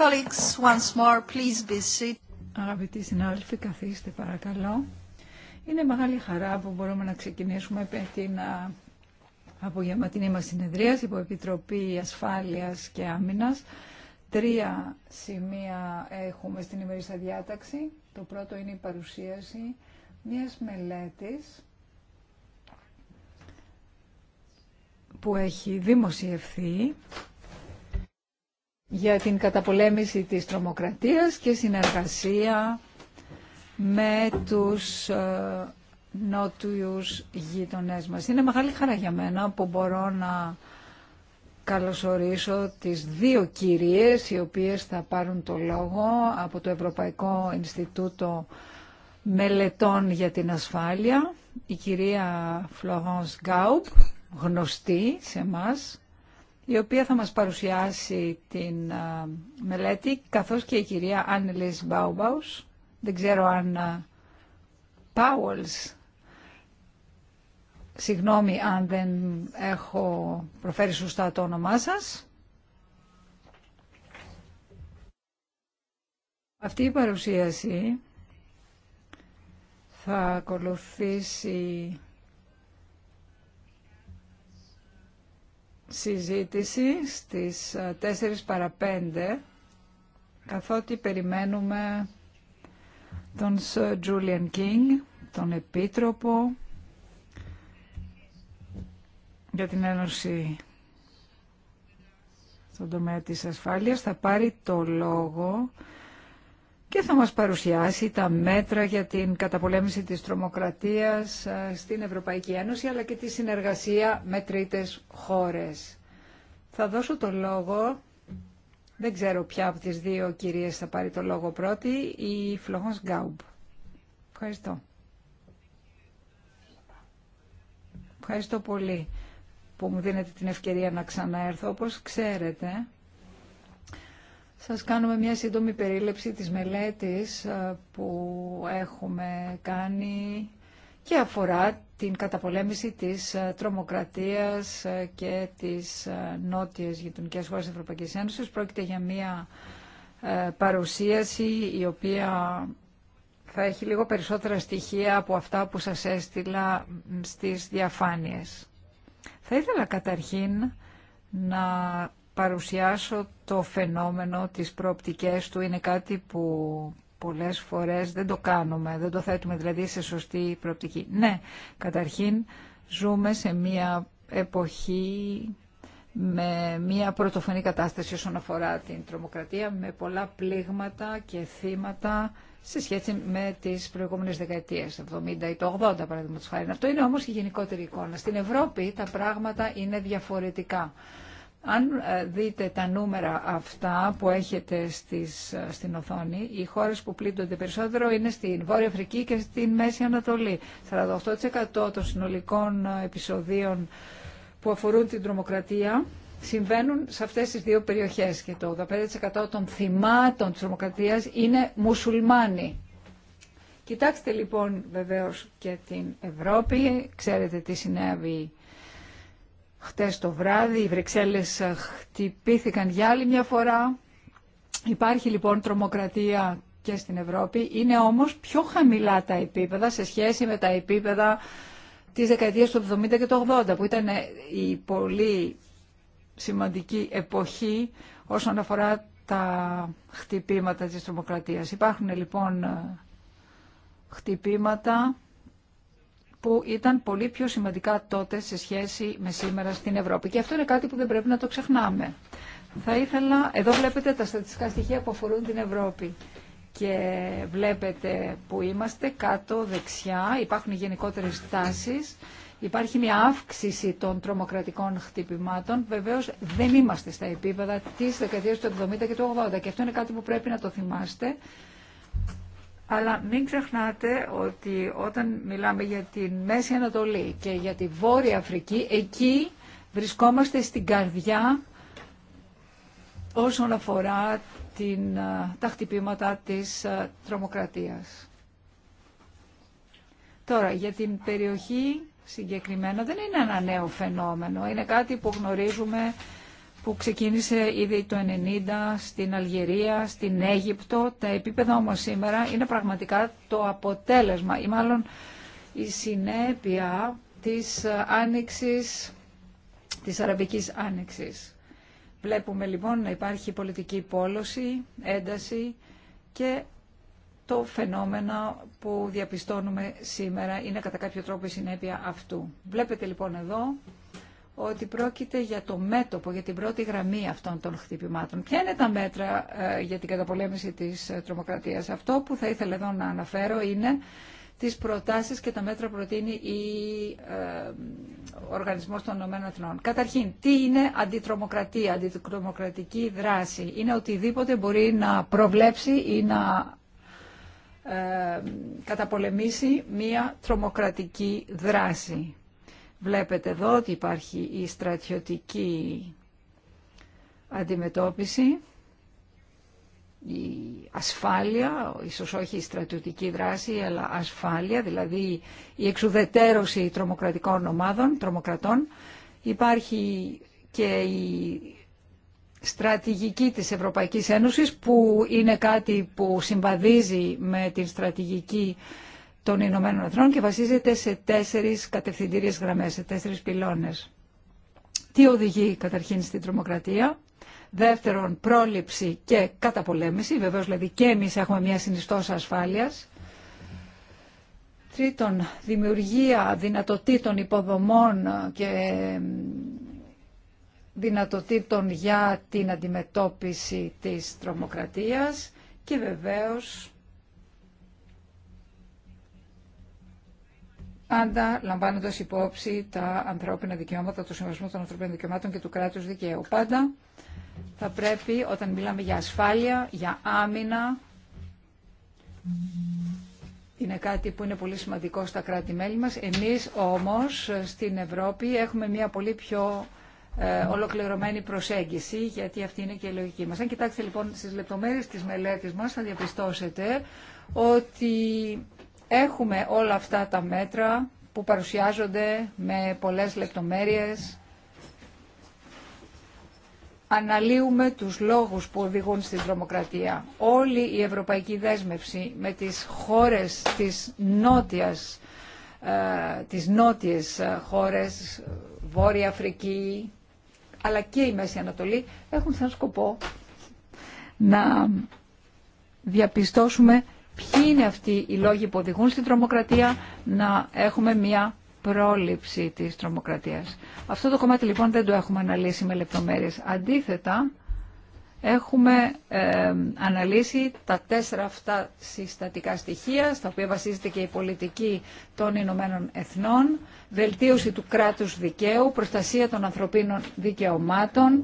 Colleagues, once more, please Αγαπητοί συνάδελφοι, καθίστε παρακαλώ. Είναι μεγάλη χαρά που μπορούμε να ξεκινήσουμε την απογευματινή μας συνεδρία υπό Επιτροπή Ασφάλειας και Άμυνας. Τρία σημεία έχουμε στην ημερήσια διάταξη. Το πρώτο είναι η παρουσίαση μιας μελέτης που έχει δημοσιευθεί για την καταπολέμηση της τρομοκρατίας και συνεργασία με τους ε, νότιους γείτονές μας. Είναι μεγάλη χαρά για μένα που μπορώ να καλωσορίσω τις δύο κυρίες οι οποίες θα πάρουν το λόγο από το Ευρωπαϊκό Ινστιτούτο Μελετών για την Ασφάλεια, η κυρία Φλωρόνς Γκάουπ, γνωστή σε μας η οποία θα μας παρουσιάσει την μελέτη, καθώς και η κυρία Άννελης Μπάουμπαους. Δεν ξέρω αν Πάουλς, συγγνώμη αν δεν έχω προφέρει σωστά το όνομά σας. Αυτή η παρουσίαση θα ακολουθήσει συζήτηση στις 4 ε, παρα 5 καθότι περιμένουμε τον Sir Julian King, τον Επίτροπο για την Ένωση στον τομέα της ασφάλειας. Θα πάρει το λόγο και θα μας παρουσιάσει τα μέτρα για την καταπολέμηση της τρομοκρατίας ε, στην Ευρωπαϊκή Ένωση αλλά και τη συνεργασία με τρίτες χώρες. Θα δώσω το λόγο, δεν ξέρω ποια από τις δύο κυρίες θα πάρει το λόγο πρώτη, η Φλογός Γκάουμπ. Ευχαριστώ. Ευχαριστώ πολύ που μου δίνετε την ευκαιρία να ξαναέρθω. Όπως ξέρετε, σας κάνουμε μια σύντομη περίληψη της μελέτης ε, που έχουμε κάνει και αφορά την καταπολέμηση της ε, τρομοκρατίας ε, και της νότιας γειτονικές χώρες της Ευρωπαϊκής Ένωσης. Πρόκειται για μια παρουσίαση η οποία θα έχει λίγο περισσότερα στοιχεία από αυτά που σας έστειλα στις διαφάνειες. Θα ήθελα καταρχήν να παρουσιάσω το φαινόμενο της προοπτικές του. Είναι κάτι που πολλές φορές δεν το κάνουμε, δεν το θέτουμε δηλαδή σε σωστή προοπτική. Ναι, καταρχήν ζούμε σε μια εποχή με μια πρωτοφανή κατάσταση όσον αφορά την τρομοκρατία, με πολλά πλήγματα και θύματα σε σχέση με τις προηγούμενες δεκαετίες, 70 ή το 80 παραδείγματος χάρη. Αυτό είναι όμως η γενικότερη εικόνα. Στην Ευρώπη τα πράγματα είναι διαφορετικά. Αν ε, δείτε τα νούμερα αυτά που έχετε στις, ε, στην οθόνη, οι χώρες που πλήττονται περισσότερο είναι στην Βόρεια Αφρική και στην Μέση Ανατολή. 48% των συνολικών ε, επεισοδίων που αφορούν την τρομοκρατία συμβαίνουν σε αυτές τις δύο περιοχές και το 85% των θυμάτων της τρομοκρατίας είναι μουσουλμάνοι. Κοιτάξτε λοιπόν βεβαίως και την Ευρώπη, ξέρετε τι συνέβη Χτες το βράδυ οι Βρυξέλλες ε, χτυπήθηκαν για άλλη μια φορά. Υπάρχει λοιπόν τρομοκρατία και στην Ευρώπη. Είναι όμως πιο χαμηλά τα επίπεδα σε σχέση με τα επίπεδα της δεκαετίας του 70 και του 80 που ήταν ε, η πολύ σημαντική εποχή όσον αφορά τα χτυπήματα της τρομοκρατίας. Υπάρχουν ε, λοιπόν χτυπήματα που ήταν πολύ πιο σημαντικά τότε σε σχέση με σήμερα στην Ευρώπη. Και αυτό είναι κάτι που δεν πρέπει να το ξεχνάμε. Θα ήθελα, εδώ βλέπετε τα στατιστικά στοιχεία που αφορούν την Ευρώπη και βλέπετε που είμαστε κάτω δεξιά, υπάρχουν γενικότερες τάσεις, υπάρχει μια αύξηση των τρομοκρατικών χτυπημάτων. Βεβαίως δεν είμαστε στα επίπεδα της δεκαετίας του 70 και του 80 και αυτό είναι κάτι που πρέπει να το θυμάστε αλλά μην ξεχνάτε ότι όταν μιλάμε για τη Μέση Ανατολή και για τη Βόρεια Αφρική, εκεί βρισκόμαστε στην καρδιά όσον αφορά την, τα χτυπήματα της τρομοκρατίας. Τώρα, για την περιοχή συγκεκριμένα δεν είναι ένα νέο φαινόμενο. Είναι κάτι που γνωρίζουμε που ξεκίνησε ήδη το 1990 στην Αλγερία, στην Αίγυπτο. Τα επίπεδα όμως σήμερα είναι πραγματικά το αποτέλεσμα ή μάλλον η συνέπεια της άνοιξης, της αραβικής άνοιξης. Βλέπουμε λοιπόν να υπάρχει πολιτική πόλωση, ένταση και το φαινόμενο που διαπιστώνουμε σήμερα είναι κατά κάποιο τρόπο η συνέπεια αυτού. Βλέπετε λοιπόν εδώ ότι πρόκειται για το μέτωπο, για την πρώτη γραμμή αυτών των χτυπημάτων. Ποια είναι τα μέτρα ε, για την καταπολέμηση της ε, τρομοκρατίας. Αυτό που θα ήθελα εδώ να αναφέρω είναι τις προτάσεις και τα μέτρα προτείνει η, ο ε, Οργανισμός των Ηνωμένων Καταρχήν, τι είναι αντιτρομοκρατία, αντιτρομοκρατική δράση. Είναι οτιδήποτε μπορεί να προβλέψει ή να καταπολεμήσει μία τρομοκρατική δράση. Βλέπετε εδώ ότι υπάρχει η στρατιωτική αντιμετώπιση, η ασφάλεια, ίσως όχι η στρατιωτική δράση, αλλά ασφάλεια, δηλαδή η εξουδετέρωση τρομοκρατικών ομάδων, τρομοκρατών. Υπάρχει και η στρατηγική της Ευρωπαϊκής Ένωσης που είναι κάτι που συμβαδίζει με την στρατηγική των Ηνωμένων Εθνών και βασίζεται σε τέσσερις κατευθυντήριες γραμμές, σε τέσσερις πυλώνες. Τι οδηγεί καταρχήν στην τρομοκρατία, δεύτερον πρόληψη και καταπολέμηση, βεβαίως δηλαδή και εμείς έχουμε μια συνιστόσα ασφάλειας, τρίτον δημιουργία δυνατοτήτων υποδομών και δυνατοτήτων για την αντιμετώπιση της τρομοκρατίας και βεβαίως πάντα λαμβάνοντας υπόψη τα ανθρώπινα δικαιώματα, το Συμβασμό των Ανθρωπίνων Δικαιωμάτων και του κράτους δικαίου. Πάντα θα πρέπει όταν μιλάμε για ασφάλεια, για άμυνα, είναι κάτι που είναι πολύ σημαντικό στα κράτη-μέλη μας. Εμείς όμως στην Ευρώπη έχουμε μια πολύ πιο ε, ολοκληρωμένη προσέγγιση, γιατί αυτή είναι και η λογική μας. Αν κοιτάξετε λοιπόν στις λεπτομέρειες της μελέτης μας, θα διαπιστώσετε ότι Έχουμε όλα αυτά τα μέτρα που παρουσιάζονται με πολλές λεπτομέρειες. Αναλύουμε τους λόγους που οδηγούν στην τρομοκρατία. Όλη η ευρωπαϊκή δέσμευση με τις χώρες της νότιας, της ε, τις νότιες ε, χώρες, Βόρεια Αφρική, αλλά και η Μέση Ανατολή, έχουν σαν σκοπό να διαπιστώσουμε ποιοι είναι αυτοί οι λόγοι που οδηγούν στην τρομοκρατία να έχουμε μια πρόληψη της τρομοκρατίας. Αυτό το κομμάτι λοιπόν δεν το έχουμε αναλύσει με λεπτομέρειες. Αντίθετα, έχουμε αναλύσει τα τέσσερα αυτά συστατικά στοιχεία, στα οποία βασίζεται και η πολιτική των Ηνωμένων Εθνών, βελτίωση του κράτους δικαίου, προστασία των ανθρωπίνων δικαιωμάτων,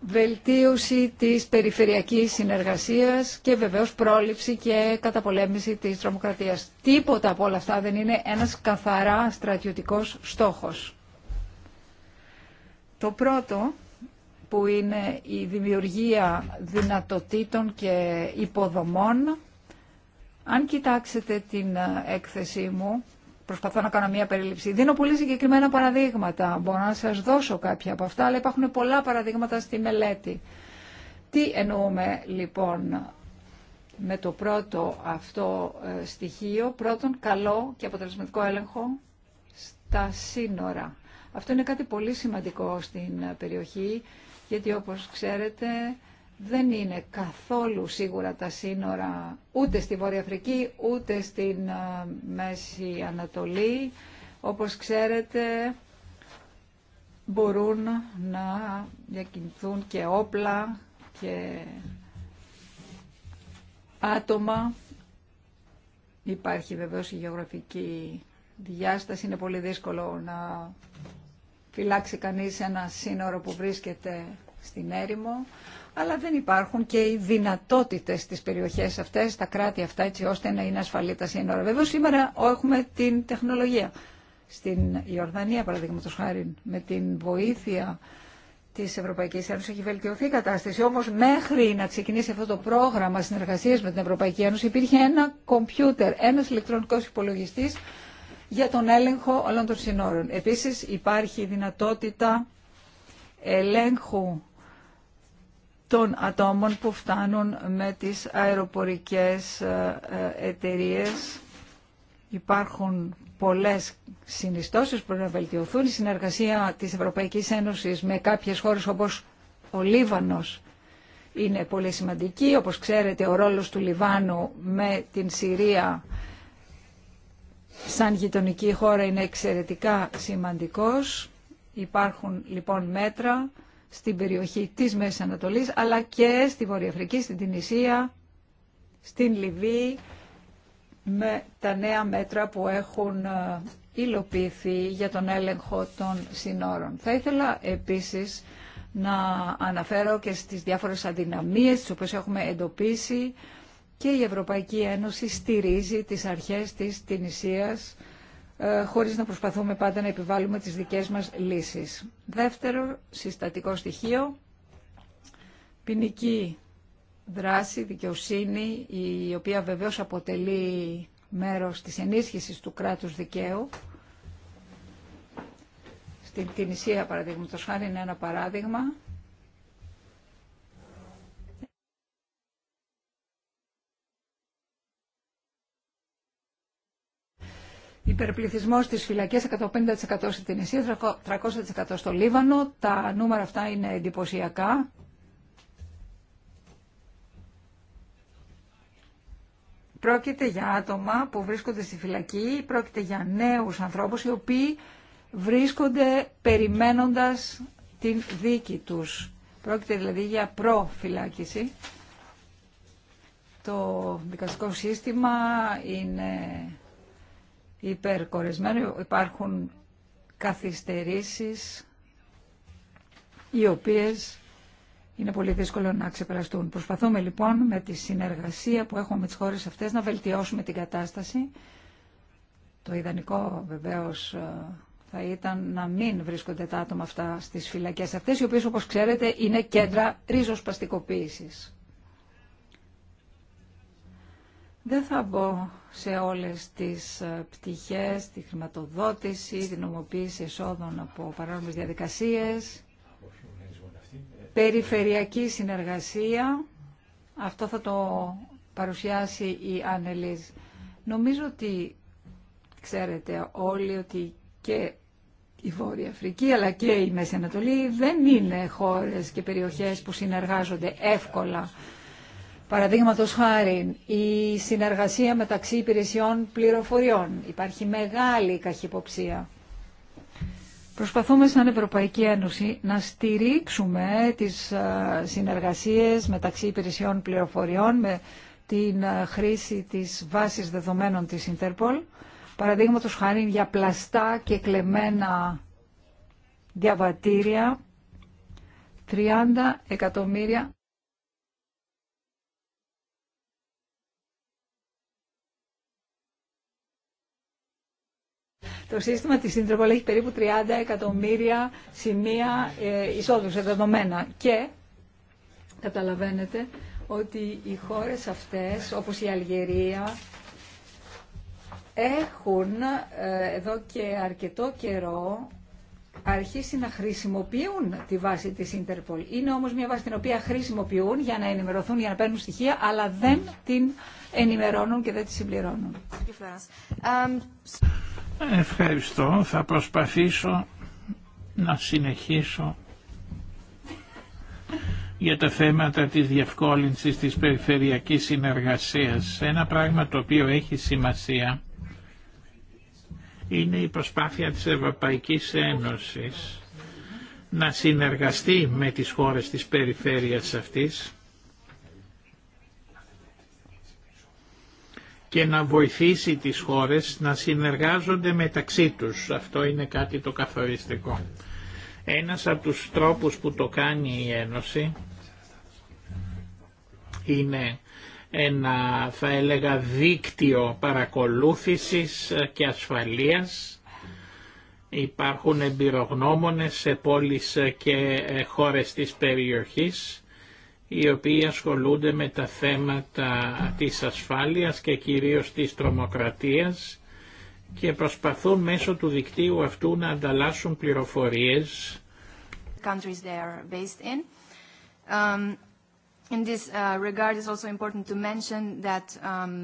βελτίωση της περιφερειακής συνεργασίας και βεβαίως πρόληψη και καταπολέμηση της τρομοκρατίας. Τίποτα από όλα αυτά δεν είναι ένας καθαρά στρατιωτικός στόχος. Το πρώτο που είναι η δημιουργία δυνατοτήτων και υποδομών. Αν κοιτάξετε την ε, έκθεσή μου, Προσπαθώ να κάνω μία περίληψη. Δίνω πολύ συγκεκριμένα παραδείγματα. Μπορώ να σας δώσω κάποια από αυτά, αλλά υπάρχουν πολλά παραδείγματα στη μελέτη. Τι εννοούμε λοιπόν με το πρώτο αυτό ε, στοιχείο, πρώτον καλό και αποτελεσματικό έλεγχο στα σύνορα. Αυτό είναι κάτι πολύ σημαντικό στην ε, περιοχή, γιατί όπως ξέρετε δεν είναι καθόλου σίγουρα τα σύνορα ούτε στη Βόρεια Αφρική ούτε στην ε, Μέση Ανατολή. Όπως ξέρετε μπορούν να διακινηθούν και όπλα και άτομα. Υπάρχει βεβαίως η γεωγραφική διάσταση. Είναι πολύ δύσκολο να φυλάξει κανείς ένα σύνορο που βρίσκεται στην έρημο αλλά δεν υπάρχουν και οι δυνατότητε στις περιοχές αυτέ, στα κράτη αυτά, έτσι ώστε να είναι ασφαλή τα σύνορα. Βέβαια, σήμερα έχουμε την τεχνολογία. Στην Ιορδανία, παραδείγματο χάρη, με την βοήθεια τη Ευρωπαϊκή Ένωση, έχει βελτιωθεί η κατάσταση. Όμω μέχρι να ξεκινήσει αυτό το πρόγραμμα συνεργασία με την Ευρωπαϊκή Ένωση υπήρχε ένα κομπιούτερ, ένα ηλεκτρονικό υπολογιστή για τον έλεγχο όλων των συνόρων. Επίση υπάρχει δυνατότητα ελέγχου των ατόμων που φτάνουν με τις αεροπορικές ε, ε, εταιρείες. Υπάρχουν πολλές συνιστώσεις που να βελτιωθούν. Η συνεργασία της Ευρωπαϊκής Ένωσης με κάποιες χώρες όπως ο Λίβανος είναι πολύ σημαντική. Όπως ξέρετε ο ρόλος του Λιβάνου με την Συρία σαν γειτονική χώρα είναι εξαιρετικά σημαντικός. Υπάρχουν λοιπόν μέτρα στην περιοχή της Μέσης Ανατολής, αλλά και στη Βορειοαφρική, στην Τινησία, στην Λιβύη, με τα νέα μέτρα που έχουν ε, υλοποιηθεί για τον έλεγχο των συνόρων. Θα ήθελα επίσης να αναφέρω και στις διάφορες αδυναμίες τις οποίες έχουμε εντοπίσει και η Ευρωπαϊκή Ένωση στηρίζει τις αρχές της Τινησίας ε, χωρίς να προσπαθούμε πάντα να επιβάλλουμε τις δικές μας λύσεις. Δεύτερο συστατικό στοιχείο, ποινική δράση, δικαιοσύνη, η οποία βεβαίως αποτελεί μέρος της ενίσχυσης του κράτους δικαίου. Στην Τινησία, παραδείγματος χάρη, είναι ένα παράδειγμα Υπερπληθυσμός στις φυλακές 150% στην Τινησία, 300% στο Λίβανο. Τα νούμερα αυτά είναι εντυπωσιακά. Πρόκειται για άτομα που βρίσκονται στη φυλακή, πρόκειται για νέους ανθρώπους οι οποίοι βρίσκονται περιμένοντας την δίκη τους. Πρόκειται δηλαδή για προφυλάκηση. Το δικαστικό σύστημα είναι υπερκορεσμένο. Υπάρχουν καθυστερήσεις οι οποίες είναι πολύ δύσκολο να ξεπεραστούν. Προσπαθούμε λοιπόν με τη συνεργασία που έχουμε με τις χώρες αυτές να βελτιώσουμε την κατάσταση. Το ιδανικό βεβαίως ε, θα ήταν να μην βρίσκονται τα άτομα αυτά στις φυλακές αυτές, οι οποίες όπως ξέρετε είναι κέντρα ρίζοσπαστικοποίησης. Δεν θα μπω σε όλες τις ε, πτυχές, τη χρηματοδότηση, την νομοποίηση εσόδων από παράλληλες διαδικασίες, περιφερειακή συνεργασία. Αυτό θα το παρουσιάσει η Άνελης. Νομίζω ότι ξέρετε όλοι ότι και η Βόρεια Αφρική αλλά και η Μέση Ανατολή δεν είναι χώρες και περιοχές που συνεργάζονται εύκολα. Παραδείγματο χάρη, η συνεργασία μεταξύ υπηρεσιών πληροφοριών. Υπάρχει μεγάλη καχυποψία. Προσπαθούμε σαν Ευρωπαϊκή Ένωση να στηρίξουμε τις ε, συνεργασίες μεταξύ υπηρεσιών πληροφοριών με την ε, χρήση της βάσης δεδομένων της Ιντερπολ. Παραδείγματος χάρη για πλαστά και κλεμμένα διαβατήρια 30 εκατομμύρια Το σύστημα της Interpol έχει περίπου 30 εκατομμύρια σημεία ε, εισόδου σε δεδομένα και καταλαβαίνετε ότι οι χώρες αυτές, όπως η Αλγερία, έχουν ε, εδώ και αρκετό καιρό αρχίσει να χρησιμοποιούν τη βάση της Interpol. Είναι όμως μια βάση την οποία χρησιμοποιούν για να ενημερωθούν, για να παίρνουν στοιχεία, αλλά δεν την ενημερώνουν και δεν τη συμπληρώνουν. Ευχαριστώ. Θα προσπαθήσω να συνεχίσω για τα θέματα της διευκόλυνσης της περιφερειακής συνεργασίας. Ένα πράγμα το οποίο έχει σημασία είναι η προσπάθεια της Ευρωπαϊκής Ένωσης να συνεργαστεί με τις χώρες της περιφέρειας αυτής και να βοηθήσει τις χώρες να συνεργάζονται μεταξύ τους. Αυτό είναι κάτι το καθοριστικό. Ένας από τους τρόπους που το κάνει η Ένωση είναι ένα θα έλεγα δίκτυο παρακολούθησης και ασφαλείας. Υπάρχουν εμπειρογνώμονες σε πόλεις και χώρες της περιοχής οι οποίοι ασχολούνται με τα θέματα της ασφάλειας και κυρίως της τρομοκρατίας και προσπαθούν μέσω του δικτύου αυτού να ανταλλάσσουν πληροφορίες countries they are based in. Um, in this uh, regard, it's also important to mention that um,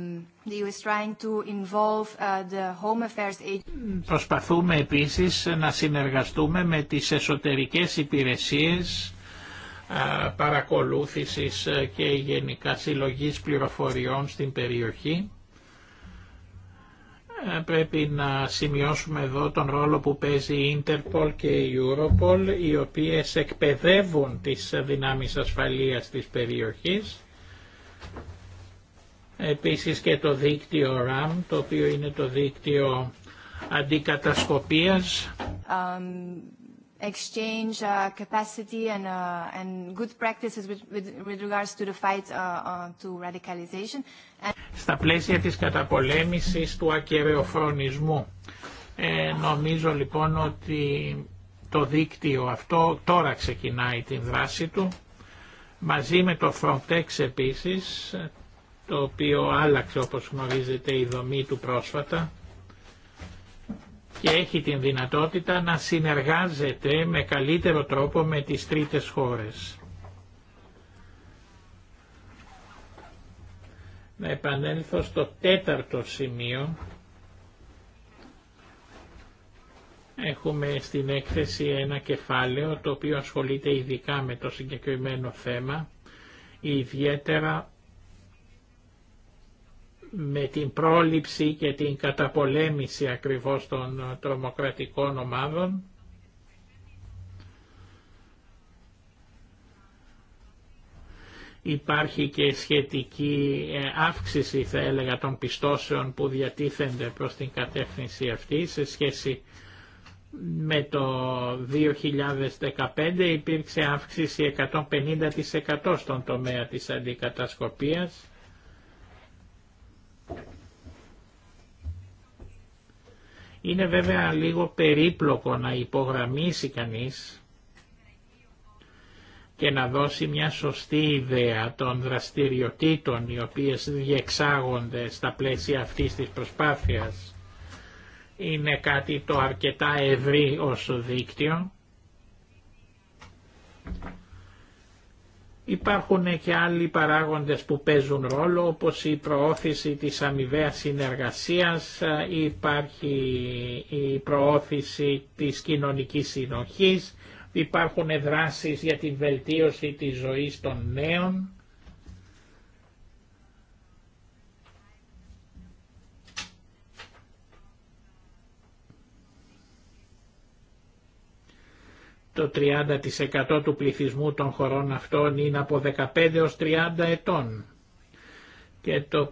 the EU is trying to involve uh, the Home Affairs Agency. Προσπαθούμε επίσης να συνεργαστούμε με τις εσωτερικές υπηρεσίες παρακολούθησης και γενικά συλλογής πληροφοριών στην περιοχή. Πρέπει να σημειώσουμε εδώ τον ρόλο που παίζει η Interpol και η Europol, οι οποίες εκπαιδεύουν τις δυνάμεις ασφαλείας της περιοχής. Επίσης και το δίκτυο RAM, το οποίο είναι το δίκτυο αντικατασκοπίας. Στα πλαίσια της καταπολέμησης του ακεραιοφρονισμού. Ε, νομίζω λοιπόν ότι το δίκτυο αυτό τώρα ξεκινάει την δράση του μαζί με το Frontex επίσης το οποίο άλλαξε όπως γνωρίζετε η δομή του πρόσφατα και έχει την δυνατότητα να συνεργάζεται με καλύτερο τρόπο με τις τρίτες χώρες. Να επανέλθω στο τέταρτο σημείο. Έχουμε στην έκθεση ένα κεφάλαιο το οποίο ασχολείται ειδικά με το συγκεκριμένο θέμα, ιδιαίτερα με την πρόληψη και την καταπολέμηση ακριβώς των ε, τρομοκρατικών ομάδων. Υπάρχει και σχετική ε, αύξηση, θα έλεγα, των πιστώσεων που διατίθενται προς την κατεύθυνση αυτή σε σχέση με το 2015 υπήρξε αύξηση 150% στον τομέα της αντικατασκοπίας Είναι βέβαια λίγο περίπλοκο να υπογραμμίσει κανείς και να δώσει μια σωστή ιδέα των δραστηριοτήτων οι οποίες διεξάγονται στα πλαίσια αυτής της προσπάθειας. Είναι κάτι το αρκετά ευρύ ως δίκτυο Υπάρχουν και άλλοι παράγοντες που παίζουν ρόλο όπως η προώθηση της αμοιβαία συνεργασίας, ε, υπάρχει η προώθηση της κοινωνικής συνοχής, υπάρχουν δράσεις για την βελτίωση της ζωής των νέων το 30% του πληθυσμού των χωρών αυτών είναι από 15 έως 30 ετών και το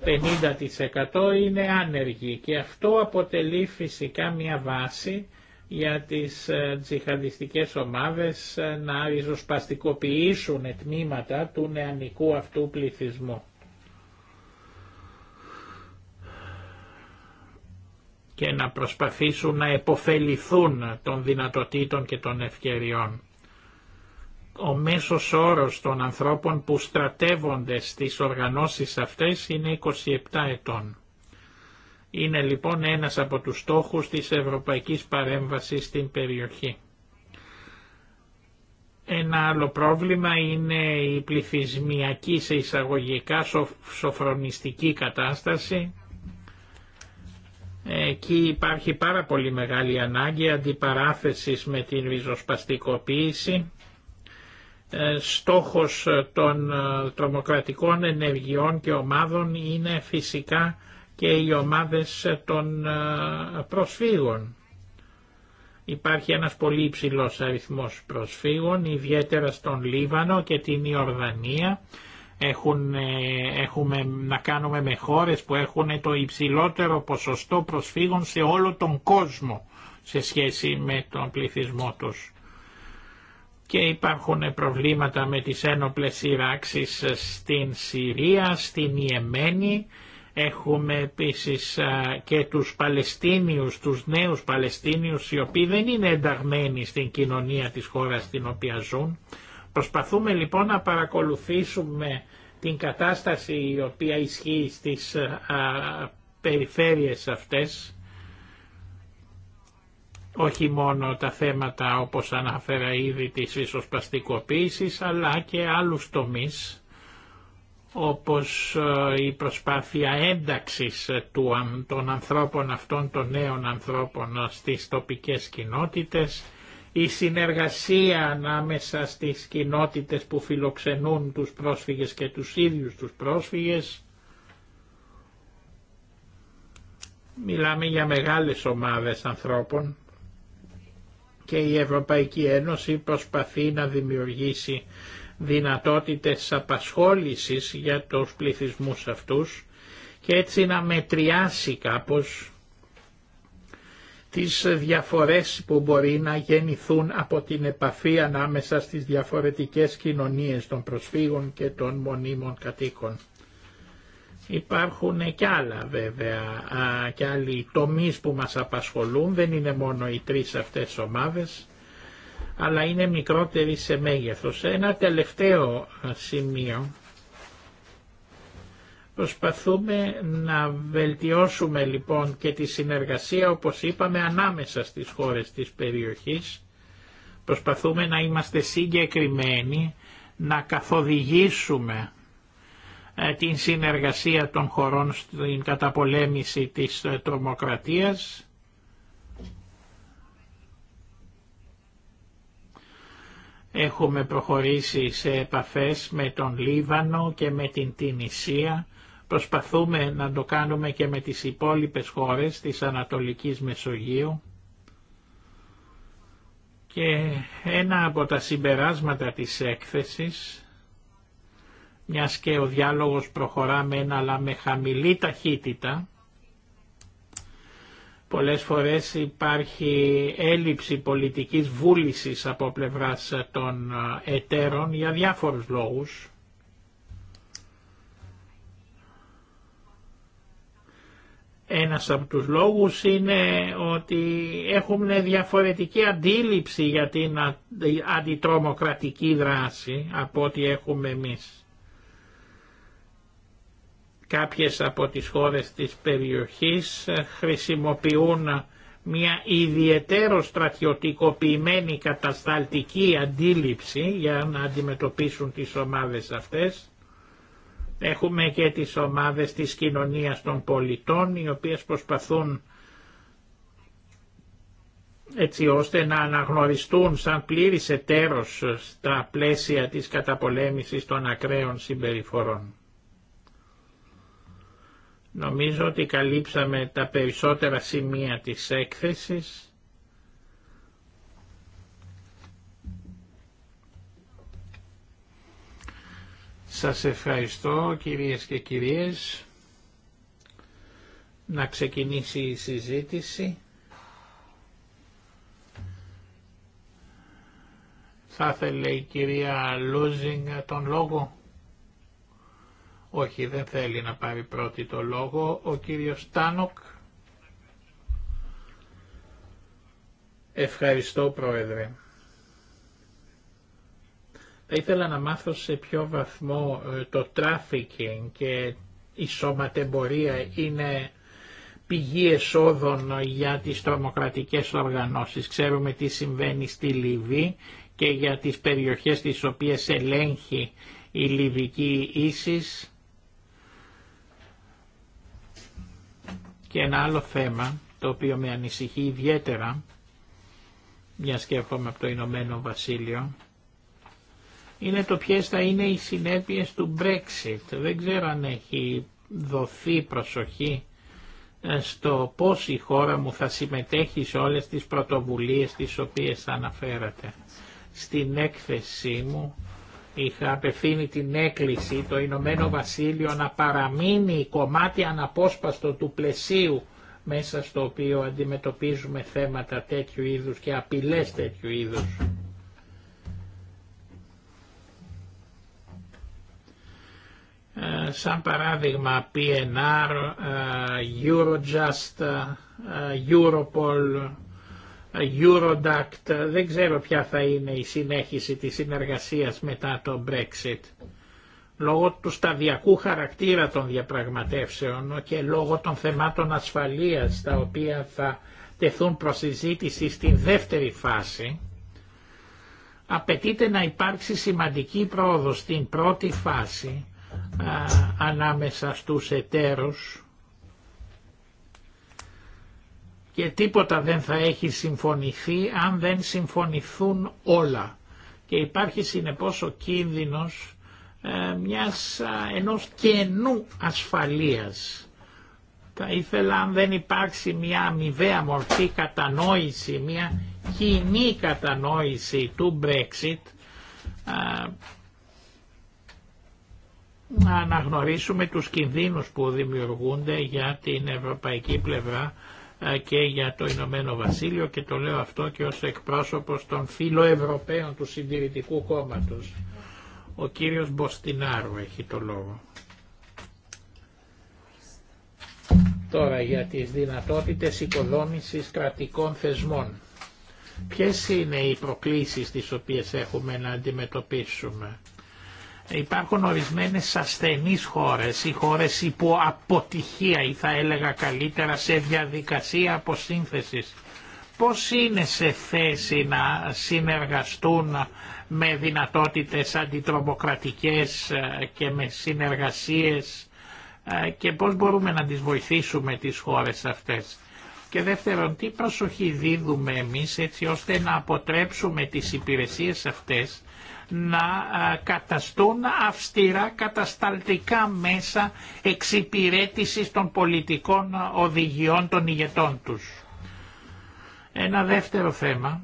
50% είναι άνεργοι και αυτό αποτελεί φυσικά μια βάση για τις ε, τζιχαντιστικές ομάδες ε, να ριζοσπαστικοποιήσουν τμήματα του νεανικού αυτού πληθυσμού. και να προσπαθήσουν να επωφεληθούν των δυνατοτήτων και των ευκαιριών. Ο μέσος όρος των ανθρώπων που στρατεύονται στις οργανώσεις αυτές είναι 27 ετών. Είναι λοιπόν ένας από τους στόχους της Ευρωπαϊκής Παρέμβασης στην περιοχή. Ένα άλλο πρόβλημα είναι η πληθυσμιακή σε εισαγωγικά σοφρονιστική κατάσταση Εκεί υπάρχει πάρα πολύ μεγάλη ανάγκη αντιπαράθεσης με την ριζοσπαστικοποίηση. Ε, στόχος των ε, τρομοκρατικών ενεργειών και ομάδων είναι φυσικά και οι ομάδες των ε, προσφύγων. Υπάρχει ένας πολύ υψηλός αριθμός προσφύγων, ιδιαίτερα στον Λίβανο και την Ιορδανία έχουν, ε, έχουμε να κάνουμε με χώρες που έχουν το υψηλότερο ποσοστό προσφύγων σε όλο τον κόσμο σε σχέση με τον πληθυσμό τους. Και υπάρχουν προβλήματα με τις ένοπλες σειράξεις στην Συρία, στην Ιεμένη. Έχουμε επίσης και τους Παλαιστίνιους, τους νέους Παλαιστίνιους οι οποίοι δεν είναι ενταγμένοι στην κοινωνία της χώρας στην οποία ζουν Προσπαθούμε λοιπόν να παρακολουθήσουμε την κατάσταση η οποία ισχύει στις ε, περιφέρειες αυτές, όχι μόνο τα θέματα όπως αναφέρα ήδη της ισοσπαστικοποίησης, αλλά και άλλους τομείς, όπως ε, η προσπάθεια ένταξης του, των ανθρώπων αυτών, των νέων ανθρώπων ε, στις τοπικές κοινότητες, η συνεργασία ανάμεσα στις κοινότητες που φιλοξενούν τους πρόσφυγες και τους ίδιους τους πρόσφυγες. Μιλάμε για μεγάλες ομάδες ανθρώπων και η Ευρωπαϊκή Ένωση προσπαθεί να δημιουργήσει δυνατότητες απασχόλησης για τους πληθυσμούς αυτούς και έτσι να μετριάσει κάπως τις διαφορές που μπορεί να γεννηθούν από την επαφή ανάμεσα στις διαφορετικές κοινωνίες των προσφύγων και των μονίμων κατοίκων. Υπάρχουν και άλλα βέβαια, και άλλοι τομείς που μας απασχολούν, δεν είναι μόνο οι τρεις αυτές ομάδες, αλλά είναι μικρότεροι σε μέγεθος. Ένα τελευταίο σημείο Προσπαθούμε να βελτιώσουμε λοιπόν και τη συνεργασία όπως είπαμε ανάμεσα στις χώρες της περιοχής. Προσπαθούμε να είμαστε συγκεκριμένοι, να καθοδηγήσουμε ε, την συνεργασία των χωρών στην καταπολέμηση της ε, τρομοκρατίας. Έχουμε προχωρήσει σε επαφές με τον Λίβανο και με την Τινησία Προσπαθούμε να το κάνουμε και με τις υπόλοιπες χώρες της Ανατολικής Μεσογείου και ένα από τα συμπεράσματα της έκθεσης, μιας και ο διάλογος προχωρά με ένα αλλά με χαμηλή ταχύτητα, πολλές φορές υπάρχει έλλειψη πολιτικής βούλησης από πλευράς των εταίρων για διάφορους λόγους. Ένας από τους λόγους είναι ότι έχουμε διαφορετική αντίληψη για την αντιτρομοκρατική δράση από ό,τι έχουμε εμείς. Κάποιες από τις χώρες της περιοχής χρησιμοποιούν μια ιδιαίτερο στρατιωτικοποιημένη κατασταλτική αντίληψη για να αντιμετωπίσουν τις ομάδες αυτές Έχουμε και τις ομάδες της κοινωνίας των πολιτών οι οποίες προσπαθούν έτσι ώστε να αναγνωριστούν σαν πλήρης εταίρος στα πλαίσια της καταπολέμησης των ακραίων συμπεριφορών. Νομίζω ότι καλύψαμε τα περισσότερα σημεία της έκθεσης. Σας ευχαριστώ κυρίες και κυρίες. Να ξεκινήσει η συζήτηση. Θα ήθελε η κυρία Λούζινγκ τον λόγο. Όχι, δεν θέλει να πάρει πρώτη το λόγο. Ο κύριος Τάνοκ. Ευχαριστώ πρόεδρε. Θα ήθελα να μάθω σε ποιο βαθμό ε, το trafficking και η σωματεμπορία είναι πηγή εσόδων για τις τρομοκρατικές οργανώσεις. Ξέρουμε τι συμβαίνει στη Λιβύη και για τις περιοχές τις οποίες ελέγχει η Λιβική Ίσης. Και ένα άλλο θέμα το οποίο με ανησυχεί ιδιαίτερα, μια και από το Ηνωμένο Βασίλειο, είναι το ποιες θα είναι οι συνέπειες του Brexit. Δεν ξέρω αν έχει δοθεί προσοχή ε, στο πώς η χώρα μου θα συμμετέχει σε όλες τις πρωτοβουλίες τις οποίες αναφέρατε. Στην έκθεσή μου είχα απευθύνει την έκκληση το Ηνωμένο Βασίλειο να παραμείνει κομμάτι αναπόσπαστο του πλαισίου μέσα στο οποίο αντιμετωπίζουμε θέματα τέτοιου είδους και απειλές τέτοιου είδους. σαν παράδειγμα PNR, ε, Eurojust, ε, Europol, ε, Eurodact, δεν ξέρω ποια θα είναι η συνέχιση της συνεργασίας μετά το Brexit. Λόγω του σταδιακού χαρακτήρα των διαπραγματεύσεων και λόγω των θεμάτων ασφαλείας τα οποία θα τεθούν προς συζήτηση στην δεύτερη φάση, απαιτείται να υπάρξει σημαντική πρόοδος στην πρώτη φάση ανάμεσα στους εταίρους και τίποτα δεν θα έχει συμφωνηθεί αν δεν συμφωνηθούν όλα. Και υπάρχει συνεπώς ο κίνδυνος ε, μιας, ενός καινού ασφαλείας. Θα ήθελα αν δεν υπάρξει μια αμοιβαία μορφή κατανόηση, μια κοινή κατανόηση του Brexit να αναγνωρίσουμε τους κινδύνους που δημιουργούνται για την ευρωπαϊκή πλευρά ε, και για το Ηνωμένο Βασίλειο και το λέω αυτό και ως εκπρόσωπος των φιλοευρωπαίων του Συντηρητικού Κόμματος. Ο κύριος Μποστινάρου έχει το λόγο. Τώρα για τις δυνατότητες οικοδόμησης κρατικών θεσμών. Ποιες είναι οι προκλήσεις τις οποίες έχουμε να αντιμετωπίσουμε. Υπάρχουν ορισμένες ασθενείς χώρες ή χώρες υπό αποτυχία ή θα έλεγα καλύτερα σε διαδικασία αποσύνθεσης. Πώς είναι σε θέση να συνεργαστούν με δυνατότητες αντιτρομοκρατικέ ε, και με συνεργασίες ε, και πώς μπορούμε να τις βοηθήσουμε τις χώρες αυτές. Και δεύτερον, τι προσοχή δίδουμε εμείς έτσι ώστε να αποτρέψουμε τις υπηρεσίες αυτές να καταστούν αυστηρά κατασταλτικά μέσα εξυπηρέτησης των πολιτικών οδηγιών των ηγετών τους. Ένα δεύτερο θέμα.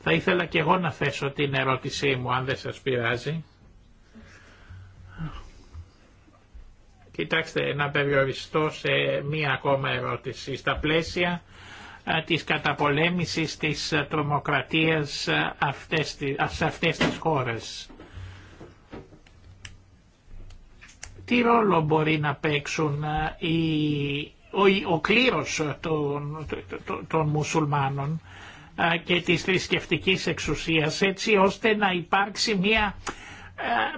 Θα ήθελα και εγώ να θέσω την ερώτησή μου, αν δεν σας πειράζει. Κοιτάξτε, να περιοριστώ σε μία ακόμα ερώτηση. Στα πλαίσια ε, της καταπολέμησης της ε, τρομοκρατίας ε, αυτές, σε αυτές τις χώρες. Τι ρόλο μπορεί να παίξουν οι, ο, ο κλήρος των, μουσουλμάνων και της θρησκευτική εξουσίας έτσι ώστε να υπάρξει μια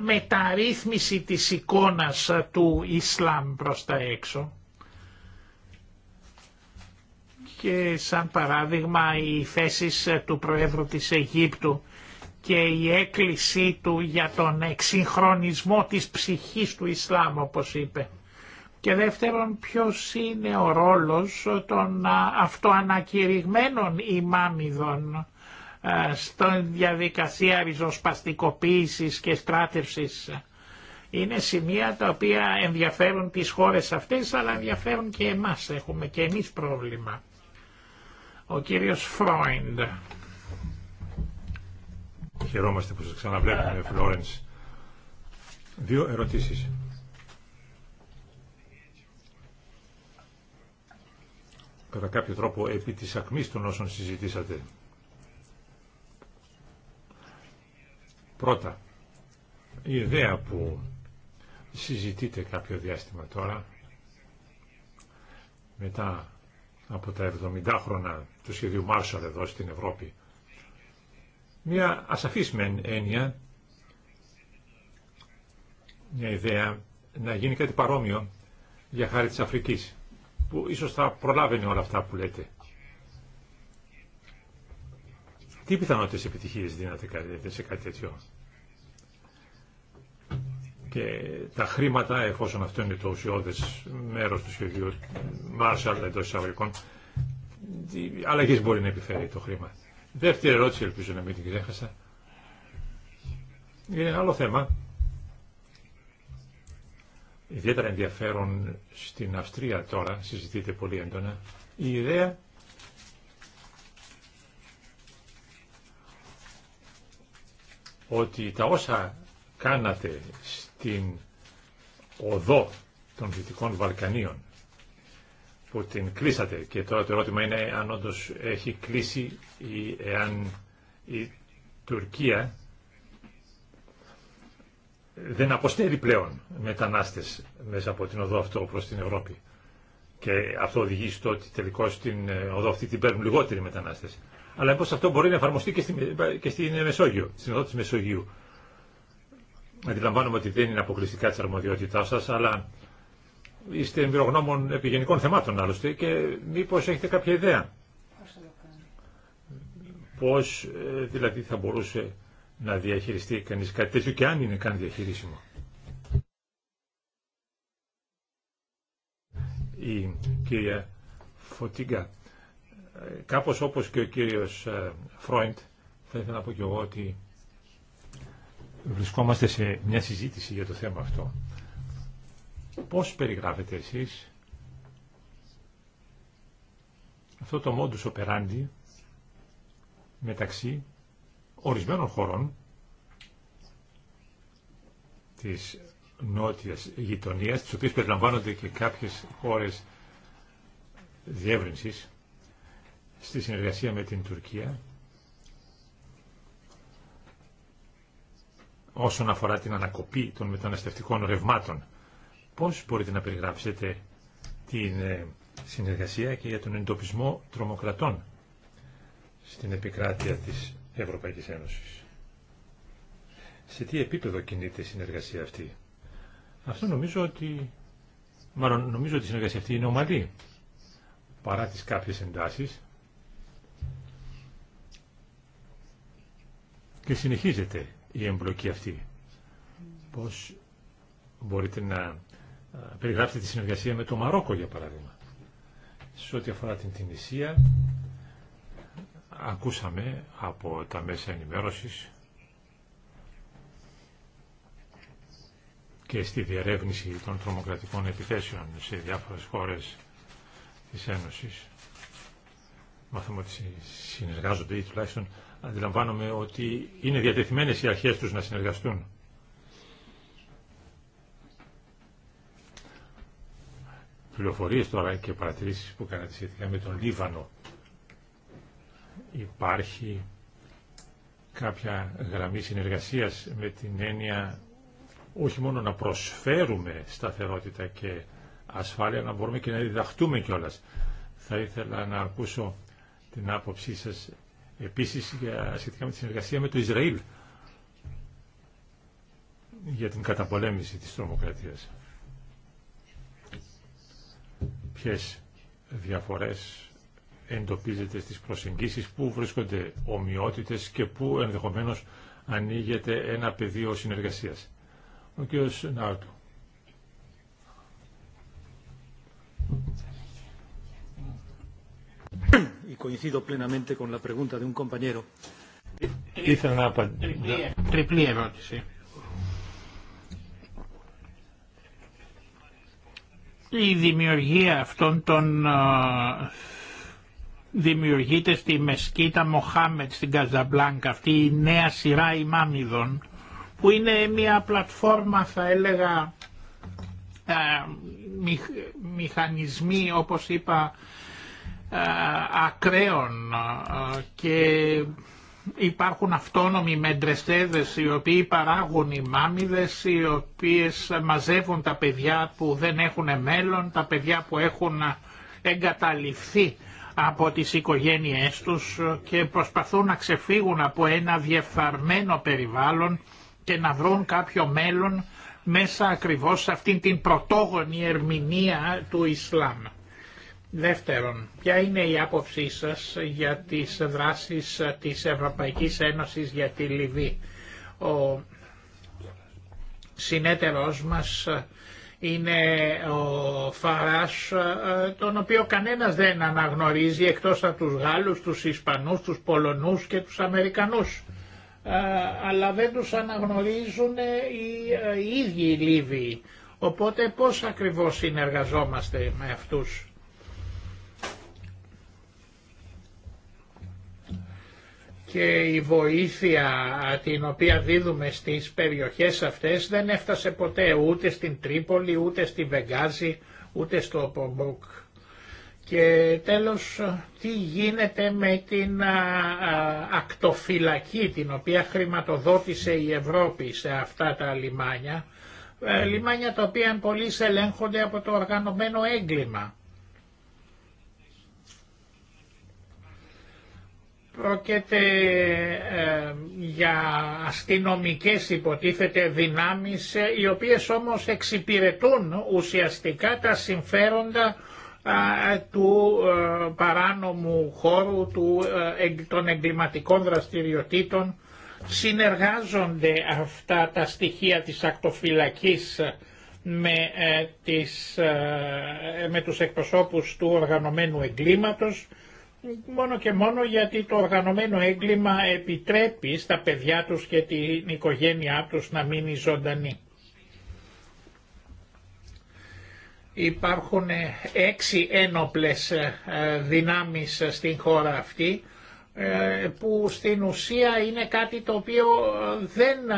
μεταρρύθμιση της εικόνας του Ισλάμ προς τα έξω και σαν παράδειγμα οι θέσεις ε, του Προέδρου της Αιγύπτου και η έκκλησή του για τον εξυγχρονισμό της ψυχής του Ισλάμ όπως είπε. Και δεύτερον ποιος είναι ο ρόλος των αυτοανακηρυγμένων ημάμιδων ε, στον διαδικασία ριζοσπαστικοποίησης και στράτευσης. Είναι σημεία τα οποία ενδιαφέρουν τις χώρες αυτές αλλά ενδιαφέρουν και εμάς. Έχουμε και εμείς πρόβλημα. Ο κύριος Φρόιντ. Χαιρόμαστε που σας ξαναβλέπουμε, Φλόρενς. Δύο ερωτήσεις. Κατά κάποιο τρόπο επί της ακμής των όσων συζητήσατε. Πρώτα, η ιδέα που συζητείτε κάποιο διάστημα τώρα, μετά από τα 70 χρόνια του σχεδίου Μάρσαλ εδώ στην Ευρώπη. Μια ασαφής μεν έννοια, μια ιδέα να γίνει κάτι παρόμοιο για χάρη της Αφρικής, που ίσως θα προλάβαινε όλα αυτά που λέτε. Τι πιθανότητες επιτυχίες δίνατε σε κάτι τέτοιο και τα χρήματα, εφόσον αυτό είναι το ουσιώδες μέρος του σχεδίου Marshall εντό εισαγωγικών, αλλαγής μπορεί να επιφέρει το χρήμα. Δεύτερη ερώτηση, ελπίζω να μην την ξέχασα. Είναι άλλο θέμα. Ιδιαίτερα ενδιαφέρον στην Αυστρία τώρα, συζητείται πολύ έντονα, η ιδέα ότι τα όσα κάνατε την οδό των Δυτικών Βαλκανίων που την κλείσατε και τώρα το ερώτημα είναι αν όντω έχει κλείσει ή εάν η Τουρκία δεν αποστέλει πλέον μετανάστες μέσα από την οδό αυτό προς την Ευρώπη. Και αυτό οδηγεί στο ότι τελικώ την ε, οδό αυτή την παίρνουν λιγότεροι μετανάστες. Αλλά πώς αυτό μπορεί να εφαρμοστεί και, ε, και στην Μεσόγειο, στην οδό της Μεσογείου. Αντιλαμβάνομαι ότι δεν είναι αποκλειστικά τη αρμοδιότητά σα, αλλά είστε εμπειρογνώμων επιγενικών θεμάτων άλλωστε και μήπω έχετε κάποια ιδέα. Πώ ε, δηλαδή θα μπορούσε να διαχειριστεί κανεί κάτι τέτοιο και αν είναι καν διαχειρίσιμο. Η κυρία Φωτίγκα, ε, κάπως όπως και ο κύριος ε, Φρόιντ, θα ήθελα να πω και εγώ ότι βρισκόμαστε σε μια συζήτηση για το θέμα αυτό. Πώς περιγράφετε εσείς αυτό το modus operandi μεταξύ ορισμένων χωρών της νότιας γειτονίας, τις οποίες περιλαμβάνονται και κάποιες χώρες διεύρυνσης στη συνεργασία με την Τουρκία όσον αφορά την ανακοπή των μεταναστευτικών ρευμάτων. Πώς μπορείτε να περιγράψετε την ε, συνεργασία και για τον εντοπισμό τρομοκρατών στην επικράτεια της Ευρωπαϊκής Ένωσης. Σε τι επίπεδο κινείται η συνεργασία αυτή. Αυτό νομίζω ότι, μάλλον νομίζω ότι η συνεργασία αυτή είναι ομαλή, παρά τις κάποιες εντάσεις και συνεχίζεται η εμπλοκή αυτή. Πώς μπορείτε να περιγράψετε τη συνεργασία με το Μαρόκο, για παράδειγμα. Σε ό,τι αφορά την Τινησία, ακούσαμε από τα μέσα ενημέρωσης και στη διερεύνηση των τρομοκρατικών επιθέσεων σε διάφορες χώρες της Ένωσης. Μάθαμε ότι συνεργάζονται ή τουλάχιστον αντιλαμβάνομαι ότι είναι διατεθειμένες οι αρχές τους να συνεργαστούν. Πληροφορίες τώρα και παρατηρήσεις που κάνατε σχετικά με τον Λίβανο. Υπάρχει κάποια γραμμή συνεργασίας με την έννοια όχι μόνο να προσφέρουμε σταθερότητα και ασφάλεια, να μπορούμε και να διδαχτούμε κιόλας. Θα ήθελα να ακούσω την άποψή σας Επίσης σχετικά με τη συνεργασία με το Ισραήλ για την καταπολέμηση της τρομοκρατίας. Ποιες διαφορές εντοπίζεται στις προσεγγίσεις, πού βρίσκονται ομοιότητες και πού ενδεχομένως ανοίγεται ένα πεδίο συνεργασίας. Ο κ. Νάρτου y coincido plenamente con la pregunta de un compañero. Ήθελα να απαντήσω. Τριπλή ερώτηση. Η δημιουργία αυτών των δημιουργείται στη Μεσκίτα Μοχάμετ στην Καζαμπλάνκα, αυτή η νέα σειρά ημάμιδων, που είναι μια πλατφόρμα θα έλεγα μηχανισμοί όπως είπα ακραίων ε, και υπάρχουν αυτόνομοι μεντρεστέδες οι οποίοι παράγουν οι μάμιδες οι οποίες μαζεύουν τα παιδιά που δεν έχουν μέλλον, τα παιδιά που έχουν εγκαταληφθεί από τις οικογένειές τους και προσπαθούν να ξεφύγουν από ένα διεφθαρμένο περιβάλλον και να βρουν κάποιο μέλλον μέσα ακριβώς σε αυτήν την πρωτόγονη ερμηνεία του Ισλάμ. Δεύτερον, ποια είναι η άποψή σας για τις δράσεις της Ευρωπαϊκής Ένωσης για τη Λιβύη. Ο συνέτερός μας είναι ο Φαράς, τον οποίο κανένας δεν αναγνωρίζει εκτός από τους Γάλλους, τους Ισπανούς, τους Πολωνούς και τους Αμερικανούς. Αλλά δεν τους αναγνωρίζουν οι ίδιοι οι Λίβοι. Οπότε πώς ακριβώς συνεργαζόμαστε με αυτούς. και η βοήθεια την οποία δίδουμε στις περιοχές αυτές δεν έφτασε ποτέ ούτε στην Τρίπολη, ούτε στη Βεγγάζη, ούτε στο Πομπούκ. Και τέλος, τι γίνεται με την α, ακτοφυλακή την οποία χρηματοδότησε η Ευρώπη σε αυτά τα λιμάνια, ε, λιμάνια τα οποία πολλοί ελέγχονται από το οργανωμένο έγκλημα. Πρόκειται ε, για αστυνομικές υποτίθεται δυνάμεις ε, οι οποίες όμως εξυπηρετούν ουσιαστικά τα συμφέροντα του ε, παράνομου χώρου του, των εγκληματικών δραστηριοτήτων συνεργάζονται αυτά τα στοιχεία της ακτοφυλακής με, τις, με τους εκπροσώπους του οργανωμένου εγκλήματος μόνο και μόνο γιατί το οργανωμένο έγκλημα επιτρέπει στα παιδιά τους και την οικογένειά τους να μείνει ζωντανή. Υπάρχουν έξι ένοπλες ε, δυνάμεις στην χώρα αυτή ε, που στην ουσία είναι κάτι το οποίο δεν ε,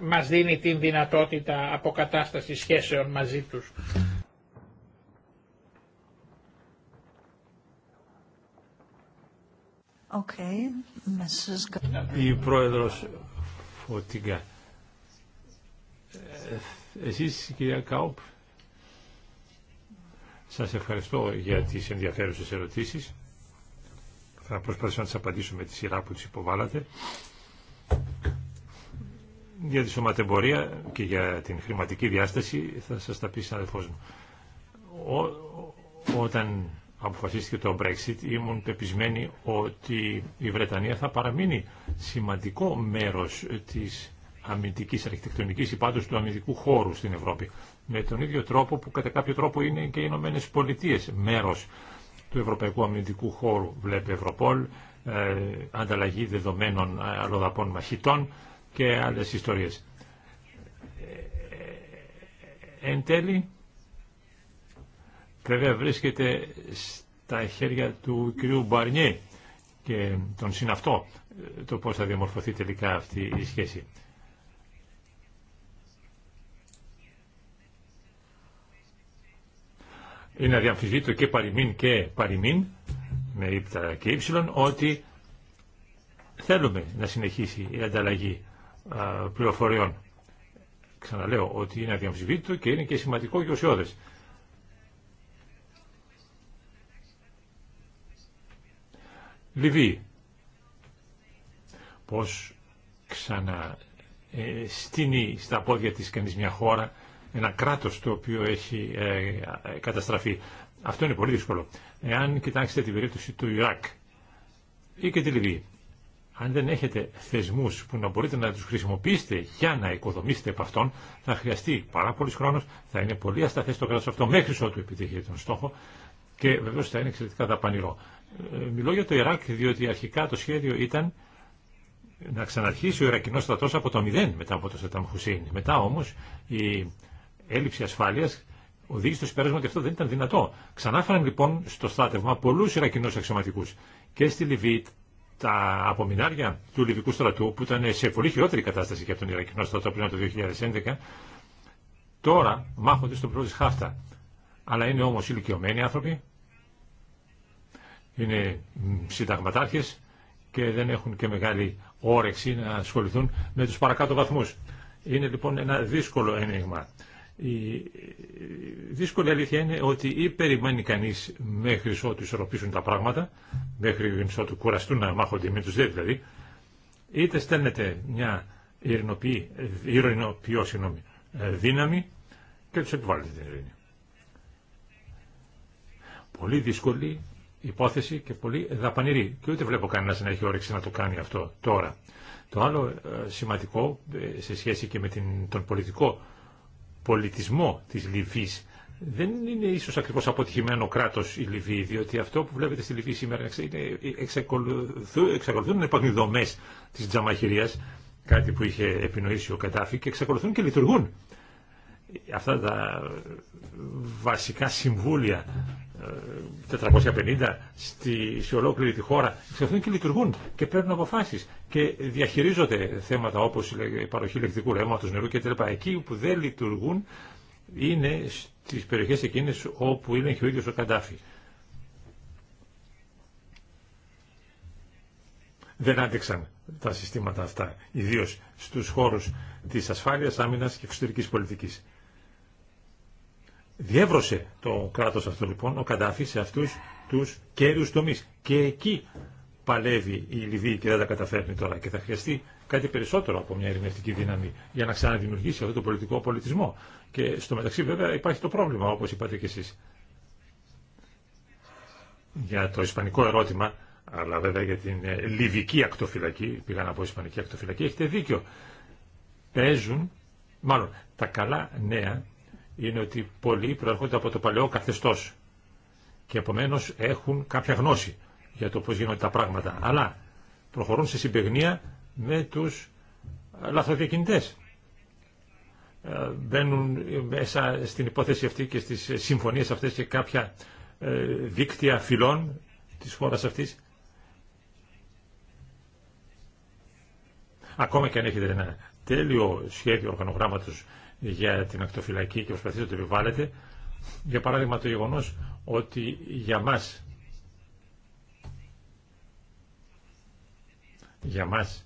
μας δίνει την δυνατότητα αποκατάστασης σχέσεων μαζί τους. Okay. Η πρόεδρος Φωτίγκα. Ε, εσείς κυρία Κάουπ, σας ευχαριστώ για τις ενδιαφέρουσες ερωτήσεις. Θα προσπαθήσω να τις απαντήσω με τη σειρά που τις υποβάλλατε. Για τη σωματεμπορία και για την χρηματική διάσταση θα σας τα πει συναδελφός μου. Ό, όταν αποφασίστηκε το Brexit ήμουν πεπισμένη ότι η Βρετανία θα παραμείνει σημαντικό μέρος της αμυντικής αρχιτεκτονικής ή πάντως του αμυντικού χώρου στην Ευρώπη. Με τον ίδιο τρόπο που κατά κάποιο τρόπο είναι και οι Ηνωμένε Πολιτείε μέρος του Ευρωπαϊκού Αμυντικού Χώρου. Βλέπει Ευρωπόλ, ε, ανταλλαγή δεδομένων ε, αλλοδαπών μαχητών και άλλες ιστορίες. Ε, εν τέλει, βέβαια βρίσκεται στα χέρια του κυρίου Μπαρνιέ και τον συναυτό το πώς θα διαμορφωθεί τελικά αυτή η σχέση. Είναι αδιαμφισβήτητο και παριμήν και παριμήν με ύπτα και ύψιλον ότι θέλουμε να συνεχίσει η ανταλλαγή πληροφοριών. Ξαναλέω ότι είναι αδιαμφισβήτητο και είναι και σημαντικό και ουσιώδες. Λιβύη. Πώς ξανά ε, στα πόδια της κανείς μια χώρα, ένα κράτος το οποίο έχει ε, ε, καταστραφεί. Αυτό είναι πολύ δύσκολο. Εάν κοιτάξετε την περίπτωση του Ιράκ ή και τη Λιβύη, αν δεν έχετε θεσμούς που να μπορείτε να τους χρησιμοποιήσετε για να οικοδομήσετε από αυτόν, θα χρειαστεί πάρα πολλή χρόνο, θα είναι πολύ ασταθές το κράτος αυτό μέχρι ότου επιτύχει τον στόχο και βεβαίως θα είναι εξαιρετικά δαπανηρό. Ε, μιλώ για το Ιράκ διότι αρχικά το σχέδιο ήταν να ξαναρχίσει ο Ιρακινός στρατός από το μηδέν μετά από το Σατάμ Χουσέιν. Μετά όμως η έλλειψη ασφάλειας οδήγησε στο συμπέρασμα ότι αυτό δεν ήταν δυνατό. Ξανάφεραν λοιπόν στο στράτευμα πολλούς Ιρακινούς αξιωματικούς και στη Λιβύη τα απομεινάρια του Λιβικού στρατού που ήταν σε πολύ χειρότερη κατάσταση και από τον Ιρακινό στρατό πριν από το 2011 τώρα μάχονται στον πρώτο χάφτα. Αλλά είναι όμως ηλικιωμένοι άνθρωποι είναι συνταγματάρχες και δεν έχουν και μεγάλη όρεξη να ασχοληθούν με τους παρακάτω βαθμούς. Είναι λοιπόν ένα δύσκολο ένιγμα. Η δύσκολη αλήθεια είναι ότι ή περιμένει κανείς μέχρι ότου ισορροπήσουν τα πράγματα, μέχρι ότου κουραστούν να μάχονται με τους δε δηλαδή, είτε στέλνεται μια ηρωνοποιό δύναμη και τους επιβάλλεται την ειρήνη. Πολύ δύσκολη υπόθεση και πολύ δαπανηρή. Και ούτε βλέπω κανένα να έχει όρεξη να το κάνει αυτό τώρα. Το άλλο ε, σημαντικό ε, σε σχέση και με την, τον πολιτικό πολιτισμό της Λιβύης δεν είναι ίσως ακριβώς αποτυχημένο κράτος η Λιβύη, διότι αυτό που βλέπετε στη Λιβύη σήμερα είναι, ε, εξακολουθούν, να υπάρχουν της τζαμαχηρία, κάτι που είχε επινοήσει ο Καντάφη και εξακολουθούν και λειτουργούν. Αυτά τα βασικά συμβούλια 450 στη, σε ολόκληρη τη χώρα ξεχνούν και λειτουργούν και παίρνουν αποφάσεις και διαχειρίζονται θέματα όπως η παροχή ηλεκτρικού ρεύματος, νερού κτλ. Εκεί που δεν λειτουργούν είναι στις περιοχές εκείνες όπου είναι και ο ίδιος ο Καντάφη. Δεν άντεξαν τα συστήματα αυτά, ιδίως στους χώρους της ασφάλειας, άμυνας και εξωτερική πολιτικής. Διεύρωσε το κράτος αυτό λοιπόν, ο Καντάφη σε αυτούς τους κέρδους τομείς. Και εκεί παλεύει η Λιβύη και δεν τα καταφέρνει τώρα και θα χρειαστεί κάτι περισσότερο από μια ειρηνευτική δύναμη για να ξαναδημιουργήσει αυτό το πολιτικό πολιτισμό. Και στο μεταξύ βέβαια υπάρχει το πρόβλημα όπως είπατε και εσείς. Για το ισπανικό ερώτημα, αλλά βέβαια για την ε, λιβική ακτοφυλακή, πήγα να πω ισπανική ακτοφυλακή, έχετε δίκιο. Παίζουν, μάλλον τα καλά νέα είναι ότι πολλοί προερχόνται από το παλαιό καθεστώς και επομένω έχουν κάποια γνώση για το πώς γίνονται τα πράγματα. Αλλά προχωρούν σε συμπεγνία με τους ε, λαθροδιακινητές. Ε, μπαίνουν ε, μέσα στην υπόθεση αυτή και στις συμφωνίες αυτές και κάποια δίκτυα φυλών της χώρα αυτής. Ακόμα και αν έχετε ένα τέλειο σχέδιο οργανογράμματος για την ακτοφυλακή και προσπαθεί να το επιβάλλεται. Για παράδειγμα το γεγονός ότι για μας για μας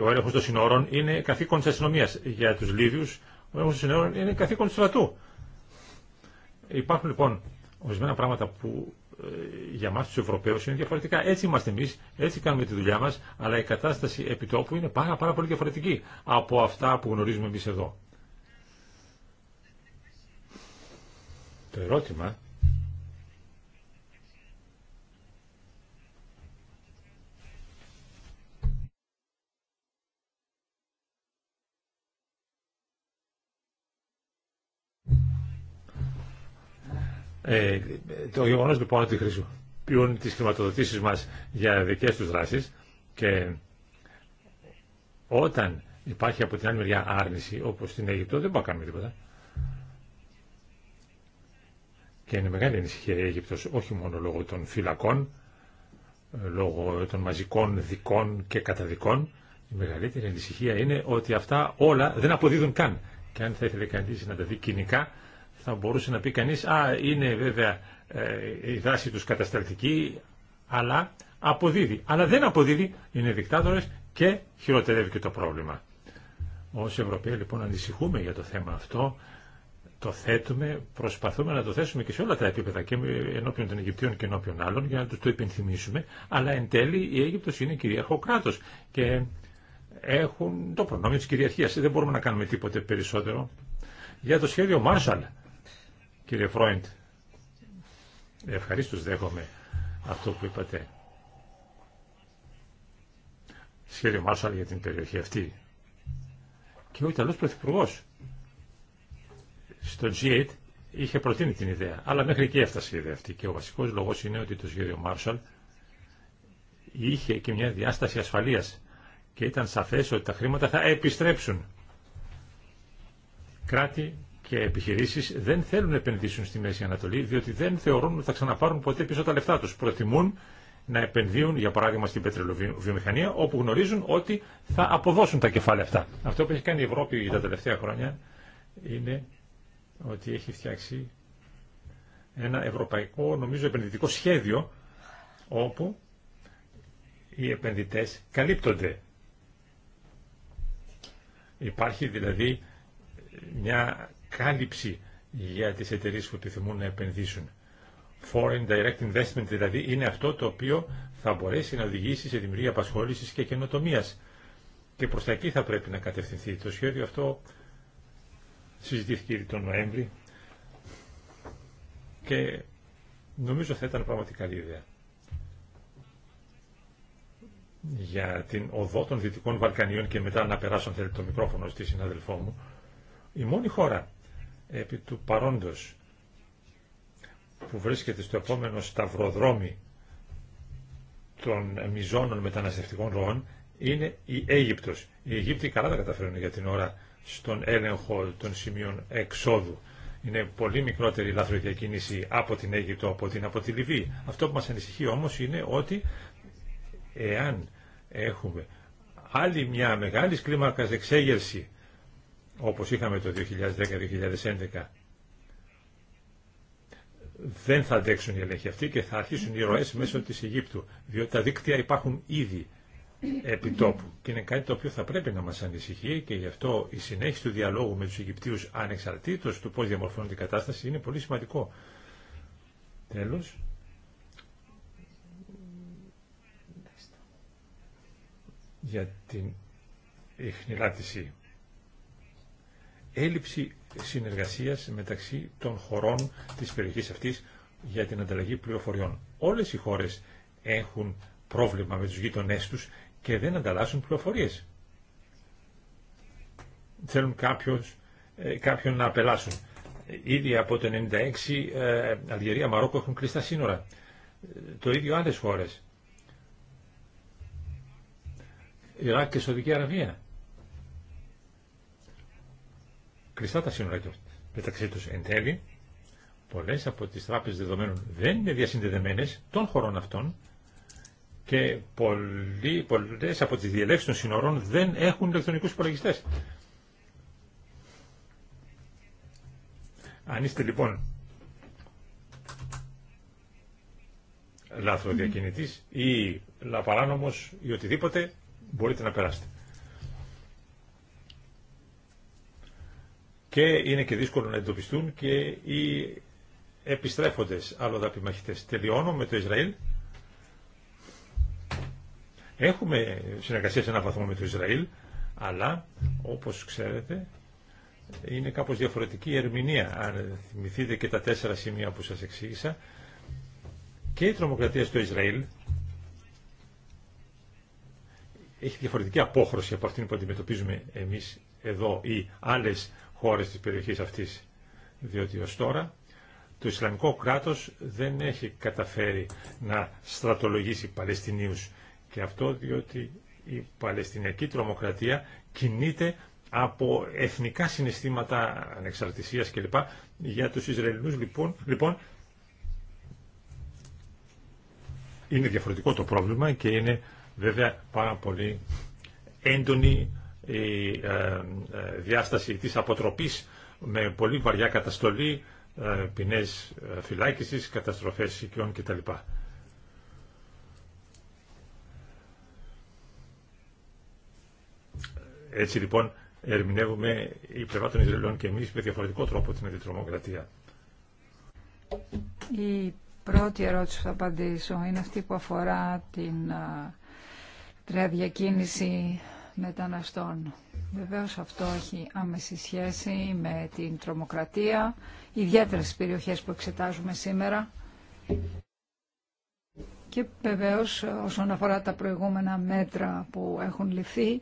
ο έλεγχος των συνόρων είναι καθήκον της αστυνομίας. Για τους Λίβιους ο έλεγχος των συνόρων είναι καθήκον του στρατού. Υπάρχουν λοιπόν ορισμένα πράγματα που ε, για εμά του Ευρωπαίου είναι διαφορετικά. Έτσι είμαστε εμεί, έτσι κάνουμε τη δουλειά μας, αλλά η κατάσταση επιτόπου είναι πάρα, πάρα πολύ διαφορετική από αυτά που γνωρίζουμε εμεί εδώ. Το ερώτημα Ε, το γεγονός λοιπόν ότι χρησιμοποιούν τι χρηματοδοτήσει μας για δικές τους δράσεις και όταν υπάρχει από την άλλη μεριά άρνηση όπως στην Αίγυπτο δεν μπορούμε να κάνουμε τίποτα. Και είναι μεγάλη ανησυχία η Αίγυπτος όχι μόνο λόγω των φυλακών, λόγω των μαζικών δικών και καταδικών. Η μεγαλύτερη ανησυχία είναι ότι αυτά όλα δεν αποδίδουν καν. Και αν θα ήθελε κανεί να τα δει κοινικά, θα μπορούσε να πει κανείς «Α, είναι βέβαια ε, η δράση τους κατασταλτική, αλλά αποδίδει». Αλλά δεν αποδίδει, είναι δικτάτορες και χειροτερεύει και το πρόβλημα. Ως Ευρωπαίοι λοιπόν ανησυχούμε για το θέμα αυτό, το θέτουμε, προσπαθούμε να το θέσουμε και σε όλα τα επίπεδα και ενώπιον των Αιγυπτίων και ενώπιον άλλων για να τους το υπενθυμίσουμε, αλλά εν τέλει η Αίγυπτος είναι κυρίαρχο κράτος και έχουν το προνόμιο της κυριαρχίας. Δεν μπορούμε να κάνουμε τίποτε περισσότερο. Για το σχέδιο Μάρσαλ Κύριε Φρόιντ, ευχαρίστως δέχομαι αυτό που είπατε. Σχέδιο Μάρσαλ για την περιοχή αυτή. Και ο Ιταλός Πρωθυπουργός στο G8 είχε προτείνει την ιδέα, αλλά μέχρι εκεί έφτασε η ιδέα αυτή. Και ο βασικός λόγος είναι ότι το σχέδιο Μάρσαλ είχε και μια διάσταση ασφαλείας και ήταν σαφές ότι τα χρήματα θα επιστρέψουν. Κράτη και επιχειρήσεις δεν θέλουν να επενδύσουν στη Μέση Ανατολή διότι δεν θεωρούν ότι θα ξαναπάρουν ποτέ πίσω τα λεφτά τους. Προτιμούν να επενδύουν, για παράδειγμα, στην πετρελοβιομηχανία, όπου γνωρίζουν ότι θα αποδώσουν τα κεφάλαια αυτά. Αυτό που έχει κάνει η Ευρώπη τα τελευταία χρόνια είναι ότι έχει φτιάξει ένα ευρωπαϊκό, νομίζω, επενδυτικό σχέδιο, όπου οι επενδυτές καλύπτονται. Υπάρχει δηλαδή μια κάλυψη για τις εταιρείες που επιθυμούν να επενδύσουν. Foreign direct investment δηλαδή είναι αυτό το οποίο θα μπορέσει να οδηγήσει σε δημιουργία απασχόλησης και καινοτομίας. Και προ τα εκεί θα πρέπει να κατευθυνθεί. Το σχέδιο αυτό συζητήθηκε ήδη τον Νοέμβρη και νομίζω θα ήταν πραγματικά καλή ιδέα. Για την οδό των Δυτικών Βαλκανίων και μετά να περάσω αν το μικρόφωνο στη συναδελφό μου, η μόνη χώρα επί του παρόντος που βρίσκεται στο επόμενο σταυροδρόμι των μιζώνων μεταναστευτικών ροών είναι η Αίγυπτος. Οι Αιγύπτιοι καλά τα καταφέρουν για την ώρα στον έλεγχο των σημείων εξόδου. Είναι πολύ μικρότερη η λαθροδιακίνηση από την Αίγυπτο, από την, από Λιβύη. Αυτό που μας ανησυχεί όμως είναι ότι εάν έχουμε άλλη μια μεγάλη κλίμακα εξέγερση όπως είχαμε το 2010-2011, δεν θα αντέξουν οι ελέγχοι αυτοί και θα αρχίσουν οι ροές μέσω της Αιγύπτου, διότι τα δίκτυα υπάρχουν ήδη τόπου και είναι κάτι το οποίο θα πρέπει να μας ανησυχεί και γι' αυτό η συνέχιση του διαλόγου με τους Αιγυπτίους ανεξαρτήτως του πώς διαμορφώνεται η κατάσταση είναι πολύ σημαντικό. Τέλος. Για την ηχνηλάτηση έλλειψη συνεργασίας μεταξύ των χωρών της περιοχής αυτής για την ανταλλαγή πληροφοριών. Όλες οι χώρες έχουν πρόβλημα με τους γείτονές τους και δεν ανταλλάσσουν πληροφορίες. Θέλουν κάποιος, ε, κάποιον να απελάσουν. Ήδη από το 1996 ε, Αλγερία, Μαρόκο έχουν κλειστά σύνορα. Ε, το ίδιο άλλες χώρες. Ιράκ και Σαουδική Αραβία. Κλειστά τα σύνορα του μεταξύ του εν τέλει. Πολλές από τι τράπεζε δεδομένων δεν είναι διασυνδεδεμένε των χωρών αυτών και πολλέ από τι διελεύσει των σύνορων δεν έχουν ηλεκτρονικού υπολογιστέ. Αν είστε λοιπόν λάθροδιακινητής ή λαπαράνομος ή οτιδήποτε, μπορείτε να περάσετε. και είναι και δύσκολο να εντοπιστούν και οι επιστρέφοντες άλλο μαχητές. Τελειώνω με το Ισραήλ. Έχουμε συνεργασία σε έναν βαθμό με το Ισραήλ, αλλά όπως ξέρετε είναι κάπως διαφορετική η ερμηνεία. Αν θυμηθείτε και τα τέσσερα σημεία που σας εξήγησα, και η τρομοκρατία στο Ισραήλ έχει διαφορετική απόχρωση από αυτήν που αντιμετωπίζουμε εμείς εδώ ή άλλες χώρες της περιοχής αυτής. Διότι ως τώρα το Ισλαμικό κράτος δεν έχει καταφέρει να στρατολογήσει Παλαιστινίους. Και αυτό διότι η Παλαιστινιακή τρομοκρατία κινείται από εθνικά συναισθήματα ανεξαρτησίας κλπ. Για τους Ισραηλινούς λοιπόν, λοιπόν είναι διαφορετικό το πρόβλημα και είναι βέβαια πάρα πολύ έντονη η ε, ε, διάσταση της αποτροπής με πολύ βαριά καταστολή, ε, ποινές φυλάκισης, καταστροφές οικειών κτλ. Έτσι λοιπόν ερμηνεύουμε η πλευρά των Ισραηλών και εμείς με διαφορετικό τρόπο την αντιτρομοκρατία. Η πρώτη ερώτηση που θα απαντήσω είναι αυτή που αφορά την τρία διακίνηση μεταναστών. Βεβαίως αυτό έχει άμεση σχέση με την τρομοκρατία, ιδιαίτερα στις περιοχές που εξετάζουμε σήμερα. Και βεβαίως όσον αφορά τα προηγούμενα μέτρα που έχουν ληφθεί,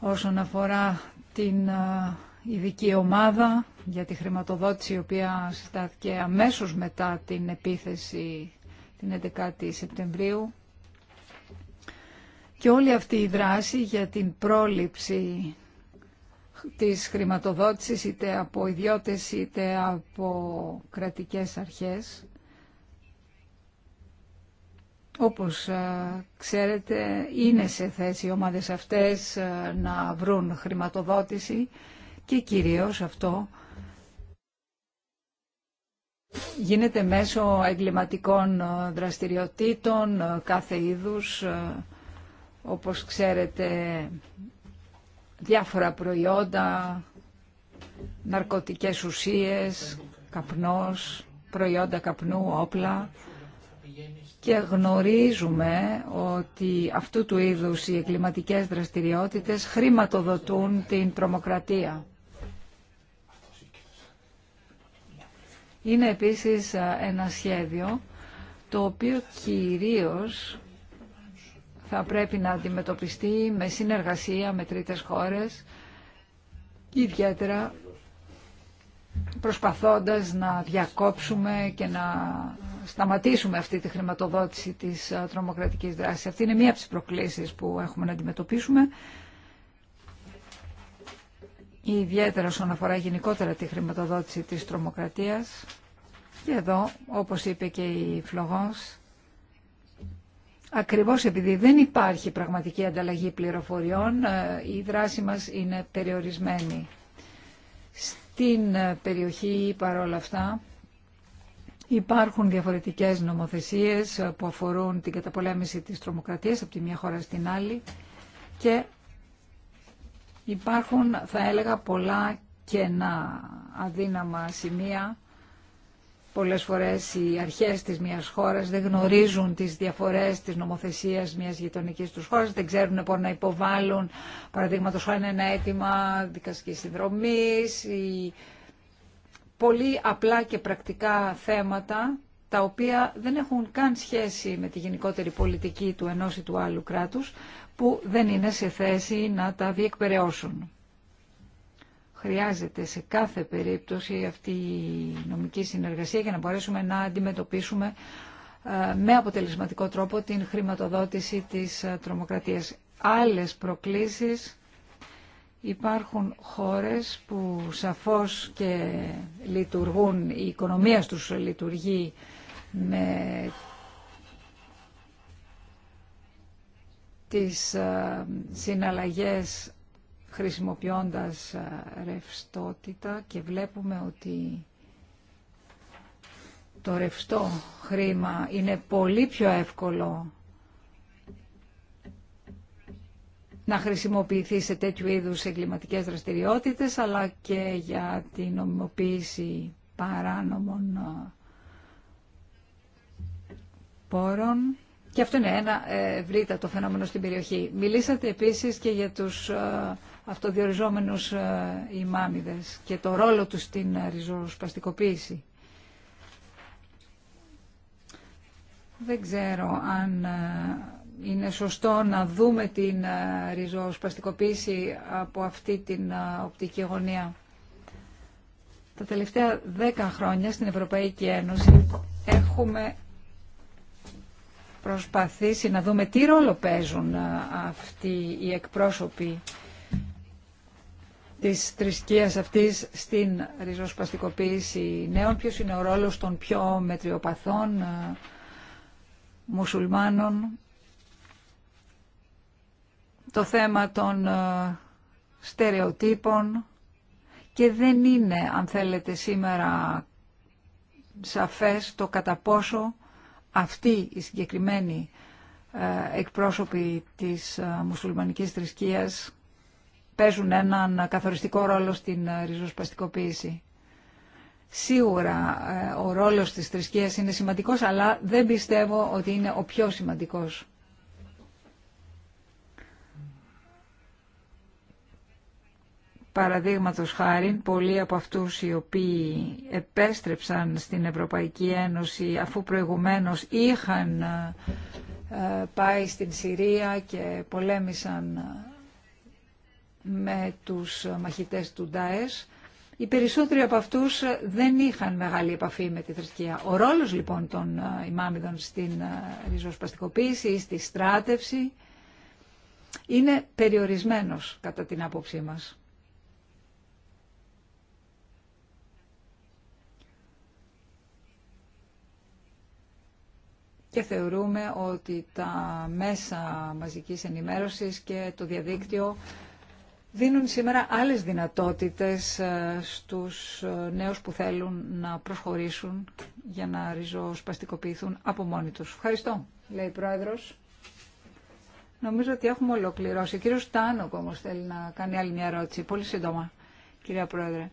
όσον αφορά την ειδική ομάδα για τη χρηματοδότηση η οποία συστάθηκε αμέσως μετά την επίθεση την 11η Σεπτεμβρίου και όλη αυτή η δράση για την πρόληψη της χρηματοδότησης είτε από ιδιώτες είτε από κρατικές αρχές. Όπως ε, ξέρετε είναι σε θέση οι ομάδες αυτές ε, να βρουν χρηματοδότηση και κυρίως αυτό γίνεται μέσω εγκληματικών ε, δραστηριοτήτων κάθε είδους όπως ξέρετε διάφορα προϊόντα, ναρκωτικές ουσίες, καπνός, προϊόντα καπνού, όπλα και γνωρίζουμε ότι αυτού του είδους οι εγκληματικές δραστηριότητες χρηματοδοτούν την τρομοκρατία. Είναι επίσης ε, ένα σχέδιο το οποίο κυρίως θα πρέπει να αντιμετωπιστεί με συνεργασία με τρίτες χώρες, ιδιαίτερα προσπαθώντας να διακόψουμε και να σταματήσουμε αυτή τη χρηματοδότηση της ε, τρομοκρατικής δράσης. Αυτή είναι μία από τις προκλήσεις που έχουμε να αντιμετωπίσουμε, ιδιαίτερα όσον αφορά γενικότερα τη χρηματοδότηση της τρομοκρατίας. Και εδώ, όπως είπε και η Φλογός, Ακριβώς επειδή δεν υπάρχει πραγματική ανταλλαγή πληροφοριών, ε, η δράση μας είναι περιορισμένη. Στην ε, περιοχή, παρόλα αυτά, υπάρχουν διαφορετικές νομοθεσίες ε, που αφορούν την καταπολέμηση της τρομοκρατίας από τη μια χώρα στην άλλη και υπάρχουν, θα έλεγα, πολλά κενά αδύναμα σημεία Πολλές φορές οι αρχές της μιας χώρας δεν γνωρίζουν τις διαφορές της νομοθεσίας μιας γειτονικής τους χώρας, δεν ξέρουν πώς να υποβάλουν, παραδείγματο χάρη ένα αίτημα δικαστικής συνδρομής, πολύ απλά και πρακτικά θέματα τα οποία δεν έχουν καν σχέση με τη γενικότερη πολιτική του ενός ή του άλλου κράτους, που δεν είναι σε θέση να τα διεκπαιρεώσουν χρειάζεται σε κάθε περίπτωση αυτή η νομική συνεργασία για να μπορέσουμε να αντιμετωπίσουμε ε, με αποτελεσματικό τρόπο την χρηματοδότηση της ε, τρομοκρατίας. Άλλες προκλήσεις υπάρχουν χώρες που σαφώς και λειτουργούν, η οικονομία τους λειτουργεί με τις ε, συναλλαγές χρησιμοποιώντας ε, ρευστότητα και βλέπουμε ότι το ρευστό χρήμα είναι πολύ πιο εύκολο να χρησιμοποιηθεί σε τέτοιου είδους εγκληματικές δραστηριότητες αλλά και για την νομιμοποίηση παράνομων ε, πόρων. Και αυτό είναι ένα ε, ευρύτατο φαινόμενο στην περιοχή. Μιλήσατε επίσης και για τους αυτοδιοριζόμενους ε, ημάμιδες και το ρόλο τους στην ριζοσπαστικοποίηση. Δεν ξέρω αν ε, είναι σωστό να δούμε την ε, ριζοσπαστικοποίηση από αυτή την οπτική γωνία. Τα τελευταία δέκα χρόνια στην Ευρωπαϊκή Ένωση έχουμε προσπαθήσει να δούμε τι ρόλο παίζουν αυτοί οι εκπρόσωποι της θρησκείας αυτής στην ριζοσπαστικοποίηση νέων, ποιος είναι ο ρόλος των πιο μετριοπαθών ε, μουσουλμάνων, το θέμα των ε, στερεοτύπων και δεν είναι, αν θέλετε, σήμερα σαφές το κατά πόσο αυτοί οι συγκεκριμένοι ε, εκπρόσωποι της μουσουλμανικής θρησκείας παίζουν έναν καθοριστικό ρόλο στην ε, ριζοσπαστικοποίηση. Σίγουρα ε, ο ρόλος της θρησκείας είναι σημαντικός, αλλά δεν πιστεύω ότι είναι ο πιο σημαντικός. Παραδείγματος χάρη, πολλοί από αυτούς οι οποίοι επέστρεψαν στην Ευρωπαϊκή Ένωση αφού προηγουμένως είχαν ε, πάει στην Συρία και πολέμησαν με τους μαχητές του Ντάες. Οι περισσότεροι από αυτούς δεν είχαν μεγάλη επαφή με τη θρησκεία. Ο ρόλος λοιπόν των ε, ημάμιδων στην ε, ριζοσπαστικοποίηση ή στη στράτευση είναι περιορισμένος κατά την άποψή μας. και θεωρούμε ότι τα μέσα μαζικής ενημέρωσης και το διαδίκτυο δίνουν σήμερα άλλες δυνατότητες ε, στους ε, νέους που θέλουν να προσχωρήσουν για να ριζοσπαστικοποιηθούν από μόνοι τους. Ευχαριστώ, λέει η Πρόεδρος. Νομίζω ότι έχουμε ολοκληρώσει. Ο κύριος Τάνοκ όμως θέλει να κάνει άλλη μια ερώτηση. Πολύ σύντομα, κυρία Πρόεδρε.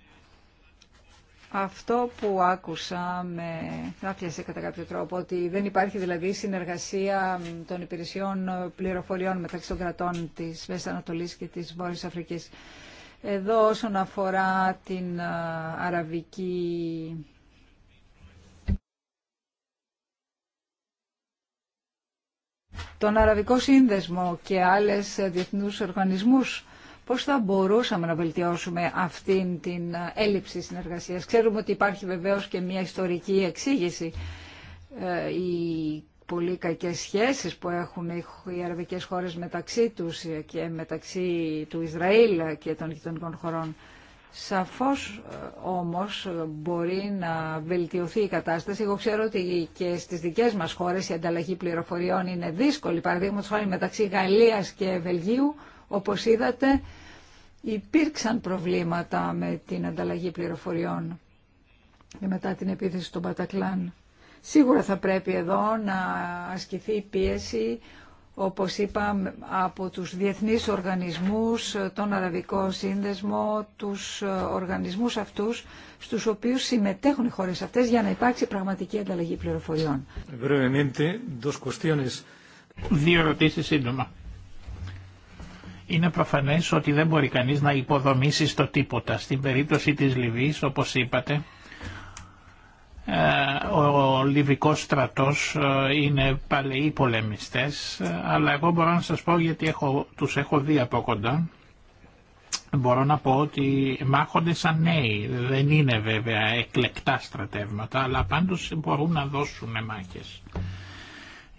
Αυτό που άκουσα με άφιασε κατά κάποιο τρόπο, ότι δεν υπάρχει δηλαδή συνεργασία των υπηρεσιών πληροφοριών μεταξύ των κρατών της Μέσης Ανατολής και της Βόρειας Αφρικής. Εδώ όσον αφορά την αραβική τον Αραβικό Σύνδεσμο και άλλες διεθνούς οργανισμούς πώς θα μπορούσαμε να βελτιώσουμε αυτήν την ε, έλλειψη συνεργασίας. Ξέρουμε ότι υπάρχει βεβαίως και μια ιστορική εξήγηση. Ε, οι πολύ κακές σχέσεις που έχουν οι αραβικές χώρες μεταξύ τους και μεταξύ του Ισραήλ και των γειτονικών χωρών. Σαφώς ε, όμως μπορεί να βελτιωθεί η κατάσταση. Εγώ ξέρω ότι και στις δικές μας χώρες η ανταλλαγή πληροφοριών είναι δύσκολη. Παραδείγματος χάρη μεταξύ Γαλλίας και Βελγίου όπως είδατε, υπήρξαν προβλήματα με την ανταλλαγή πληροφοριών και μετά την επίθεση στον Πατακλάν. Σίγουρα θα πρέπει εδώ να ασκηθεί πίεση, όπως είπα, από τους διεθνείς οργανισμούς, τον Αραβικό Σύνδεσμο, τους οργανισμούς αυτούς, στους οποίους συμμετέχουν οι χώρες αυτές για να υπάρξει πραγματική ανταλλαγή πληροφοριών. Είναι προφανές ότι δεν μπορεί κανείς να υποδομήσει στο τίποτα. Στην περίπτωση της Λιβύης, όπως είπατε, ε, ο Λιβικός στρατός ε, είναι παλαιοί πολεμιστές, ε, αλλά εγώ μπορώ να σας πω γιατί έχω, τους έχω δει από κοντά. Μπορώ να πω ότι μάχονται σαν νέοι, δεν είναι βέβαια εκλεκτά στρατεύματα, αλλά πάντως μπορούν να δώσουν μάχες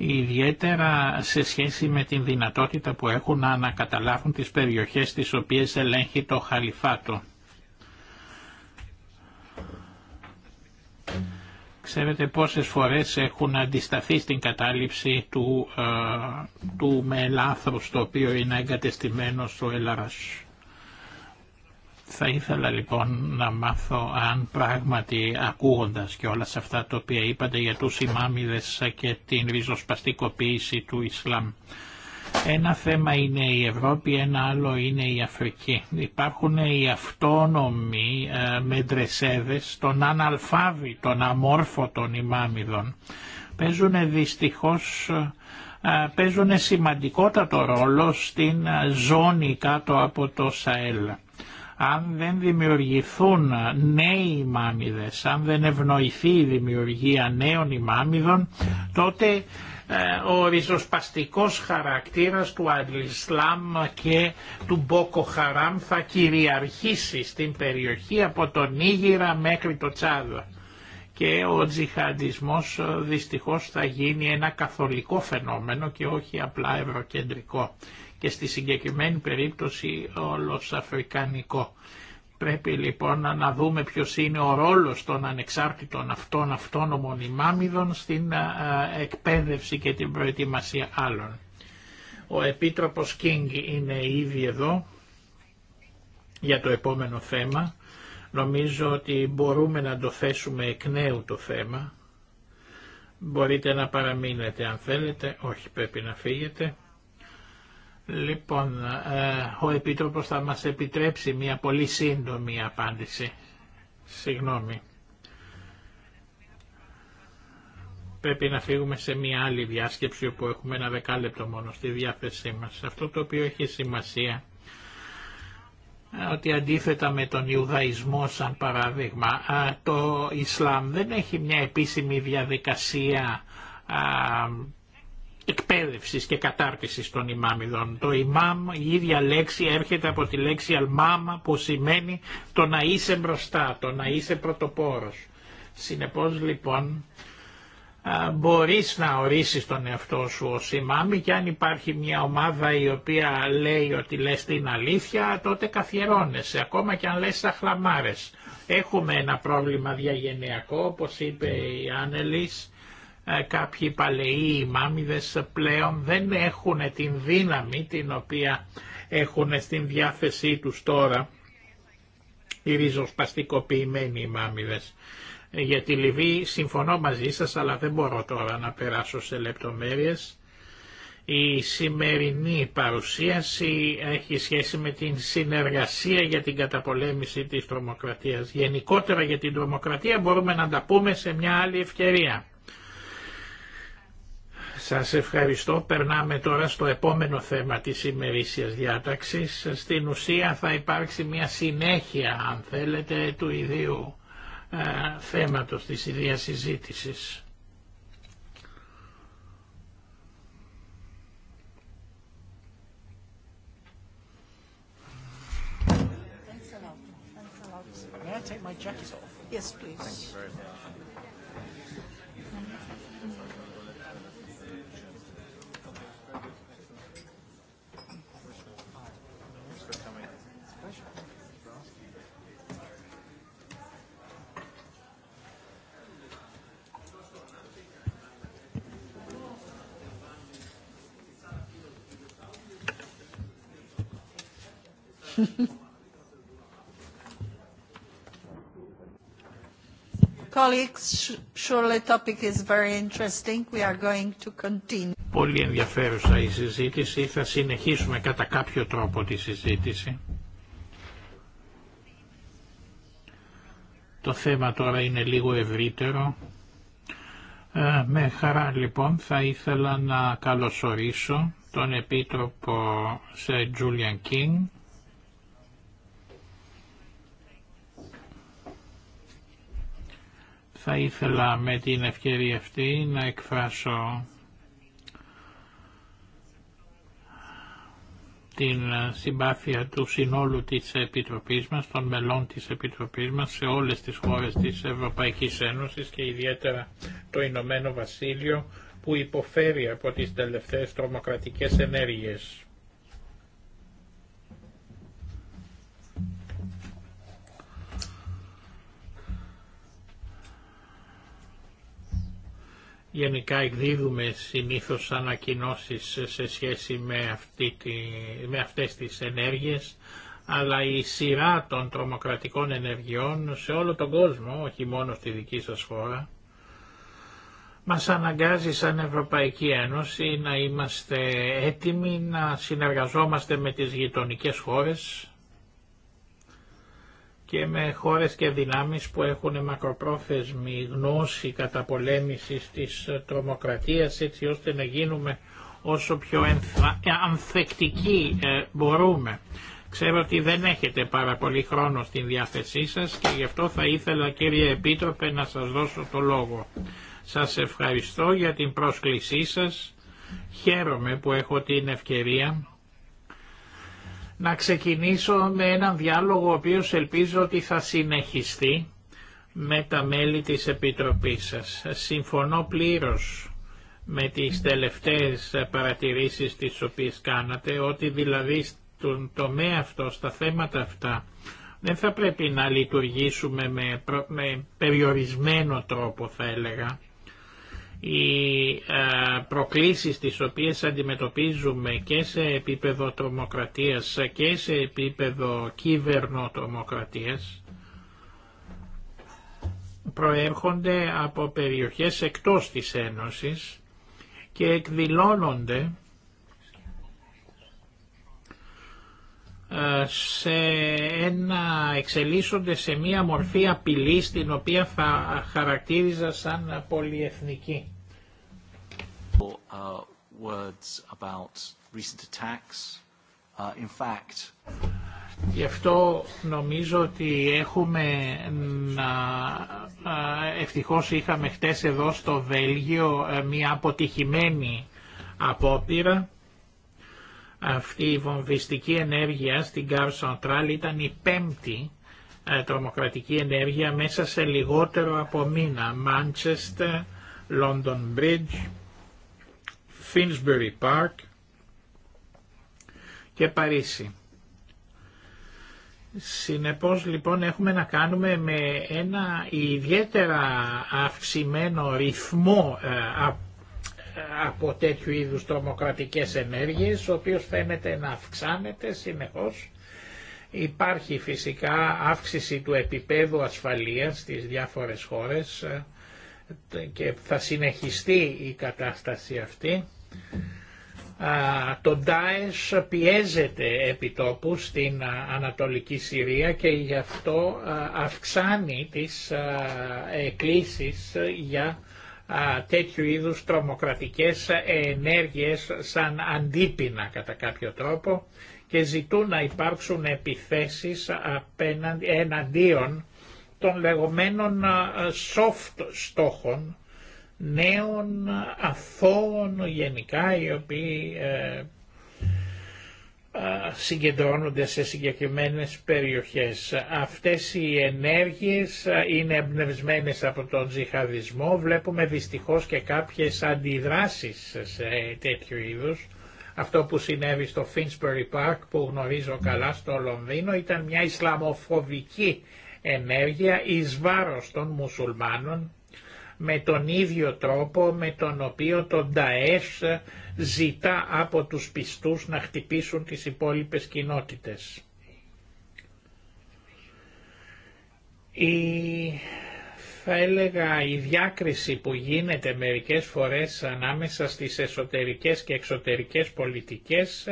ιδιαίτερα σε σχέση με την δυνατότητα που έχουν να ανακαταλάβουν τις περιοχές τις οποίες ελέγχει το χαλιφάτο. Ξέρετε πόσες φορές έχουν αντισταθεί στην κατάληψη του, ε, με του το στο οποίο είναι εγκατεστημένο στο Ελαράς. Θα ήθελα λοιπόν να μάθω αν πράγματι ακούγοντας και όλα αυτά τα οποία είπατε για τους ημάμιδες και την ριζοσπαστικοποίηση του Ισλάμ. Ένα θέμα είναι η Ευρώπη, ένα άλλο είναι η Αφρική. Υπάρχουν οι αυτόνομοι ε, μεντρεσέδες των αναλφάβητων, αμόρφωτων ημάμιδων. Παίζουν δυστυχώς ε, παίζουν σημαντικότατο ρόλο στην ε, ζώνη κάτω από το ΣΑΕΛ αν δεν δημιουργηθούν νέοι ημάμιδες, αν δεν ευνοηθεί η δημιουργία νέων ημάμιδων, τότε ε, ο ριζοσπαστικός χαρακτήρας του Αλισλάμ και του Μπόκο Χαράμ θα κυριαρχήσει στην περιοχή από τον Ήγηρα μέχρι το Τσάδα. Και ο τζιχαντισμός ε, δυστυχώς θα γίνει ένα καθολικό φαινόμενο και όχι απλά ευρωκεντρικό και στη συγκεκριμένη περίπτωση όλος αφρικανικό. Πρέπει λοιπόν να δούμε ποιος είναι ο ρόλος των ανεξάρτητων αυτών αυτών ημάμιδων στην εκπαίδευση και την προετοιμασία άλλων. Ο Επίτροπος Κίνγκ είναι ήδη εδώ για το επόμενο θέμα. Νομίζω ότι μπορούμε να το θέσουμε εκ νέου το θέμα. Μπορείτε να παραμείνετε αν θέλετε, όχι πρέπει να φύγετε. Λοιπόν, ε, ο Επίτροπος θα μας επιτρέψει μια πολύ σύντομη απάντηση. Συγγνώμη. Πρέπει να φύγουμε σε μια άλλη διάσκεψη όπου έχουμε ένα δεκάλεπτο μόνο στη διάθεσή μας. Αυτό το οποίο έχει σημασία ε, ότι αντίθετα με τον Ιουδαϊσμό σαν παράδειγμα, ε, το Ισλάμ δεν έχει μια επίσημη διαδικασία Εκπαίδευση και κατάρτιση των ημάμιδων. Το ημάμ, η ίδια λέξη έρχεται από τη λέξη αλμάμα που σημαίνει το να είσαι μπροστά, το να είσαι πρωτοπόρος. Συνεπώς λοιπόν μπορείς να ορίσεις τον εαυτό σου ως ημάμι και αν υπάρχει μια ομάδα η οποία λέει ότι λες την αλήθεια τότε καθιερώνεσαι ακόμα και αν λες σαχλαμάρες. Έχουμε ένα πρόβλημα διαγενειακό όπως είπε η Άνελης ε, κάποιοι παλαιοί ημάμιδες πλέον δεν έχουν την δύναμη την οποία έχουν στην διάθεσή τους τώρα οι ριζοσπαστικοποιημένοι ημάμιδες. Για τη Λιβύη συμφωνώ μαζί σας αλλά δεν μπορώ τώρα να περάσω σε λεπτομέρειες. Η σημερινή παρουσίαση έχει σχέση με την συνεργασία για την καταπολέμηση της τρομοκρατίας. Γενικότερα για την τρομοκρατία μπορούμε να τα πούμε σε μια άλλη ευκαιρία. Σας ευχαριστώ. Περνάμε τώρα στο επόμενο θέμα της ημερήσιας διάταξης. Στην ουσία θα υπάρξει μια συνέχεια, αν θέλετε, του ιδίου ε, θέματος της ίδιας συζήτησης. interesting. We going to Πολύ ενδιαφέρουσα η συζήτηση. Θα συνεχίσουμε κατά κάποιο τρόπο τη συζήτηση. Το θέμα τώρα είναι λίγο ευρύτερο. Ε, με χαρά λοιπόν θα ήθελα να καλωσορίσω τον Επίτροπο σε Julian King Θα ήθελα με την ευκαιρία αυτή να εκφράσω την συμπάθεια του συνόλου της Επιτροπής μας, των μελών της Επιτροπής μας σε όλες τις χώρες της Ευρωπαϊκής Ένωσης και ιδιαίτερα το Ηνωμένο Βασίλειο που υποφέρει από τις τελευταίες τρομοκρατικές ενέργειες. Γενικά εκδίδουμε συνήθως ανακοινώσεις σε σχέση με, αυτή τη, με αυτές τις ενέργειες, αλλά η σειρά των τρομοκρατικών ενεργειών σε όλο τον κόσμο, όχι μόνο στη δική σας χώρα, μας αναγκάζει σαν Ευρωπαϊκή Ένωση να είμαστε έτοιμοι να συνεργαζόμαστε με τις γειτονικές χώρες και με χώρες και δυνάμεις που έχουν μακροπρόθεσμη γνώση καταπολέμησης της τρομοκρατίας έτσι ώστε να γίνουμε όσο πιο ε, ανθεκτικοί ε, μπορούμε. Ξέρω ότι δεν έχετε πάρα πολύ χρόνο στην διάθεσή σας και γι' αυτό θα ήθελα κύριε Επίτροπε να σας δώσω το λόγο. Σας ευχαριστώ για την πρόσκλησή σας. Χαίρομαι που έχω την ευκαιρία να ξεκινήσω με έναν διάλογο ο οποίος ελπίζω ότι θα συνεχιστεί με τα μέλη της Επιτροπής σας. Συμφωνώ πλήρως με τις τελευταίες παρατηρήσεις τις οποίες κάνατε, ότι δηλαδή στον τομέα αυτό, στα θέματα αυτά, δεν θα πρέπει να λειτουργήσουμε με, με περιορισμένο τρόπο θα έλεγα, οι ε, προκλήσεις τις οποίες αντιμετωπίζουμε και σε επίπεδο τρομοκρατίας και σε επίπεδο κυβερνοτρομοκρατίας προέρχονται από περιοχές εκτός της Ένωσης και εκδηλώνονται ε, σε ένα, εξελίσσονται σε μία μορφή απειλή την οποία θα χαρακτήριζα σαν πολυεθνική. Uh, uh, Γι' αυτό νομίζω ότι έχουμε να... Ευτυχώς είχαμε χτες εδώ στο Βέλγιο ε, μια αποτυχημένη απόπειρα. Αυτή η βομβιστική ενέργεια στην Γκάρ Σοντράλ ήταν η πέμπτη ε, τρομοκρατική ενέργεια μέσα σε λιγότερο από μήνα. Μάντσεστερ, Λόντον Bridge. Finsbury Park και Παρίσι. Συνεπώς λοιπόν έχουμε να κάνουμε με ένα ιδιαίτερα αυξημένο ρυθμό ε, ε, από τέτοιου είδους τρομοκρατικές ενέργειες, ο οποίος φαίνεται να αυξάνεται συνεχώς. Υπάρχει φυσικά αύξηση του επίπεδου ασφαλείας στις διάφορες χώρες ε, και θα συνεχιστεί η κατάσταση αυτή. Το ΤΑΕΣ πιέζεται επί τόπου στην Ανατολική Συρία και γι' αυτό αυξάνει τις εκκλήσεις για τέτοιου είδους τρομοκρατικές ενέργειες σαν αντίπεινα κατά κάποιο τρόπο και ζητούν να υπάρξουν επιθέσεις απέναντι, εναντίον των λεγόμενων soft στόχων νέων αθώων γενικά οι οποίοι ε, ε, συγκεντρώνονται σε συγκεκριμένες περιοχές. Αυτές οι ενέργειες ε, είναι εμπνευσμένε από τον τζιχαδισμό. Βλέπουμε δυστυχώς και κάποιες αντιδράσεις σε τέτοιου είδους. Αυτό που συνέβη στο Finsbury Park που γνωρίζω καλά στο Λονδίνο ήταν μια ισλαμοφοβική ενέργεια εις βάρος των μουσουλμάνων με τον ίδιο τρόπο με τον οποίο το ΝΤΑΕΣ ζητά από τους πιστούς να χτυπήσουν τις υπόλοιπες κοινότητες. Η, θα έλεγα η διάκριση που γίνεται μερικές φορές ανάμεσα στις εσωτερικές και εξωτερικές πολιτικές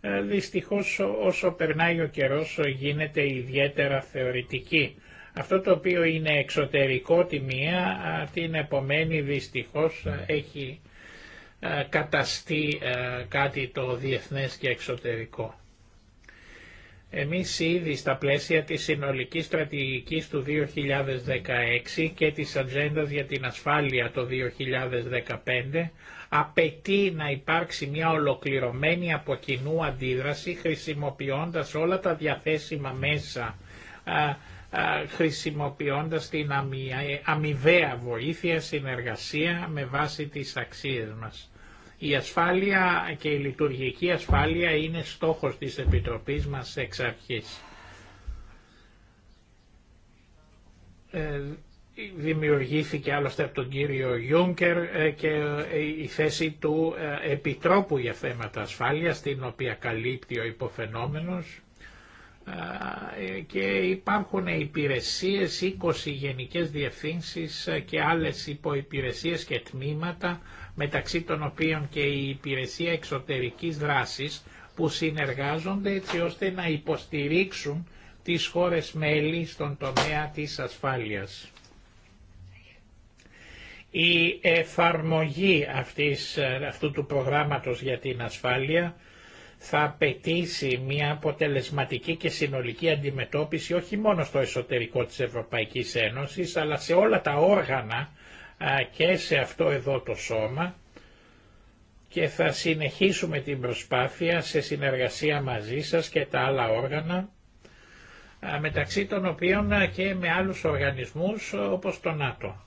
ε, δυστυχώς όσο περνάει ο καιρός γίνεται ιδιαίτερα θεωρητική αυτό το οποίο είναι εξωτερικό τη μία, την επομένη δυστυχώς έχει καταστεί κάτι το διεθνές και εξωτερικό. Εμείς ήδη στα πλαίσια της συνολικής στρατηγικής του 2016 και της ατζέντα για την ασφάλεια το 2015 απαιτεί να υπάρξει μια ολοκληρωμένη από κοινού αντίδραση χρησιμοποιώντας όλα τα διαθέσιμα μέσα χρησιμοποιώντας την αμοιβαία βοήθεια, συνεργασία με βάση τις αξίες μας. Η ασφάλεια και η λειτουργική ασφάλεια είναι στόχος της Επιτροπής μας εξ αρχής. Ε, δημιουργήθηκε άλλωστε από τον κύριο Γιούνκερ ε, και ε, η θέση του Επιτρόπου για θέματα ασφάλειας, την οποία καλύπτει ο υποφαινόμενος, ε, και υπάρχουν υπηρεσίες, 20 γενικές διευθύνσεις ε, και άλλες υποϋπηρεσίες και τμήματα μεταξύ των οποίων και η υπηρεσία εξωτερικής δράσης που συνεργάζονται έτσι ώστε να υποστηρίξουν τις χώρες μέλη στον τομέα της ασφάλειας. Η εφαρμογή αυτής, ε, αυτού του προγράμματος για την ασφάλεια θα απαιτήσει μια αποτελεσματική και συνολική αντιμετώπιση όχι μόνο στο εσωτερικό της Ευρωπαϊκής Ένωσης αλλά σε όλα τα όργανα και σε αυτό εδώ το σώμα και θα συνεχίσουμε την προσπάθεια σε συνεργασία μαζί σας και τα άλλα όργανα μεταξύ των οποίων και με άλλους οργανισμούς όπως το ΝΑΤΟ.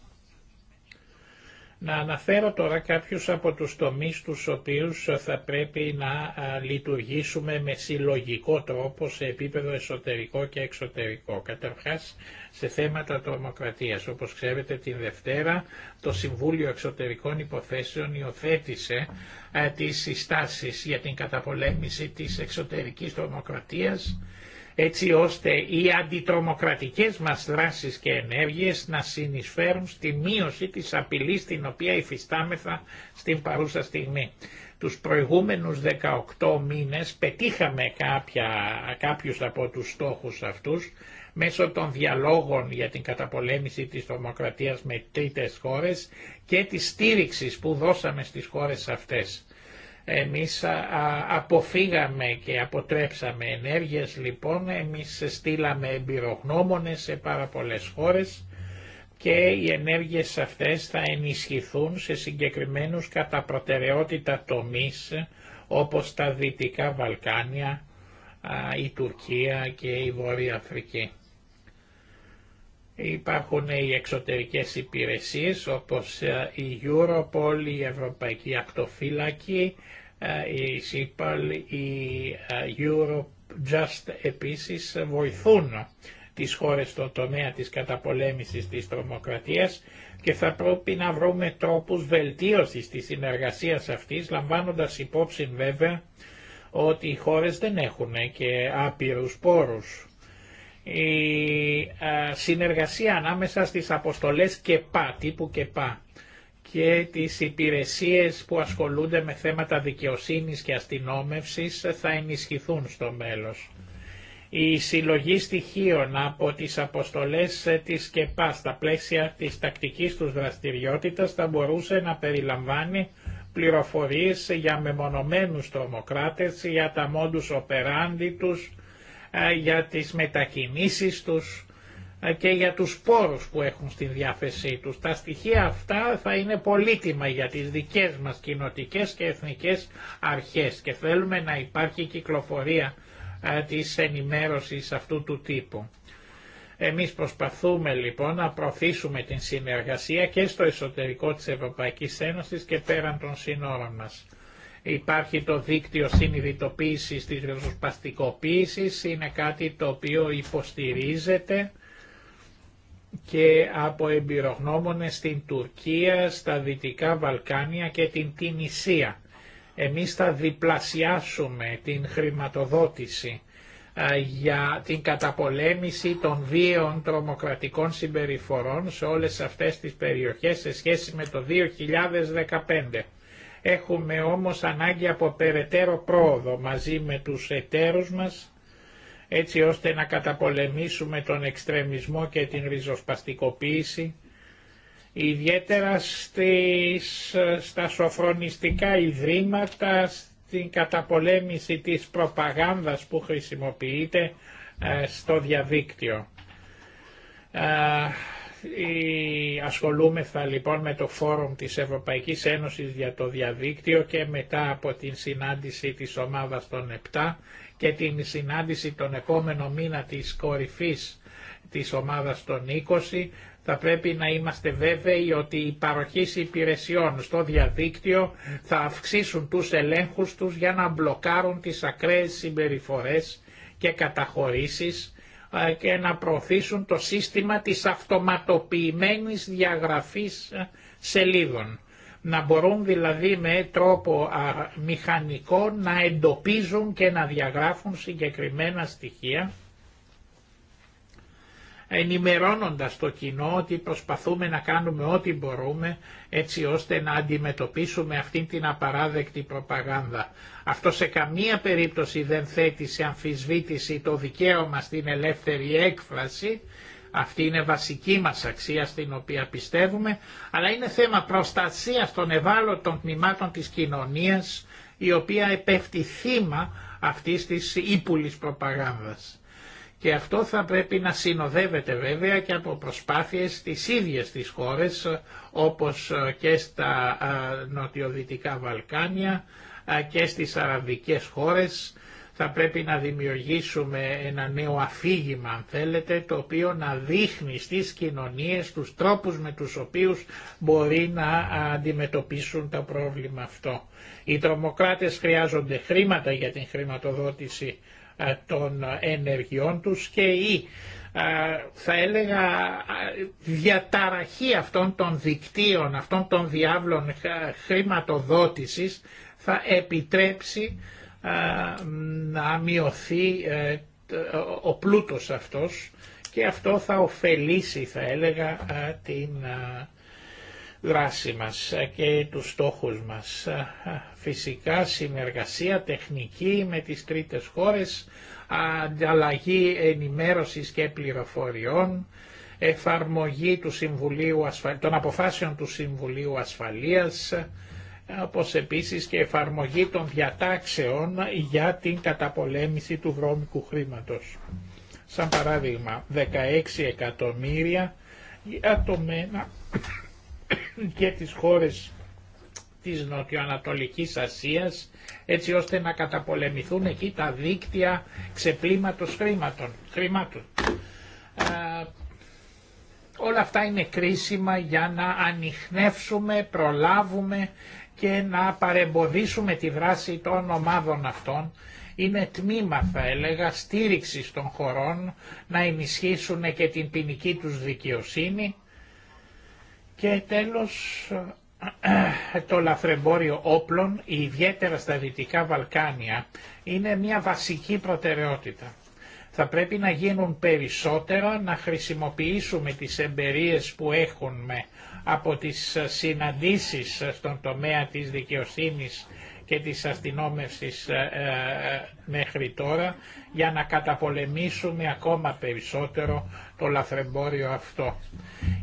Να αναφέρω τώρα κάποιους από τους τομείς τους οποίους θα πρέπει να λειτουργήσουμε με συλλογικό τρόπο σε επίπεδο εσωτερικό και εξωτερικό. Καταρχάς σε θέματα τρομοκρατίας. Όπως ξέρετε την Δευτέρα το Συμβούλιο Εξωτερικών Υποθέσεων υιοθέτησε τις συστάσεις για την καταπολέμηση της εξωτερικής τρομοκρατίας έτσι ώστε οι αντιτρομοκρατικές μας δράσεις και ενέργειες να συνεισφέρουν στη μείωση της απειλής την οποία υφιστάμεθα στην παρούσα στιγμή. Τους προηγούμενους 18 μήνες πετύχαμε κάποια, κάποιους από τους στόχους αυτούς μέσω των διαλόγων για την καταπολέμηση της τρομοκρατίας με τρίτες χώρες και της στήριξης που δώσαμε στις χώρες αυτές. Εμείς αποφύγαμε και αποτρέψαμε ενέργειες λοιπόν, εμείς στείλαμε εμπειρογνώμονες σε πάρα πολλές χώρες και οι ενέργειες αυτές θα ενισχυθούν σε συγκεκριμένους κατά προτεραιότητα τομείς όπως τα Δυτικά Βαλκάνια, η Τουρκία και η Βόρεια Αφρική. Υπάρχουν οι εξωτερικές υπηρεσίες όπως ε, η Europol, η Ευρωπαϊκή Ακτοφύλακη, ε, η ΣΥΠΑΛ, η ε, Eurojust επίσης βοηθούν τις χώρες στο τομέα της καταπολέμησης της τρομοκρατίας και θα πρέπει να βρούμε τρόπους βελτίωσης της συνεργασίας αυτής, λαμβάνοντας υπόψη βέβαια ότι οι χώρες δεν έχουν και άπειρους πόρους η συνεργασία ανάμεσα στις αποστολές ΚΕΠΑ, τύπου ΚΕΠΑ και τις υπηρεσίες που ασχολούνται με θέματα δικαιοσύνης και αστυνόμευσης θα ενισχυθούν στο μέλος. Η συλλογή στοιχείων από τις αποστολές της ΚΕΠΑ στα πλαίσια της τακτικής τους δραστηριότητας θα μπορούσε να περιλαμβάνει πληροφορίες για μεμονωμένους τρομοκράτες, για τα μόντους οπεράντι τους, ε, για τις μετακινήσεις τους ε, και για τους πόρους που έχουν στην διάθεσή τους. Τα στοιχεία αυτά θα είναι πολύτιμα για τις δικές μας κοινοτικές και εθνικές αρχές και θέλουμε να υπάρχει κυκλοφορία ε, της ενημέρωσης αυτού του τύπου. Εμείς προσπαθούμε λοιπόν να προωθήσουμε την συνεργασία και στο εσωτερικό της Ευρωπαϊκής Ένωσης και πέραν των σύνορων μας. Υπάρχει το δίκτυο συνειδητοποίησης της ριζοσπαστικοποίησης, είναι κάτι το οποίο υποστηρίζεται και από εμπειρογνώμονες στην Τουρκία, στα Δυτικά Βαλκάνια και την Τινησία. Εμείς θα διπλασιάσουμε την χρηματοδότηση για την καταπολέμηση των βίαιων τρομοκρατικών συμπεριφορών σε όλες αυτές τις περιοχές σε σχέση με το 2015. Έχουμε όμως ανάγκη από περαιτέρω πρόοδο μαζί με τους εταίρους μας έτσι ώστε να καταπολεμήσουμε τον εξτρεμισμό και την ριζοσπαστικοποίηση ιδιαίτερα στις, στα σοφρονιστικά ιδρύματα, στην καταπολέμηση της προπαγάνδας που χρησιμοποιείται ε, στο διαδίκτυο. Ε, ε, ασχολούμεθα λοιπόν με το φόρουμ της Ευρωπαϊκής Ένωσης για το διαδίκτυο και μετά από την συνάντηση της ομάδας των 7 και την συνάντηση τον επόμενο μήνα της κορυφής της ομάδας των 20 θα πρέπει να είμαστε βέβαιοι ότι οι παροχής υπηρεσιών στο διαδίκτυο θα αυξήσουν τους ελέγχους τους για να μπλοκάρουν τις ακραίες συμπεριφορές και καταχωρήσεις και να προωθήσουν το σύστημα της αυτοματοποιημένης διαγραφής σελίδων. Να μπορούν δηλαδή με τρόπο μηχανικό να εντοπίζουν και να διαγράφουν συγκεκριμένα στοιχεία ενημερώνοντας το κοινό ότι προσπαθούμε να κάνουμε ό,τι μπορούμε έτσι ώστε να αντιμετωπίσουμε αυτήν την απαράδεκτη προπαγάνδα. Αυτό σε καμία περίπτωση δεν θέτει σε αμφισβήτηση το δικαίωμα στην ελεύθερη έκφραση, αυτή είναι βασική μας αξία στην οποία πιστεύουμε, αλλά είναι θέμα προστασίας των ευάλωτων τμήματων της κοινωνίας η οποία επέφτει θύμα αυτής της ύπουλης προπαγάνδας. Και αυτό θα πρέπει να συνοδεύεται βέβαια και από προσπάθειες στις ίδιες τις χώρες όπως και στα νοτιοδυτικά Βαλκάνια και στις αραβικές χώρες. Θα πρέπει να δημιουργήσουμε ένα νέο αφήγημα αν θέλετε το οποίο να δείχνει στις κοινωνίες τους τρόπους με τους οποίους μπορεί να αντιμετωπίσουν το πρόβλημα αυτό. Οι τρομοκράτες χρειάζονται χρήματα για την χρηματοδότηση των ενεργειών τους και η θα έλεγα διαταραχή αυτών των δικτύων, αυτών των διάβλων χρηματοδότησης θα επιτρέψει να μειωθεί ε, ο πλούτος αυτός και αυτό θα ωφελήσει θα έλεγα την δράση μας και τους στόχους μας. Φυσικά συνεργασία τεχνική με τις τρίτες χώρες, ανταλλαγή ενημέρωσης και πληροφοριών, εφαρμογή του Συμβουλίου των αποφάσεων του Συμβουλίου Ασφαλείας, όπως επίσης και εφαρμογή των διατάξεων για την καταπολέμηση του βρώμικου χρήματος. Σαν παράδειγμα, 16 εκατομμύρια για το ΜΕΝΑ και τις χώρες της Νοτιοανατολικής Ασίας έτσι ώστε να καταπολεμηθούν εκεί τα δίκτυα ξεπλήματος χρήματων. Ε, όλα αυτά είναι κρίσιμα για να ανοιχνεύσουμε, προλάβουμε και να παρεμποδίσουμε τη δράση των ομάδων αυτών είναι τμήμα θα έλεγα στήριξη των χωρών να ενισχύσουν και την ποινική τους δικαιοσύνη και τέλος το λαθρεμπόριο όπλων, ιδιαίτερα στα Δυτικά Βαλκάνια, είναι μια βασική προτεραιότητα. Θα πρέπει να γίνουν περισσότερα, να χρησιμοποιήσουμε τις εμπειρίες που έχουμε από τις συναντήσεις στον τομέα της δικαιοσύνης και της αστυνόμευσης ε, ε, μέχρι τώρα, για να καταπολεμήσουμε ακόμα περισσότερο το λαθρεμπόριο αυτό.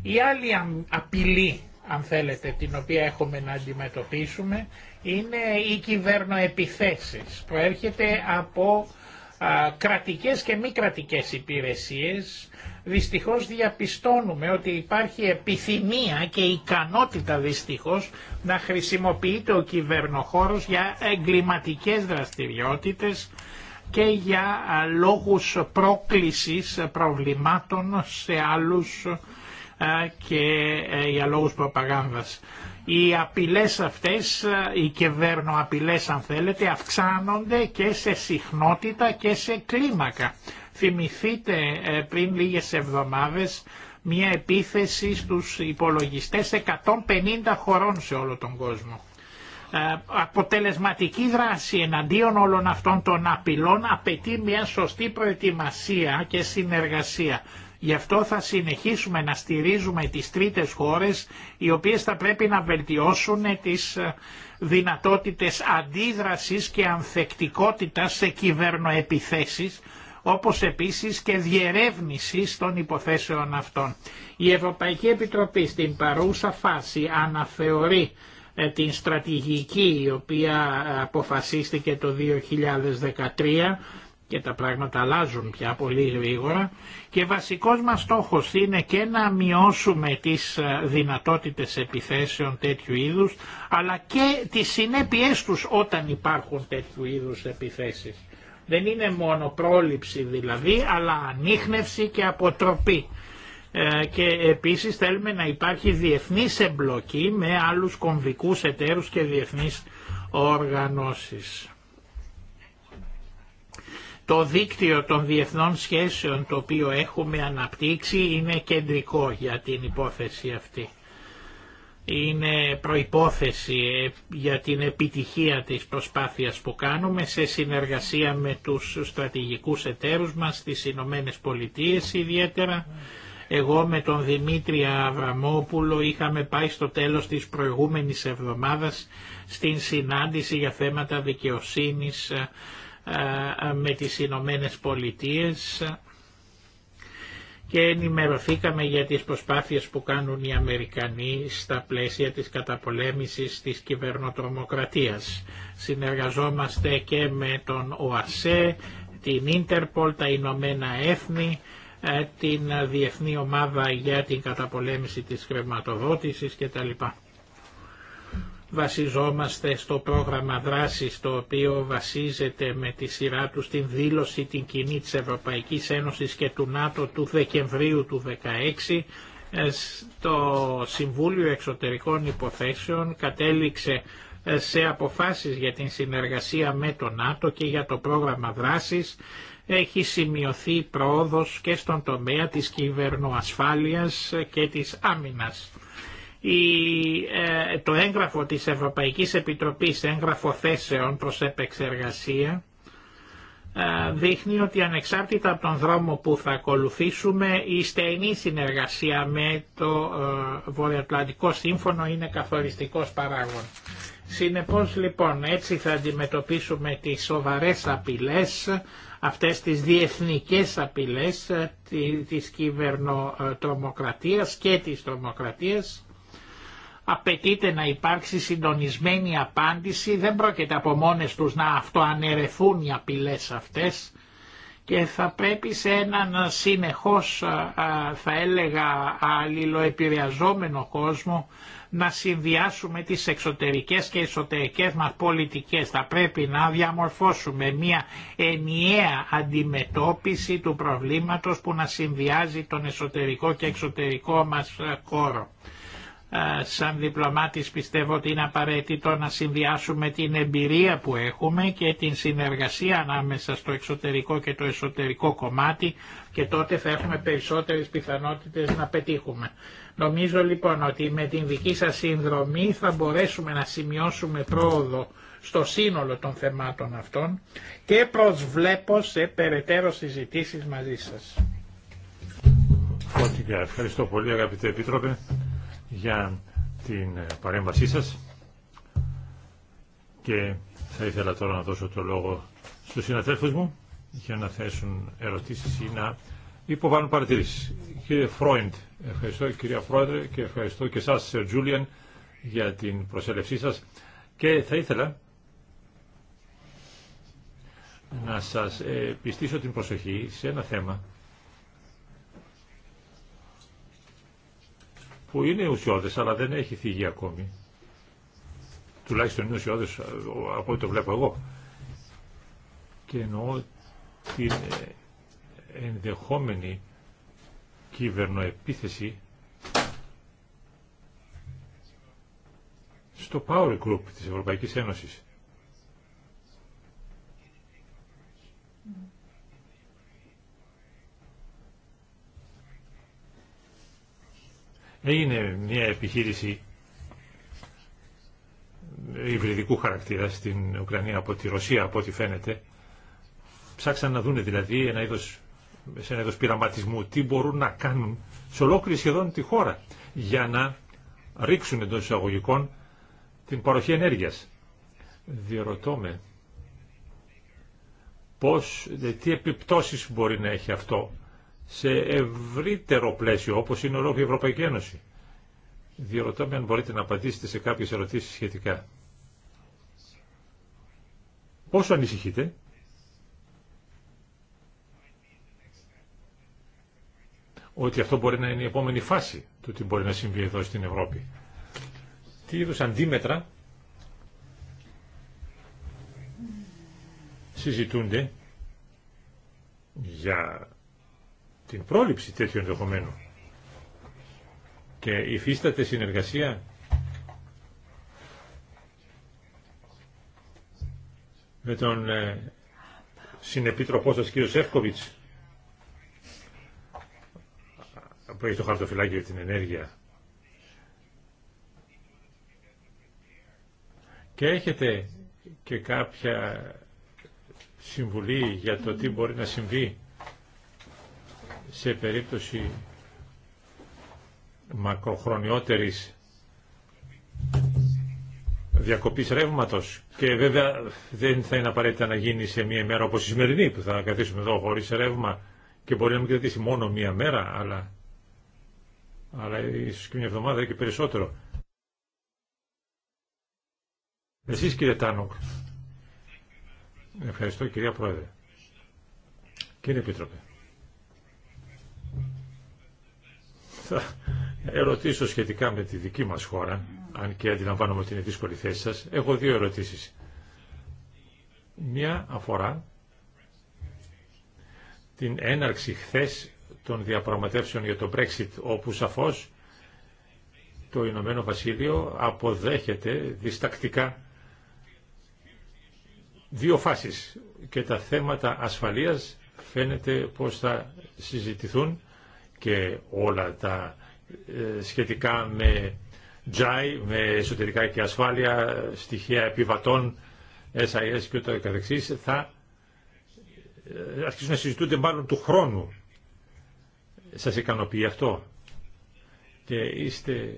Η άλλη απειλή αν θέλετε, την οποία έχουμε να αντιμετωπίσουμε είναι οι κυβερνοεπιθέσεις. έρχεται από κρατικές και μη κρατικές υπηρεσίες. Δυστυχώς διαπιστώνουμε ότι υπάρχει επιθυμία και ικανότητα δυστυχώς να χρησιμοποιείται ο κυβερνοχώρος για εγκληματικές δραστηριότητες και για λόγους πρόκλησης προβλημάτων σε άλλους και ε, για λόγους προπαγάνδας. Οι απειλές αυτές, ε, οι κεβέρνοαπειλές αν θέλετε, αυξάνονται και σε συχνότητα και σε κλίμακα. Θυμηθείτε ε, πριν λίγες εβδομάδες μια επίθεση στους υπολογιστές 150 χωρών σε όλο τον κόσμο. Αποτελεσματική δράση εναντίον όλων αυτών των απειλών απαιτεί μια σωστή προετοιμασία και συνεργασία. Γι' αυτό θα συνεχίσουμε να στηρίζουμε τις τρίτες χώρες οι οποίες θα πρέπει να βελτιώσουν τις ε, δυνατότητες αντίδρασης και ανθεκτικότητας σε κυβερνοεπιθέσεις όπως επίσης και διερεύνηση των υποθέσεων αυτών. Η Ευρωπαϊκή Επιτροπή στην παρούσα φάση αναθεωρεί ε, την στρατηγική η οποία ε, αποφασίστηκε το 2013 και τα πράγματα αλλάζουν πια πολύ γρήγορα και βασικός μας στόχος είναι και να μειώσουμε τις ε, δυνατότητες επιθέσεων τέτοιου είδους αλλά και τις συνέπειές τους όταν υπάρχουν τέτοιου είδους επιθέσεις. Δεν είναι μόνο πρόληψη δηλαδή αλλά ανείχνευση και αποτροπή ε, και επίσης θέλουμε να υπάρχει διεθνής εμπλοκή με άλλους κομβικούς εταίρους και διεθνείς οργανώσεις. Το δίκτυο των διεθνών σχέσεων το οποίο έχουμε αναπτύξει είναι κεντρικό για την υπόθεση αυτή. Είναι προϋπόθεση ε, για την επιτυχία της προσπάθειας που κάνουμε σε συνεργασία με τους στρατηγικούς εταίρους μας στις Ηνωμένε Πολιτείες ιδιαίτερα. Εγώ με τον Δημήτρη Αβραμόπουλο είχαμε πάει στο τέλος της προηγούμενης εβδομάδας στην συνάντηση για θέματα δικαιοσύνης ε, με τις Ηνωμένε Πολιτείε και ενημερωθήκαμε για τις προσπάθειες που κάνουν οι Αμερικανοί στα πλαίσια της καταπολέμησης της κυβερνοτρομοκρατίας. Συνεργαζόμαστε και με τον ΟΑΣΕ, την Ίντερπολ, τα Ηνωμένα Έθνη, την Διεθνή Ομάδα για την Καταπολέμηση της Χρηματοδότησης κτλ βασιζόμαστε στο πρόγραμμα δράσης το οποίο βασίζεται με τη σειρά του στην δήλωση την κοινή της Ευρωπαϊκής Ένωσης και του ΝΑΤΟ του Δεκεμβρίου του 2016 ε, στο Συμβούλιο Εξωτερικών Υποθέσεων κατέληξε ε, σε αποφάσεις για την συνεργασία με το ΝΑΤΟ και για το πρόγραμμα δράσης έχει σημειωθεί πρόοδος και στον τομέα της κυβερνοασφάλειας και της άμυνας. Ε, το έγγραφο της Ευρωπαϊκής Επιτροπής, έγγραφο θέσεων προς επεξεργασία, ε, δείχνει ότι ανεξάρτητα από τον δρόμο που θα ακολουθήσουμε η στενή συνεργασία με το ε, Βορειοατλαντικό Σύμφωνο είναι καθοριστικός παράγων. Συνεπώς λοιπόν έτσι θα αντιμετωπίσουμε τις σοβαρές απειλές, αυτές τις διεθνικές απειλές της κυβερνοτρομοκρατίας και της τρομοκρατίας απαιτείται να υπάρξει συντονισμένη απάντηση, δεν πρόκειται από μόνες τους να αυτοαναιρεθούν οι απειλές αυτές και θα πρέπει σε έναν συνεχώς θα έλεγα αλληλοεπηρεαζόμενο κόσμο να συνδυάσουμε τις εξωτερικές και εσωτερικές μας πολιτικές. Θα πρέπει να διαμορφώσουμε μια ενιαία αντιμετώπιση του προβλήματος που να συνδυάζει τον εσωτερικό και εξωτερικό μας χώρο. Ε, σαν διπλωμάτης πιστεύω ότι είναι απαραίτητο να συνδυάσουμε την εμπειρία που έχουμε και την συνεργασία ανάμεσα στο εξωτερικό και το εσωτερικό κομμάτι και τότε θα έχουμε περισσότερες πιθανότητες να πετύχουμε. Νομίζω λοιπόν ότι με την δική σας συνδρομή θα μπορέσουμε να σημειώσουμε πρόοδο στο σύνολο των θεμάτων αυτών και προσβλέπω σε περαιτέρω συζητήσεις μαζί σας. Ευχαριστώ πολύ για την ε, παρέμβασή σας και θα ήθελα τώρα να δώσω το λόγο στους συναδέλφους μου για να θέσουν ερωτήσεις ή να υποβάλουν παρατηρήσεις. Κύριε Φρόιντ, ευχαριστώ κυρία Πρόεδρε και ευχαριστώ και σας Τζούλιαν για την προσέλευσή σας και θα ήθελα να σας ε, πιστήσω την προσοχή σε ένα θέμα που είναι ουσιώδες αλλά δεν έχει θυγεί ακόμη. Τουλάχιστον είναι ουσιώδες από ό,τι το βλέπω εγώ. Και εννοώ την ενδεχόμενη κυβερνοεπίθεση στο Power Group της Ευρωπαϊκής Ένωσης. Είναι μια επιχείρηση υβριδικού χαρακτήρα στην Ουκρανία από τη Ρωσία από ό,τι φαίνεται. Ψάξαν να δούνε δηλαδή ένα είδος, σε ένα είδος πειραματισμού τι μπορούν να κάνουν σε ολόκληρη σχεδόν τη χώρα για να ρίξουν εντό εισαγωγικών την παροχή ενέργειας. Διερωτώ με πώς, τι επιπτώσεις μπορεί να έχει αυτό σε ευρύτερο πλαίσιο, όπως είναι ολόκληρη η Ευρωπαϊκή Ένωση. Διερωτώ με αν μπορείτε να απαντήσετε σε κάποιες ερωτήσεις σχετικά. Πόσο ανησυχείτε, ότι αυτό μπορεί να είναι η επόμενη φάση του τι μπορεί να συμβεί εδώ στην Ευρώπη. Τι είδους αντίμετρα συζητούνται για την πρόληψη τέτοιου ενδεχομένου. Και υφίσταται συνεργασία με τον ε, συνεπίτροπό σας κύριο Σεύκοβιτς που έχει το χαρτοφυλάκι για την ενέργεια και έχετε και κάποια συμβουλή για το τι μπορεί να συμβεί σε περίπτωση μακροχρονιότερης διακοπής ρεύματος και βέβαια δεν θα είναι απαραίτητα να γίνει σε μία μέρα όπως η σημερινή που θα καθίσουμε εδώ χωρίς ρεύμα και μπορεί να μην κρατήσει μόνο μία μέρα αλλά, αλλά ίσως και μία εβδομάδα και περισσότερο. Εσείς κύριε Τάνοκ. Ευχαριστώ κυρία Πρόεδρε. Κύριε Επίτροπε. Θα ερωτήσω σχετικά με τη δική μας χώρα, αν και αντιλαμβάνομαι ότι είναι δύσκολη θέση σας. Έχω δύο ερωτήσεις. Μία αφορά την έναρξη χθες των διαπραγματεύσεων για το Brexit, όπου σαφώς το Ηνωμένο Βασίλειο αποδέχεται διστακτικά δύο φάσεις και τα θέματα ασφαλείας φαίνεται πως θα συζητηθούν και όλα τα ε, σχετικά με JAI, με εσωτερικά και ασφάλεια, στοιχεία επιβατών, SIS και ούτω καθεξής, θα ε, αρχίσουν να συζητούνται μάλλον του χρόνου. Σας ικανοποιεί αυτό. Και είστε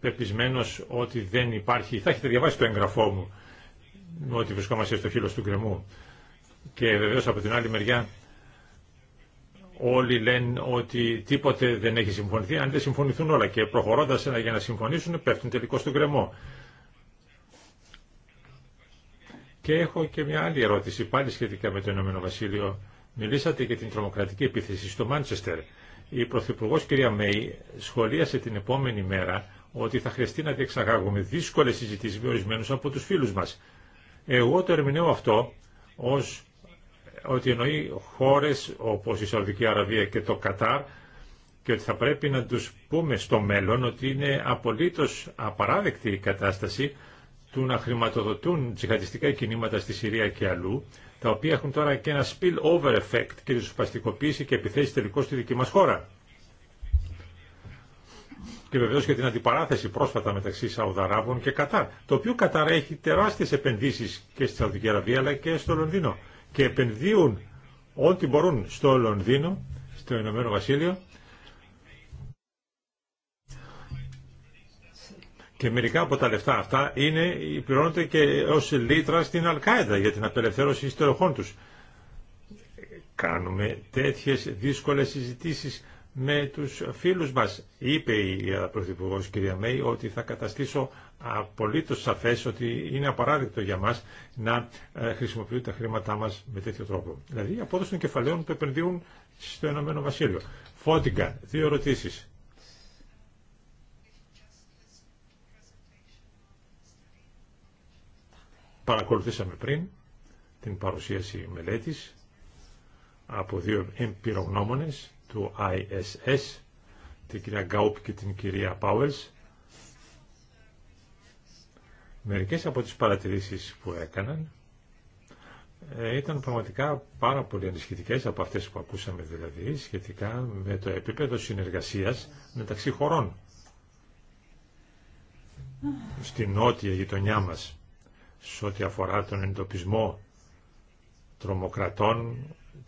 πεπισμένος ότι δεν υπάρχει, θα έχετε διαβάσει το έγγραφό μου, ότι βρισκόμαστε στο χείλος του γκρεμού. Και βεβαίως από την άλλη μεριά όλοι λένε ότι τίποτε δεν έχει συμφωνηθεί, αν δεν συμφωνηθούν όλα και προχωρώντας για να συμφωνήσουν πέφτουν τελικώς στον κρεμό. Και έχω και μια άλλη ερώτηση πάλι σχετικά με το Ηνωμένο Βασίλειο. Μιλήσατε για την τρομοκρατική επίθεση στο Μάντσεστερ. Η Πρωθυπουργό κυρία Μέη σχολίασε την επόμενη μέρα ότι θα χρειαστεί να διεξαγάγουμε δύσκολε συζητήσει με ορισμένου από του φίλου μα. Εγώ το ερμηνεύω αυτό ω ότι εννοεί χώρες όπως η Σαουδική Αραβία και το Κατάρ και ότι θα πρέπει να τους πούμε στο μέλλον ότι είναι απολύτως απαράδεκτη η κατάσταση του να χρηματοδοτούν τσιχατιστικά κινήματα στη Συρία και αλλού, τα οποία έχουν τώρα και ένα spill-over effect και ριζοσπαστικοποίηση και επιθέσει τελικώς στη δική μας χώρα. Και βεβαίως και την αντιπαράθεση πρόσφατα μεταξύ Σαουδαράβων και Κατάρ, το οποίο Κατάρ έχει τεράστιες επενδύσεις και στη Σαουδική Αραβία αλλά και στο Λονδίνο και επενδύουν ό,τι μπορούν στο Λονδίνο, στο Ηνωμένο Βασίλειο και μερικά από τα λεφτά αυτά είναι, πληρώνονται και ως λίτρα στην Αλκάιδα για την απελευθέρωση στελεχών τους. Κάνουμε τέτοιες δύσκολες συζητήσεις με τους φίλους μας. Είπε η Πρωθυπουργός κυρία Μέη ότι θα καταστήσω απολύτως σαφές ότι είναι απαράδεκτο για μας να ε, χρησιμοποιούν τα χρήματά μας με τέτοιο τρόπο. Δηλαδή η απόδοση των κεφαλαίων που επενδύουν στο Ενωμένο Βασίλειο. Φώτιγκα, δύο ερωτήσεις. Παρακολουθήσαμε πριν την παρουσίαση μελέτης από δύο εμπειρογνώμονες του ISS, την κυρία Γκάουπ και την κυρία Πάουελς, Μερικές από τις παρατηρήσεις που έκαναν ε, ήταν πραγματικά πάρα πολύ ανησυχητικές από αυτές που ακούσαμε δηλαδή σχετικά με το επίπεδο συνεργασίας μεταξύ χωρών στη νότια γειτονιά μας σε ό,τι αφορά τον εντοπισμό τρομοκρατών,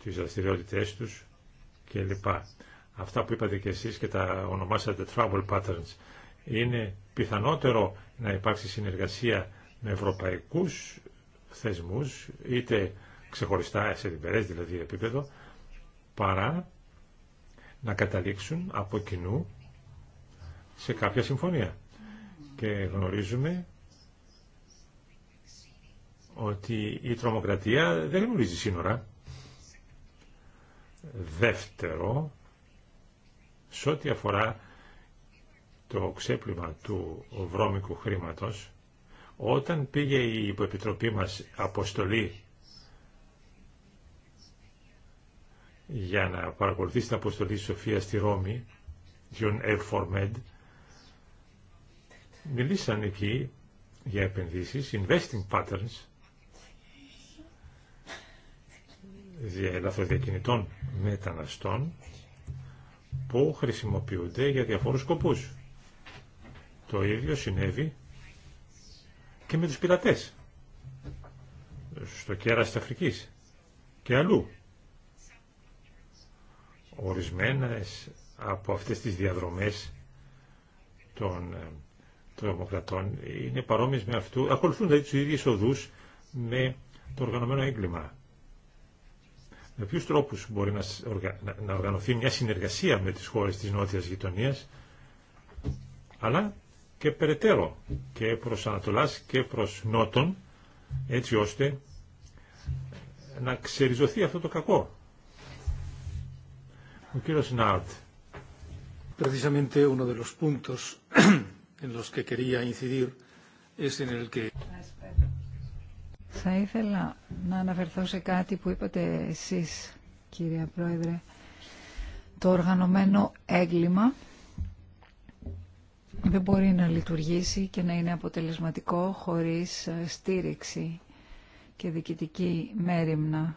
τις δραστηριότητε τους κλπ. Αυτά που είπατε και εσείς και τα ονομάσατε travel patterns είναι πιθανότερο να υπάρξει συνεργασία με ευρωπαϊκούς θεσμούς, είτε ξεχωριστά σε διπερές δηλαδή επίπεδο, παρά να καταλήξουν από κοινού σε κάποια συμφωνία. Και γνωρίζουμε ότι η τρομοκρατία δεν γνωρίζει σύνορα. Δεύτερο, σε ό,τι αφορά το ξέπλυμα του βρώμικου χρήματος, όταν πήγε η υποεπιτροπή μας αποστολή για να παρακολουθήσει την αποστολή της Σοφία στη Ρώμη, John F. Formed, μιλήσαν εκεί για επενδύσεις, investing patterns, λαθοδιακινητών μεταναστών που χρησιμοποιούνται για διαφόρους σκοπούς. Το ίδιο συνέβη και με τους πειρατές στο κέρας της Αφρικής και αλλού. Ορισμένες από αυτές τις διαδρομές των ε, τρομοκρατών είναι παρόμοιες με αυτού, ακολουθούν δηλαδή τους ίδιους οδούς με το οργανωμένο έγκλημα. Με ποιους τρόπους μπορεί να, να οργανωθεί μια συνεργασία με τις χώρες της νότιας γειτονίας, αλλά και περαιτέρω και προς Ανατολάς και προς Νότον έτσι ώστε να ξεριζωθεί αυτό το κακό. Ο κύριος Νάρτ. Precisamente Θα ήθελα να αναφερθώ σε κάτι που είπατε εσείς, κύριε Πρόεδρε. Το οργανωμένο έγκλημα δεν μπορεί να λειτουργήσει και να είναι αποτελεσματικό χωρίς ε, στήριξη και διοικητική μέρημνα.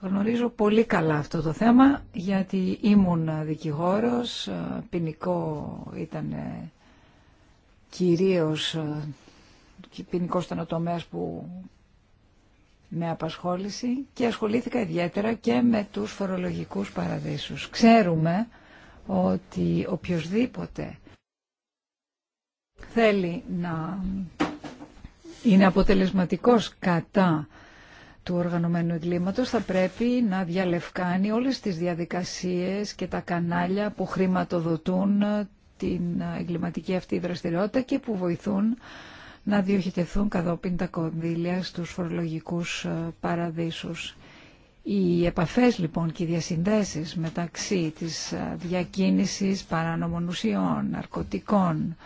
Γνωρίζω πολύ καλά αυτό το θέμα γιατί ήμουν δικηγόρος, ε, ποινικό ήταν ε, κυρίως ποινικό ήταν ο που με απασχόλησε και ασχολήθηκα ιδιαίτερα και με τους φορολογικούς παραδείσους. Ξέρουμε ότι οποιοδήποτε θέλει να είναι αποτελεσματικός κατά του οργανωμένου εγκλήματος θα πρέπει να διαλευκάνει όλες τις διαδικασίες και τα κανάλια που χρηματοδοτούν την εγκληματική αυτή δραστηριότητα και που βοηθούν να διοχετευθούν καθόπιν τα κονδύλια στους φορολογικούς ε, παραδείσους. Οι επαφές λοιπόν και οι διασυνδέσεις μεταξύ της ε, διακίνησης παράνομων ουσιών, ναρκωτικών,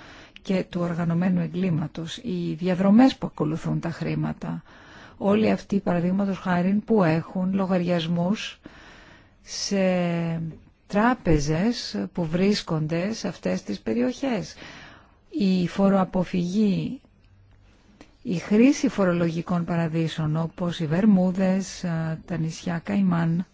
και του οργανωμένου εγκλήματος, οι διαδρομές που ακολουθούν τα χρήματα, όλοι αυτοί παραδείγματος χάρη που έχουν λογαριασμούς σε τράπεζες που βρίσκονται σε αυτές τις περιοχές. Η φοροαποφυγή, η χρήση φορολογικών παραδείσων όπως οι Βερμούδες, τα νησιά Καϊμάν,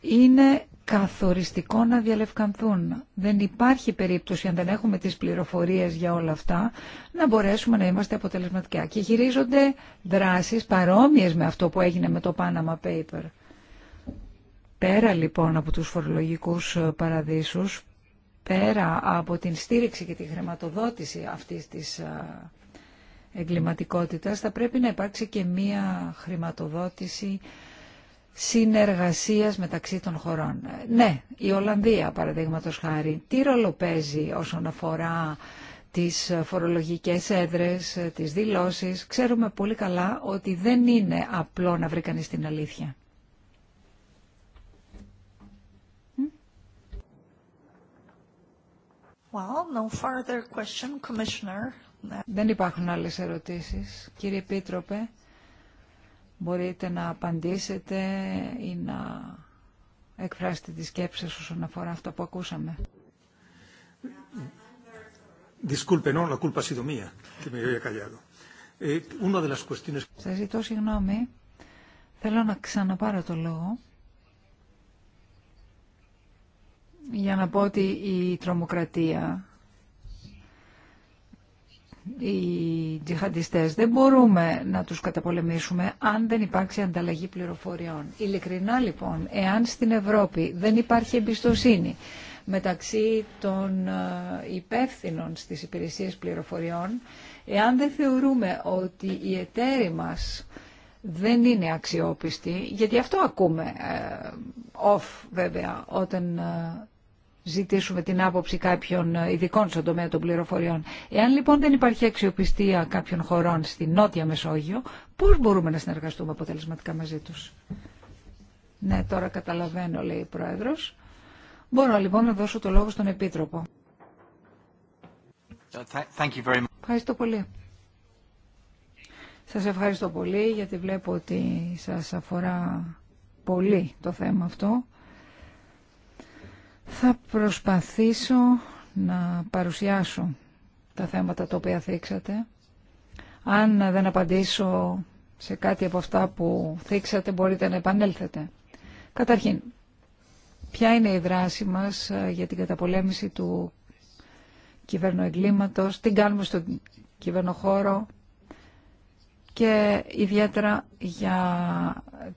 είναι καθοριστικό να διαλευκανθούν. Δεν υπάρχει περίπτωση, αν δεν έχουμε τις πληροφορίες για όλα αυτά, να μπορέσουμε να είμαστε αποτελεσματικά. Και χειρίζονται δράσεις παρόμοιες με αυτό που έγινε με το Panama Paper. Πέρα λοιπόν από τους φορολογικούς ε, παραδείσους, πέρα από την στήριξη και τη χρηματοδότηση αυτής της ε, εγκληματικότητας, θα πρέπει να υπάρξει και μία χρηματοδότηση συνεργασίας μεταξύ των χωρών. Ναι, η Ολλανδία παραδείγματος χάρη. Τι ρόλο παίζει όσον αφορά τις φορολογικές έδρες, τις δηλώσεις. Ξέρουμε πολύ καλά ότι δεν είναι απλό να βρει κανείς την αλήθεια. Well, no Δεν υπάρχουν άλλες ερωτήσεις. Κύριε Πίτροπε μπορείτε να απαντήσετε ή να εκφράσετε τις σκέψεις όσον αφορά αυτό που ακούσαμε. Ε, ε, Disculpe, Σας ζητώ συγγνώμη. Θέλω να ξαναπάρω το λόγο. Για να πω ότι η τρομοκρατία οι τζιχαντιστές. Δεν μπορούμε να τους καταπολεμήσουμε αν δεν υπάρξει ανταλλαγή πληροφοριών. Ειλικρινά λοιπόν, εάν στην Ευρώπη δεν υπάρχει εμπιστοσύνη μεταξύ των ε, υπεύθυνων στις υπηρεσίες πληροφοριών, εάν δεν θεωρούμε ότι οι εταίροι μας δεν είναι αξιόπιστοι, γιατί αυτό ακούμε ε, off βέβαια όταν ε, ζητήσουμε την άποψη κάποιων ειδικών στον τομέα των πληροφοριών. Εάν λοιπόν δεν υπάρχει αξιοπιστία κάποιων χωρών στη Νότια Μεσόγειο, πώς μπορούμε να συνεργαστούμε αποτελεσματικά μαζί τους. Ναι, τώρα καταλαβαίνω, λέει η Πρόεδρος. Μπορώ λοιπόν να δώσω το λόγο στον Επίτροπο. Uh, ευχαριστώ πολύ. Σας ευχαριστώ πολύ γιατί βλέπω ότι σας αφορά πολύ το θέμα αυτό. Θα προσπαθήσω να παρουσιάσω τα θέματα τα οποία θίξατε. Αν δεν απαντήσω σε κάτι από αυτά που θίξατε, μπορείτε να επανέλθετε. Καταρχήν, ποια είναι η δράση μας ε, για την καταπολέμηση του κυβερνοεγκλήματος, τι κάνουμε στον κυβερνοχώρο και ιδιαίτερα για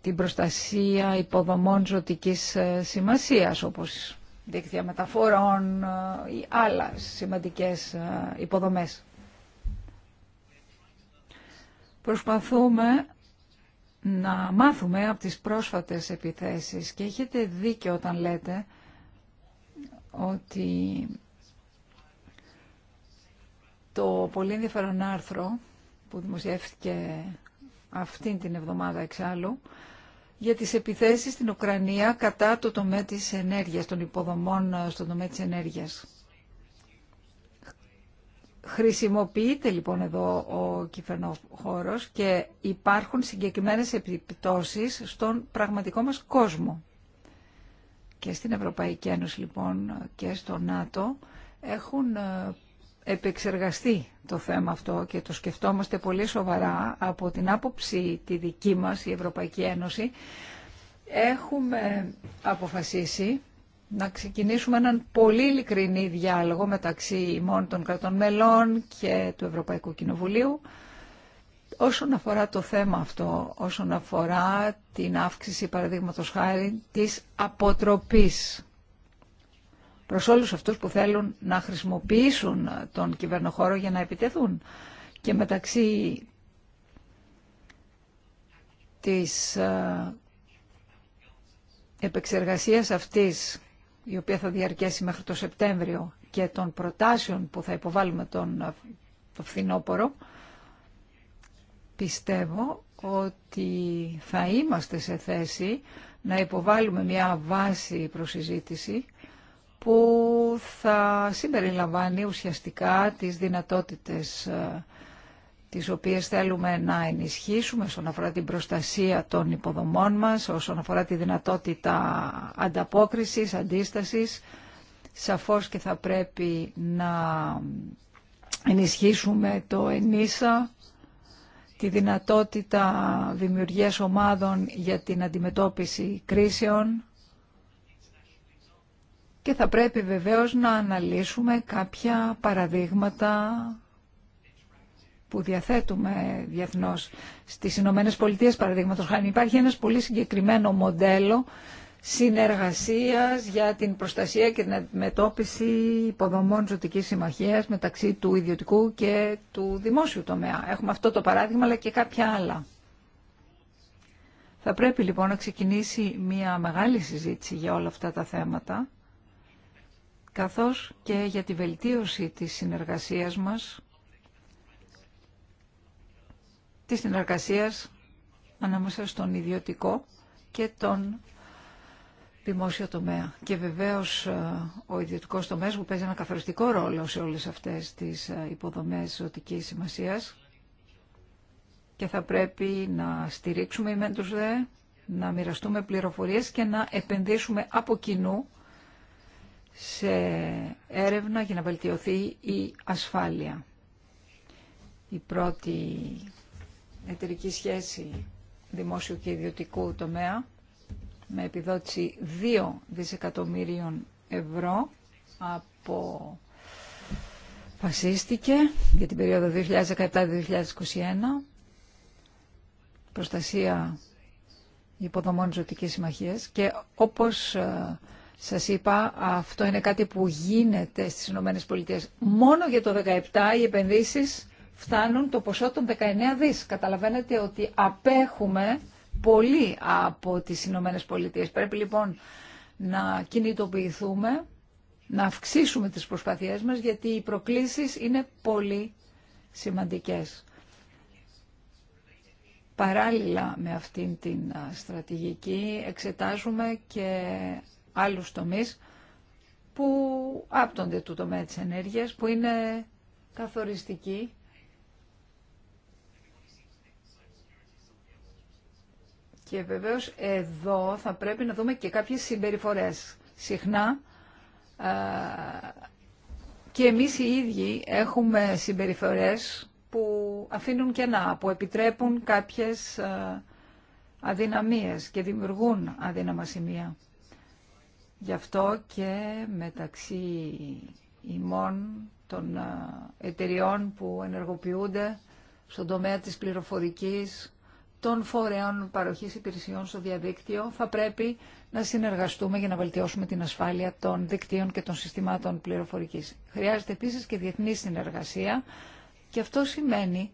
την προστασία υποδομών ζωτικής ε, σημασίας, όπως δίκτυα μεταφορών ε, ή άλλα σημαντικές ε, υποδομές. Προσπαθούμε να μάθουμε από τις πρόσφατες επιθέσεις και έχετε δίκιο όταν λέτε ότι το πολύ ενδιαφέρον άρθρο που δημοσιεύτηκε αυτήν την εβδομάδα εξάλλου για τις επιθέσεις στην Ουκρανία κατά το τομέα της ενέργειας, των υποδομών ε, στον τομέα της ενέργειας. Χρησιμοποιείται λοιπόν εδώ ο κυβερνοχώρος και υπάρχουν συγκεκριμένες επιπτώσεις στον πραγματικό μας κόσμο. Και στην Ευρωπαϊκή Ένωση λοιπόν και στο ΝΑΤΟ έχουν ε, επεξεργαστεί το θέμα αυτό και το σκεφτόμαστε πολύ σοβαρά από την άποψη τη δική μας, η Ευρωπαϊκή Ένωση, έχουμε αποφασίσει να ξεκινήσουμε έναν πολύ ειλικρινή διάλογο μεταξύ ημών των κρατών μελών και του Ευρωπαϊκού Κοινοβουλίου όσον αφορά το θέμα αυτό, όσον αφορά την αύξηση παραδείγματος χάρη της αποτροπής προς όλους αυτούς που θέλουν να χρησιμοποιήσουν τον κυβερνοχώρο για να επιτεθούν. Και μεταξύ της ε, επεξεργασίας αυτής, η οποία θα διαρκέσει μέχρι το Σεπτέμβριο, και των προτάσεων που θα υποβάλουμε τον ε, το φθινόπωρο, πιστεύω ότι θα είμαστε σε θέση να υποβάλουμε μια βάση προσυζήτηση που θα συμπεριλαμβάνει ουσιαστικά τις δυνατότητες ε, τις οποίες θέλουμε να ενισχύσουμε όσον αφορά την προστασία των υποδομών μας, όσον αφορά τη δυνατότητα ανταπόκρισης, αντίστασης. Σαφώς και θα πρέπει να ενισχύσουμε το ΕΝΙΣΑ, τη δυνατότητα δημιουργίας ομάδων για την αντιμετώπιση κρίσεων, και θα πρέπει βεβαίως να αναλύσουμε κάποια παραδείγματα που διαθέτουμε διεθνώς. Στις Ηνωμένες Πολιτείες παραδείγματος χάνει υπάρχει ένας πολύ συγκεκριμένο μοντέλο συνεργασίας για την προστασία και την αντιμετώπιση υποδομών ζωτικής συμμαχίας μεταξύ του ιδιωτικού και του δημόσιου τομέα. Έχουμε αυτό το παράδειγμα αλλά και κάποια άλλα. Θα πρέπει λοιπόν να ξεκινήσει μια μεγάλη συζήτηση για όλα αυτά τα θέματα καθώς και για τη βελτίωση της συνεργασίας μας, της συνεργασίας ανάμεσα στον ιδιωτικό και τον δημόσιο τομέα. Και βεβαίως ε, ο ιδιωτικός τομέας που παίζει ένα καθοριστικό ρόλο σε όλες αυτές τις ε, υποδομές ζωτικής σημασίας και θα πρέπει να στηρίξουμε οι δε, να μοιραστούμε πληροφορίες και να επενδύσουμε από κοινού σε έρευνα για να βελτιωθεί η ασφάλεια. Η πρώτη εταιρική σχέση δημόσιου και ιδιωτικού τομέα με επιδότηση 2 δισεκατομμύριων ευρώ από φασίστηκε για την περίοδο 2017-2021 προστασία υποδομών ζωτικής συμμαχίας και όπως ε, σας είπα, αυτό είναι κάτι που γίνεται στις Ηνωμένες Πολιτείες. Μόνο για το 2017 οι επενδύσεις φτάνουν το ποσό των 19 δις. Καταλαβαίνετε ότι απέχουμε πολύ από τις Ηνωμένε Πολιτείες. Πρέπει λοιπόν να κινητοποιηθούμε, να αυξήσουμε τις προσπαθειές μας, γιατί οι προκλήσεις είναι πολύ σημαντικές. Παράλληλα με αυτήν την στρατηγική εξετάζουμε και άλλους τομείς που άπτονται του τομέα της ενέργειας, που είναι καθοριστικοί. Και βεβαίως εδώ θα πρέπει να δούμε και κάποιες συμπεριφορές. Συχνά και εμείς οι ίδιοι έχουμε συμπεριφορές που αφήνουν κενά, που επιτρέπουν κάποιες αδυναμίες και δημιουργούν αδύναμα σημεία. Γι' αυτό και μεταξύ ημών των ε, εταιριών που ενεργοποιούνται στον τομέα της πληροφορικής, των φορέων παροχής υπηρεσιών στο διαδίκτυο, θα πρέπει να συνεργαστούμε για να βελτιώσουμε την ασφάλεια των δικτύων και των συστημάτων πληροφορικής. Χρειάζεται επίσης και διεθνή συνεργασία και αυτό σημαίνει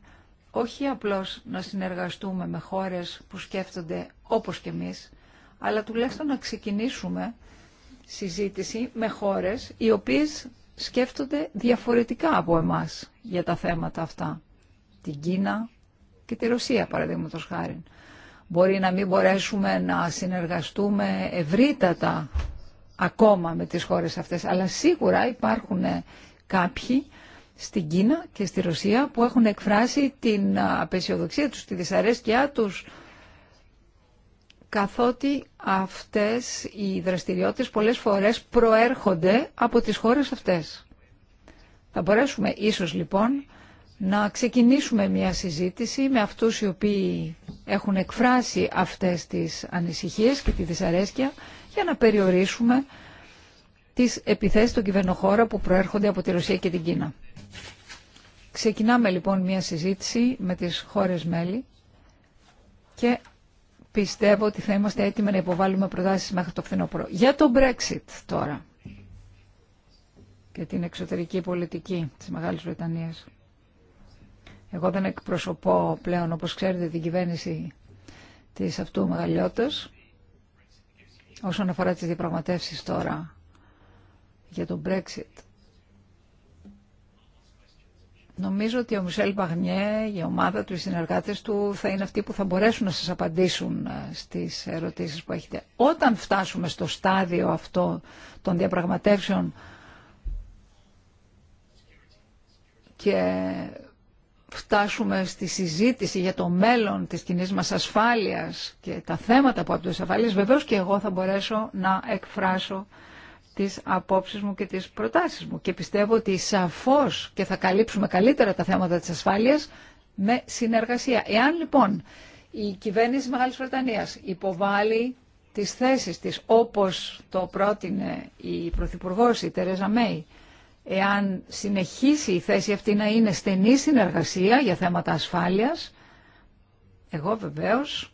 όχι απλώς να συνεργαστούμε με χώρες που σκέφτονται όπως και εμείς, αλλά τουλάχιστον να ξεκινήσουμε συζήτηση με χώρες οι οποίες σκέφτονται διαφορετικά από εμάς για τα θέματα αυτά. Την Κίνα και τη Ρωσία παραδείγματος χάρη. Μπορεί να μην μπορέσουμε να συνεργαστούμε ευρύτατα ακόμα με τις χώρες αυτές, αλλά σίγουρα υπάρχουν κάποιοι στην Κίνα και στη Ρωσία που έχουν εκφράσει την απεσιοδοξία τους, τη δυσαρέσκειά τους καθότι αυτές οι δραστηριότητες πολλές φορές προέρχονται από τις χώρες αυτές. Θα μπορέσουμε ίσως λοιπόν να ξεκινήσουμε μια συζήτηση με αυτούς οι οποίοι έχουν εκφράσει αυτές τις ανησυχίες και τη δυσαρέσκεια για να περιορίσουμε τις επιθέσεις των κυβερνοχώρα που προέρχονται από τη Ρωσία και την Κίνα. Ξεκινάμε λοιπόν μια συζήτηση με τις χώρες μέλη και πιστεύω ότι θα είμαστε έτοιμοι να υποβάλουμε προτάσεις μέχρι το φθινόπωρο. Για το Brexit τώρα και την εξωτερική πολιτική της Μεγάλης Βρετανίας. Εγώ δεν εκπροσωπώ πλέον, όπως ξέρετε, την κυβέρνηση της αυτού μεγαλειότητας. Όσον αφορά τις διαπραγματεύσεις τώρα για το Brexit, Νομίζω ότι ο Μισελ Μπαγνιέ, η ομάδα του, οι συνεργάτες του θα είναι αυτοί που θα μπορέσουν να σα απαντήσουν ε, στις ερωτήσει που έχετε. Όταν φτάσουμε στο στάδιο αυτό των διαπραγματεύσεων και φτάσουμε στη συζήτηση για το μέλλον της κοινή μας ασφάλειας και τα θέματα που από το ασφάλειες, βεβαίως και εγώ θα μπορέσω να εκφράσω τις απόψεις μου και τις προτάσεις μου και πιστεύω ότι σαφώς και θα καλύψουμε καλύτερα τα θέματα της ασφάλειας με συνεργασία. Εάν λοιπόν η κυβέρνηση της Μεγάλης Βρετανίας υποβάλλει τις θέσεις της όπως το πρότεινε η Πρωθυπουργό η Τερέζα Μέη, εάν συνεχίσει η θέση αυτή να είναι στενή συνεργασία για θέματα ασφάλειας, εγώ βεβαίως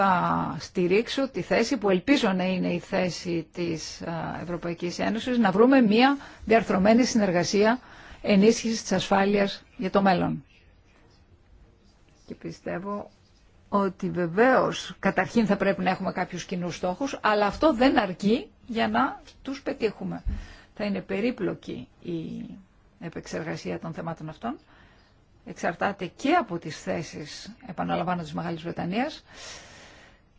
θα στηρίξω τη θέση που ελπίζω να είναι η θέση της ε, Ευρωπαϊκής Ένωσης να βρούμε μια διαρθρωμένη συνεργασία ενίσχυσης της ασφάλειας για το μέλλον. Και πιστεύω ότι βεβαίως καταρχήν θα πρέπει να έχουμε κάποιους κοινούς στόχους, αλλά αυτό δεν αρκεί για να τους πετύχουμε. Θα είναι περίπλοκη η επεξεργασία των θεμάτων αυτών. Εξαρτάται και από τις θέσεις, επαναλαμβάνω, της Μεγάλης Βρετανίας.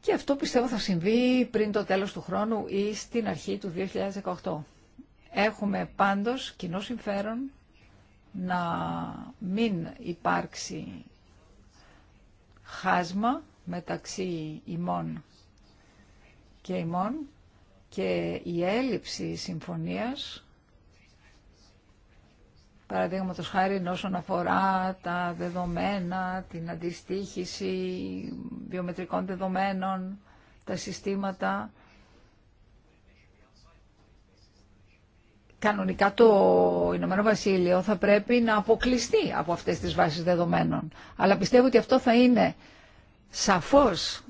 Και αυτό πιστεύω θα συμβεί πριν το τέλος του χρόνου ή στην αρχή του 2018. Έχουμε πάντως κοινό συμφέρον να μην υπάρξει χάσμα μεταξύ ημών και ημών και η έλλειψη συμφωνίας παραδείγματο χάρη όσον αφορά τα δεδομένα, την αντιστοίχηση βιομετρικών δεδομένων, τα συστήματα. Κανονικά το Ηνωμένο Βασίλειο θα πρέπει να αποκλειστεί από αυτές τις βάσεις δεδομένων. Αλλά πιστεύω ότι αυτό θα είναι σαφώς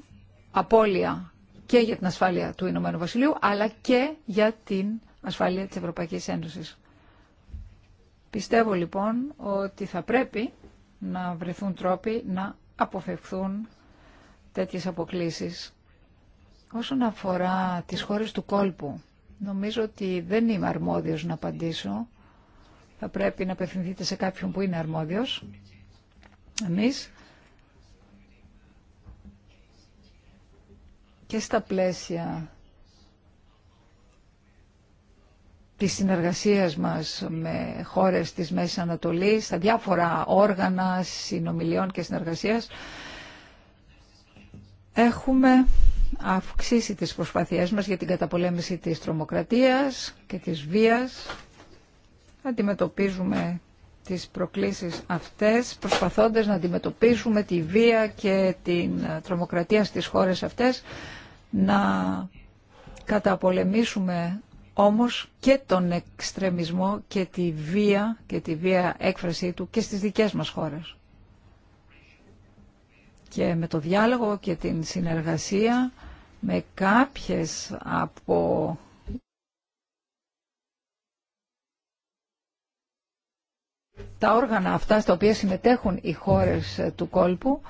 απώλεια και για την ασφάλεια του Ηνωμένου Βασιλείου, αλλά και για την ασφάλεια της Ευρωπαϊκής Ένωσης. Πιστεύω λοιπόν ότι θα πρέπει να βρεθούν τρόποι να αποφευχθούν τέτοιες αποκλήσεις. Όσον αφορά τις χώρες του κόλπου, νομίζω ότι δεν είμαι αρμόδιος να απαντήσω. Θα πρέπει να απευθυνθείτε σε κάποιον που είναι αρμόδιος. Εμείς και στα πλαίσια της συνεργασίας μας με χώρες της Μέσης Ανατολής, στα διάφορα όργανα συνομιλιών και συνεργασίας, έχουμε αυξήσει τις προσπαθίες μας για την καταπολέμηση της τρομοκρατίας και της βίας. Αντιμετωπίζουμε τις προκλήσεις αυτές, προσπαθώντας να αντιμετωπίσουμε τη βία και την τρομοκρατία στις χώρες αυτές, να καταπολεμήσουμε όμως και τον εξτρεμισμό και τη βία και τη βία έκφρασή του και στις δικές μας χώρες. Και με το διάλογο και την συνεργασία με κάποιες από τα όργανα αυτά στα οποία συμμετέχουν οι χώρες του κόλπου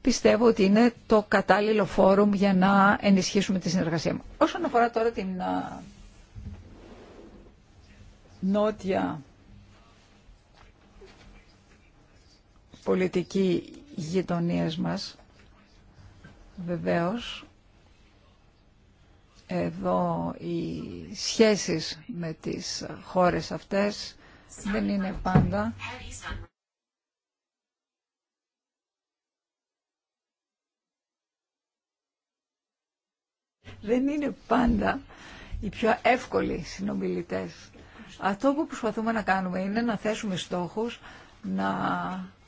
πιστεύω ότι είναι το κατάλληλο φόρουμ για να ενισχύσουμε τη συνεργασία μας. Όσον αφορά τώρα την νότια πολιτική γειτονία μας, βεβαίως, εδώ οι σχέσεις με τις χώρες αυτές δεν είναι πάντα δεν είναι πάντα οι πιο εύκολοι συνομιλητές. Αυτό που προσπαθούμε να κάνουμε είναι να θέσουμε στόχους, να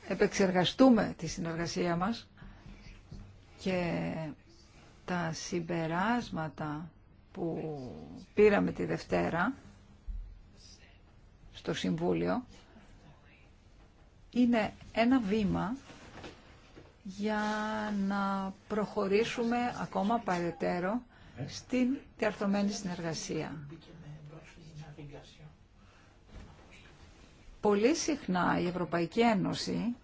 επεξεργαστούμε τη συνεργασία μας και τα συμπεράσματα που πήραμε τη Δευτέρα στο Συμβούλιο είναι ένα βήμα για να προχωρήσουμε ακόμα παρετέρω στην διαρθρωμένη συνεργασία. Πολύ συχνά η Ευρωπαϊκή Ένωση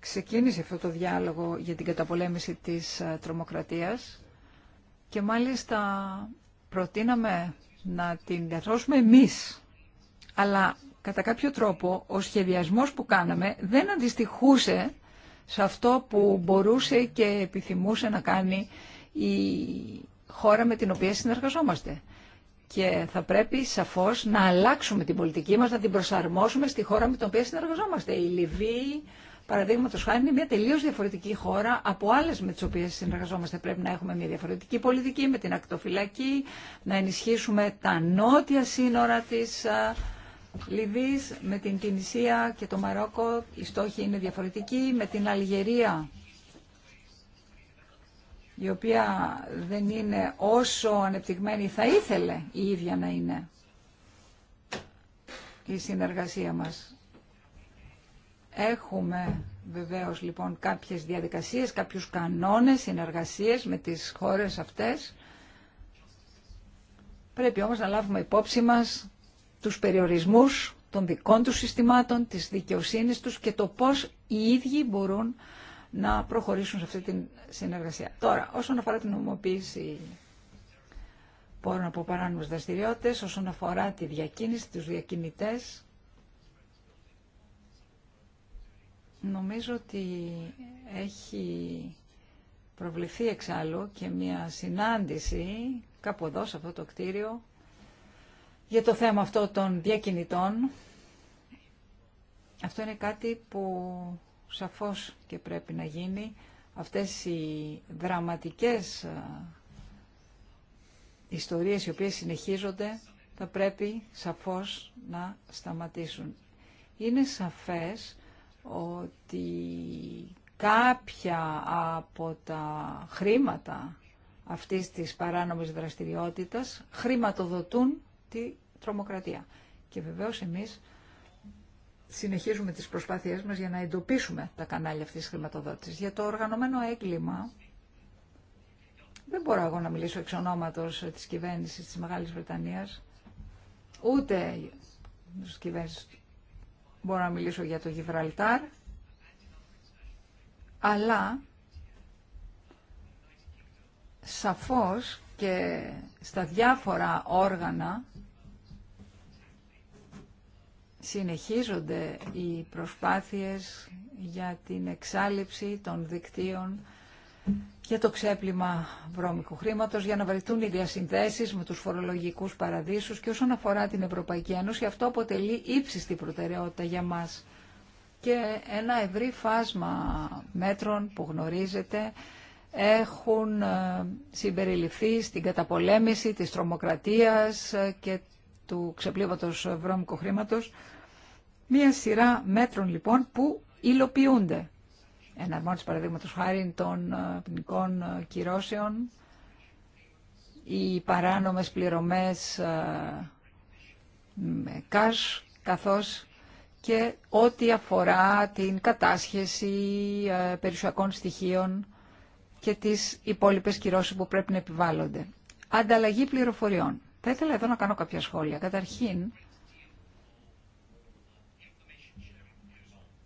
ξεκίνησε αυτό το διάλογο για την καταπολέμηση της ε, τρομοκρατίας και μάλιστα προτείναμε να την καθώσουμε εμείς. Αλλά κατά κάποιο τρόπο ο σχεδιασμός που κάναμε δεν αντιστοιχούσε σε αυτό που μπορούσε και επιθυμούσε να κάνει η χώρα με την οποία συνεργαζόμαστε και θα πρέπει σαφώς να αλλάξουμε την πολιτική μας, να την προσαρμόσουμε στη χώρα με την οποία συνεργαζόμαστε. Η Λιβύη, παραδείγματο χάρη, είναι μια τελείως διαφορετική χώρα από άλλες με τις οποίες συνεργαζόμαστε. Πρέπει να έχουμε μια διαφορετική πολιτική με την ακτοφυλακή, να ενισχύσουμε τα νότια σύνορα της Λιβύης με την Τινησία και το Μαρόκο. Οι στόχοι είναι διαφορετική με την Αλγερία η οποία δεν είναι όσο ανεπτυγμένη θα ήθελε η ίδια να είναι η συνεργασία μας. Έχουμε βεβαίως λοιπόν κάποιες διαδικασίες, κάποιους κανόνες συνεργασίες με τις χώρες αυτές. Πρέπει όμως να λάβουμε υπόψη μας τους περιορισμούς των δικών τους συστημάτων, της δικαιοσύνης τους και το πώς οι ίδιοι μπορούν να προχωρήσουν σε αυτή τη συνεργασία. Τώρα, όσον αφορά την νομοποίηση πόρων από παράνομες δραστηριότητε, όσον αφορά τη διακίνηση, του διακίνητέ. νομίζω ότι έχει προβληθεί εξάλλου και μια συνάντηση κάπου εδώ σε αυτό το κτίριο για το θέμα αυτό των διακινητών. Αυτό είναι κάτι που σαφώς και πρέπει να γίνει αυτές οι δραματικές ε, ιστορίες οι οποίες συνεχίζονται θα πρέπει σαφώς να σταματήσουν. Είναι σαφές ότι κάποια από τα χρήματα αυτής της παράνομης δραστηριότητας χρηματοδοτούν τη τρομοκρατία. Και βεβαίως εμείς συνεχίζουμε τις προσπάθειές μας για να εντοπίσουμε τα κανάλια αυτής της χρηματοδότησης. Για το οργανωμένο έγκλημα, δεν μπορώ εγώ να μιλήσω εξ ονόματος ε, της κυβέρνησης της Μεγάλης Βρετανίας, ούτε της κυβέρνησης μπορώ να μιλήσω για το Γιβραλτάρ, αλλά σαφώς και στα διάφορα όργανα συνεχίζονται οι προσπάθειες για την εξάλληψη των δικτύων και το ξέπλυμα βρώμικου χρήματος, για να βρεθούν οι διασυνδέσεις με τους φορολογικούς παραδείσους και όσον αφορά την Ευρωπαϊκή Ένωση, αυτό αποτελεί ύψιστη προτεραιότητα για μας. Και ένα ευρύ φάσμα μέτρων που γνωρίζετε έχουν ε, συμπεριληφθεί στην καταπολέμηση της τρομοκρατίας ε, και του ξεπλήματος βρώμικου χρήματος Μία σειρά μέτρων λοιπόν που υλοποιούνται. Εναρμόνιση παραδείγματος χάρη των ε, ποινικών ε, κυρώσεων, οι παράνομες πληρωμές ε, με cash, καθώς και ό,τι αφορά την κατάσχεση περιουσιακών στοιχείων και τις υπόλοιπες κυρώσεις που πρέπει να επιβάλλονται. Ανταλλαγή πληροφοριών. Θα ήθελα εδώ να κάνω κάποια σχόλια. Καταρχήν,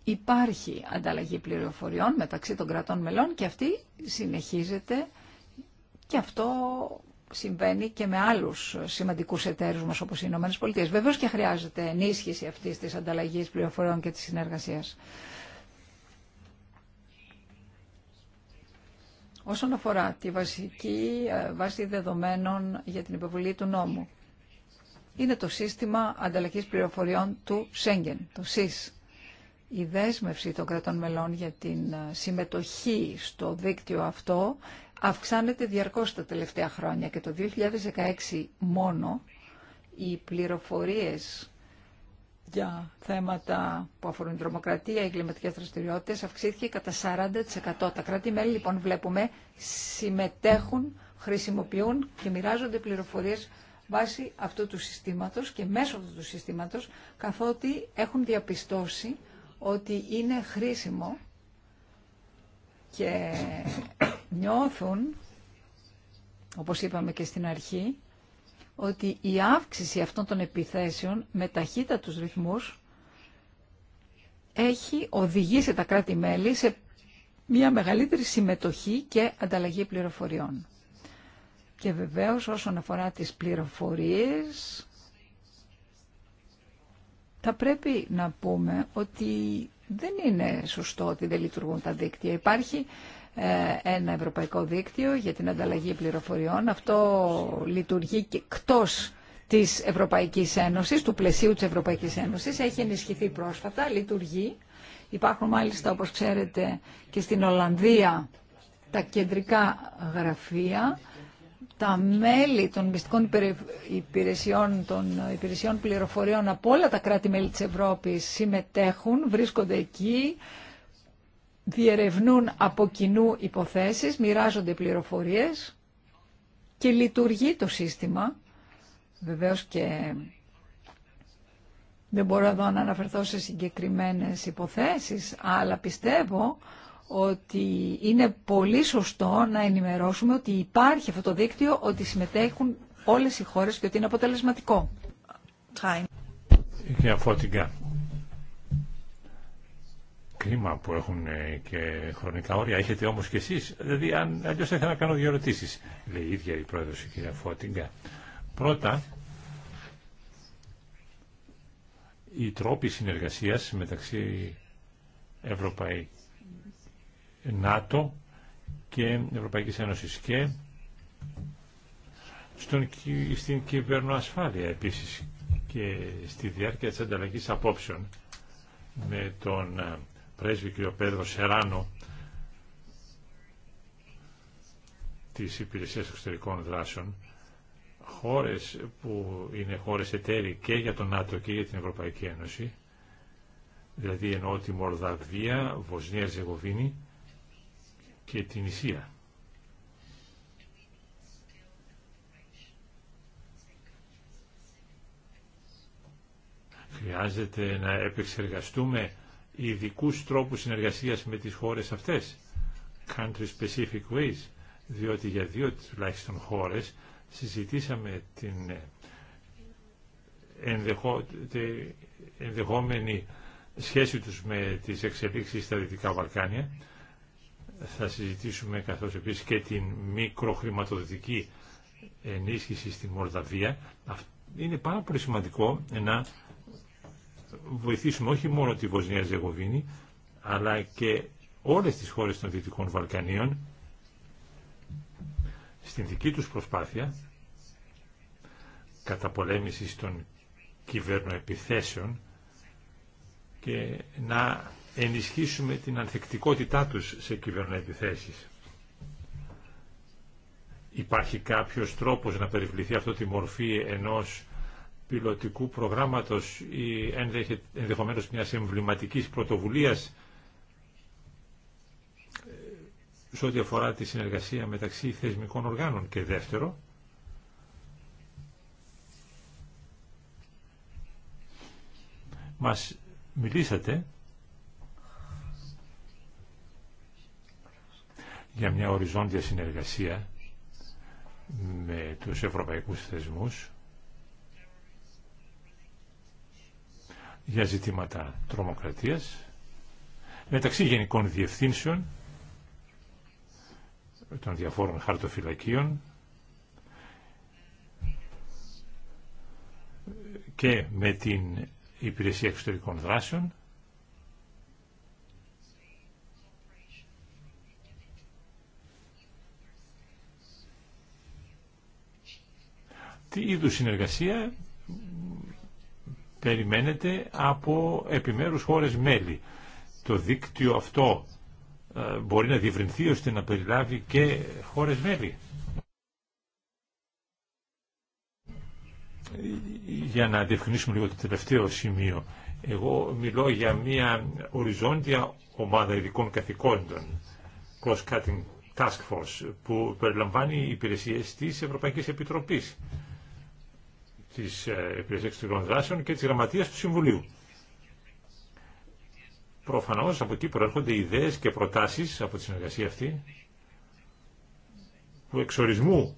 υπάρχει ανταλλαγή πληροφοριών μεταξύ των κρατών μελών και αυτή συνεχίζεται και αυτό συμβαίνει και με άλλους σημαντικούς εταίρους μας όπως οι Ηνωμένες Πολιτείες. Βεβαίως και χρειάζεται ενίσχυση αυτής της ανταλλαγής πληροφοριών και της συνεργασίας. Όσον αφορά τη βασική ε, βάση δεδομένων για την υποβολή του νόμου, είναι το σύστημα ανταλλαγής πληροφοριών του Σέγγεν, το ΣΥΣ η δέσμευση των κρατών μελών για την ε, συμμετοχή στο δίκτυο αυτό αυξάνεται διαρκώς τα τελευταία χρόνια και το 2016 μόνο οι πληροφορίες για θέματα που αφορούν τρομοκρατία, εγκληματικέ δραστηριότητε, αυξήθηκε κατά 40%. Τα κράτη-μέλη, λοιπόν, βλέπουμε, συμμετέχουν, χρησιμοποιούν και μοιράζονται πληροφορίε βάσει αυτού του συστήματος και μέσω αυτού του συστήματος, καθότι έχουν διαπιστώσει ότι είναι χρήσιμο και νιώθουν, όπως είπαμε και στην αρχή, ότι η αύξηση αυτών των επιθέσεων με ταχύτατους ρυθμούς έχει οδηγήσει τα κράτη-μέλη σε μια μεγαλύτερη συμμετοχή και ανταλλαγή πληροφοριών. Και βεβαίως όσον αφορά τις πληροφορίες θα πρέπει να πούμε ότι δεν είναι σωστό ότι δεν λειτουργούν τα δίκτυα. Υπάρχει ε, ένα ευρωπαϊκό δίκτυο για την ανταλλαγή πληροφοριών. Αυτό λειτουργεί και εκτός της Ευρωπαϊκής Ένωσης, του πλαισίου της Ευρωπαϊκής Ένωσης. Έχει ενισχυθεί πρόσφατα, λειτουργεί. Υπάρχουν μάλιστα, όπως ξέρετε, και στην Ολλανδία τα κεντρικά γραφεία τα μέλη των μυστικών υπηρεσιών, των υπηρεσιών πληροφοριών από όλα τα κράτη-μέλη της Ευρώπης συμμετέχουν, βρίσκονται εκεί, διερευνούν από κοινού υποθέσεις, μοιράζονται πληροφορίες και λειτουργεί το σύστημα. Βεβαίως και δεν μπορώ εδώ να αναφερθώ σε συγκεκριμένες υποθέσεις, αλλά πιστεύω ότι είναι πολύ σωστό να ενημερώσουμε ότι υπάρχει αυτό το δίκτυο, ότι συμμετέχουν όλες οι χώρες και ότι είναι αποτελεσματικό. Η κυρία Φώτιγκα. Κρίμα που έχουν ε, και χρονικά όρια. Έχετε όμως και εσείς. Δηλαδή, αν, αλλιώς θα ήθελα να κάνω δύο ερωτήσει. Λέει η ίδια η πρόεδρος, η κυρία Φώτιγκα. Πρώτα, οι τρόποι συνεργασίας μεταξύ Ευρωπαϊκής ΝΑΤΟ και Ευρωπαϊκής Ένωσης και στον, στην κυβερνοασφάλεια επίσης και στη διάρκεια της ανταλλαγής απόψεων με τον ε, πρέσβη κ. Πέδρο Σεράνο της Υπηρεσίας Εξωτερικών Δράσεων χώρες που είναι χώρες εταίροι και για τον ΝΑΤΟ και για την Ευρωπαϊκή Ένωση δηλαδή εννοώ τη Μορδαβία, Βοσνία, Ζεγοβίνη και την Ισία. Χρειάζεται να επεξεργαστούμε ειδικού τρόπους συνεργασίας με τις χώρες αυτές, country specific ways, διότι για δύο τουλάχιστον χώρες συζητήσαμε την ενδεχόμενη σχέση τους με τις εξελίξεις στα Δυτικά Βαλκάνια θα συζητήσουμε καθώς επίσης και την μικροχρηματοδοτική ενίσχυση στην Μολδαβία. Είναι πάρα πολύ σημαντικό να βοηθήσουμε όχι μόνο τη Βοσνία Ζεγοβίνη, αλλά και όλες τις χώρες των Δυτικών Βαλκανίων στην δική τους προσπάθεια καταπολέμησης των κυβέρνοεπιθέσεων και να ενισχύσουμε την ανθεκτικότητά τους σε θέσεις. Υπάρχει κάποιος τρόπος να περιβληθεί αυτό τη μορφή ενός πιλωτικού προγράμματος ή ενδεχομένως μιας εμβληματικής πρωτοβουλίας ε, σε ό,τι αφορά τη συνεργασία μεταξύ θεσμικών οργάνων. Και δεύτερο, μας μιλήσατε για μια οριζόντια συνεργασία με τους ευρωπαϊκούς θεσμούς για ζητήματα τρομοκρατίας μεταξύ γενικών διευθύνσεων των διαφόρων χαρτοφυλακίων και με την Υπηρεσία Εξωτερικών Δράσεων τι είδου συνεργασία περιμένετε από επιμέρους χώρες μέλη. Το δίκτυο αυτό ε, μπορεί να διευρυνθεί ώστε να περιλάβει και χώρες μέλη. Για να διευκρινίσουμε λίγο το τελευταίο σημείο. Εγώ μιλώ για μια οριζόντια ομάδα ειδικών καθηκόντων, cross-cutting task force, που περιλαμβάνει υπηρεσίες της Ευρωπαϊκής Επιτροπής της ε, Υπηρεσίας Εξωτερικών Δράσεων και της Γραμματείας του Συμβουλίου. Προφανώς από εκεί προέρχονται ιδέες και προτάσεις από τη συνεργασία αυτή που εξορισμού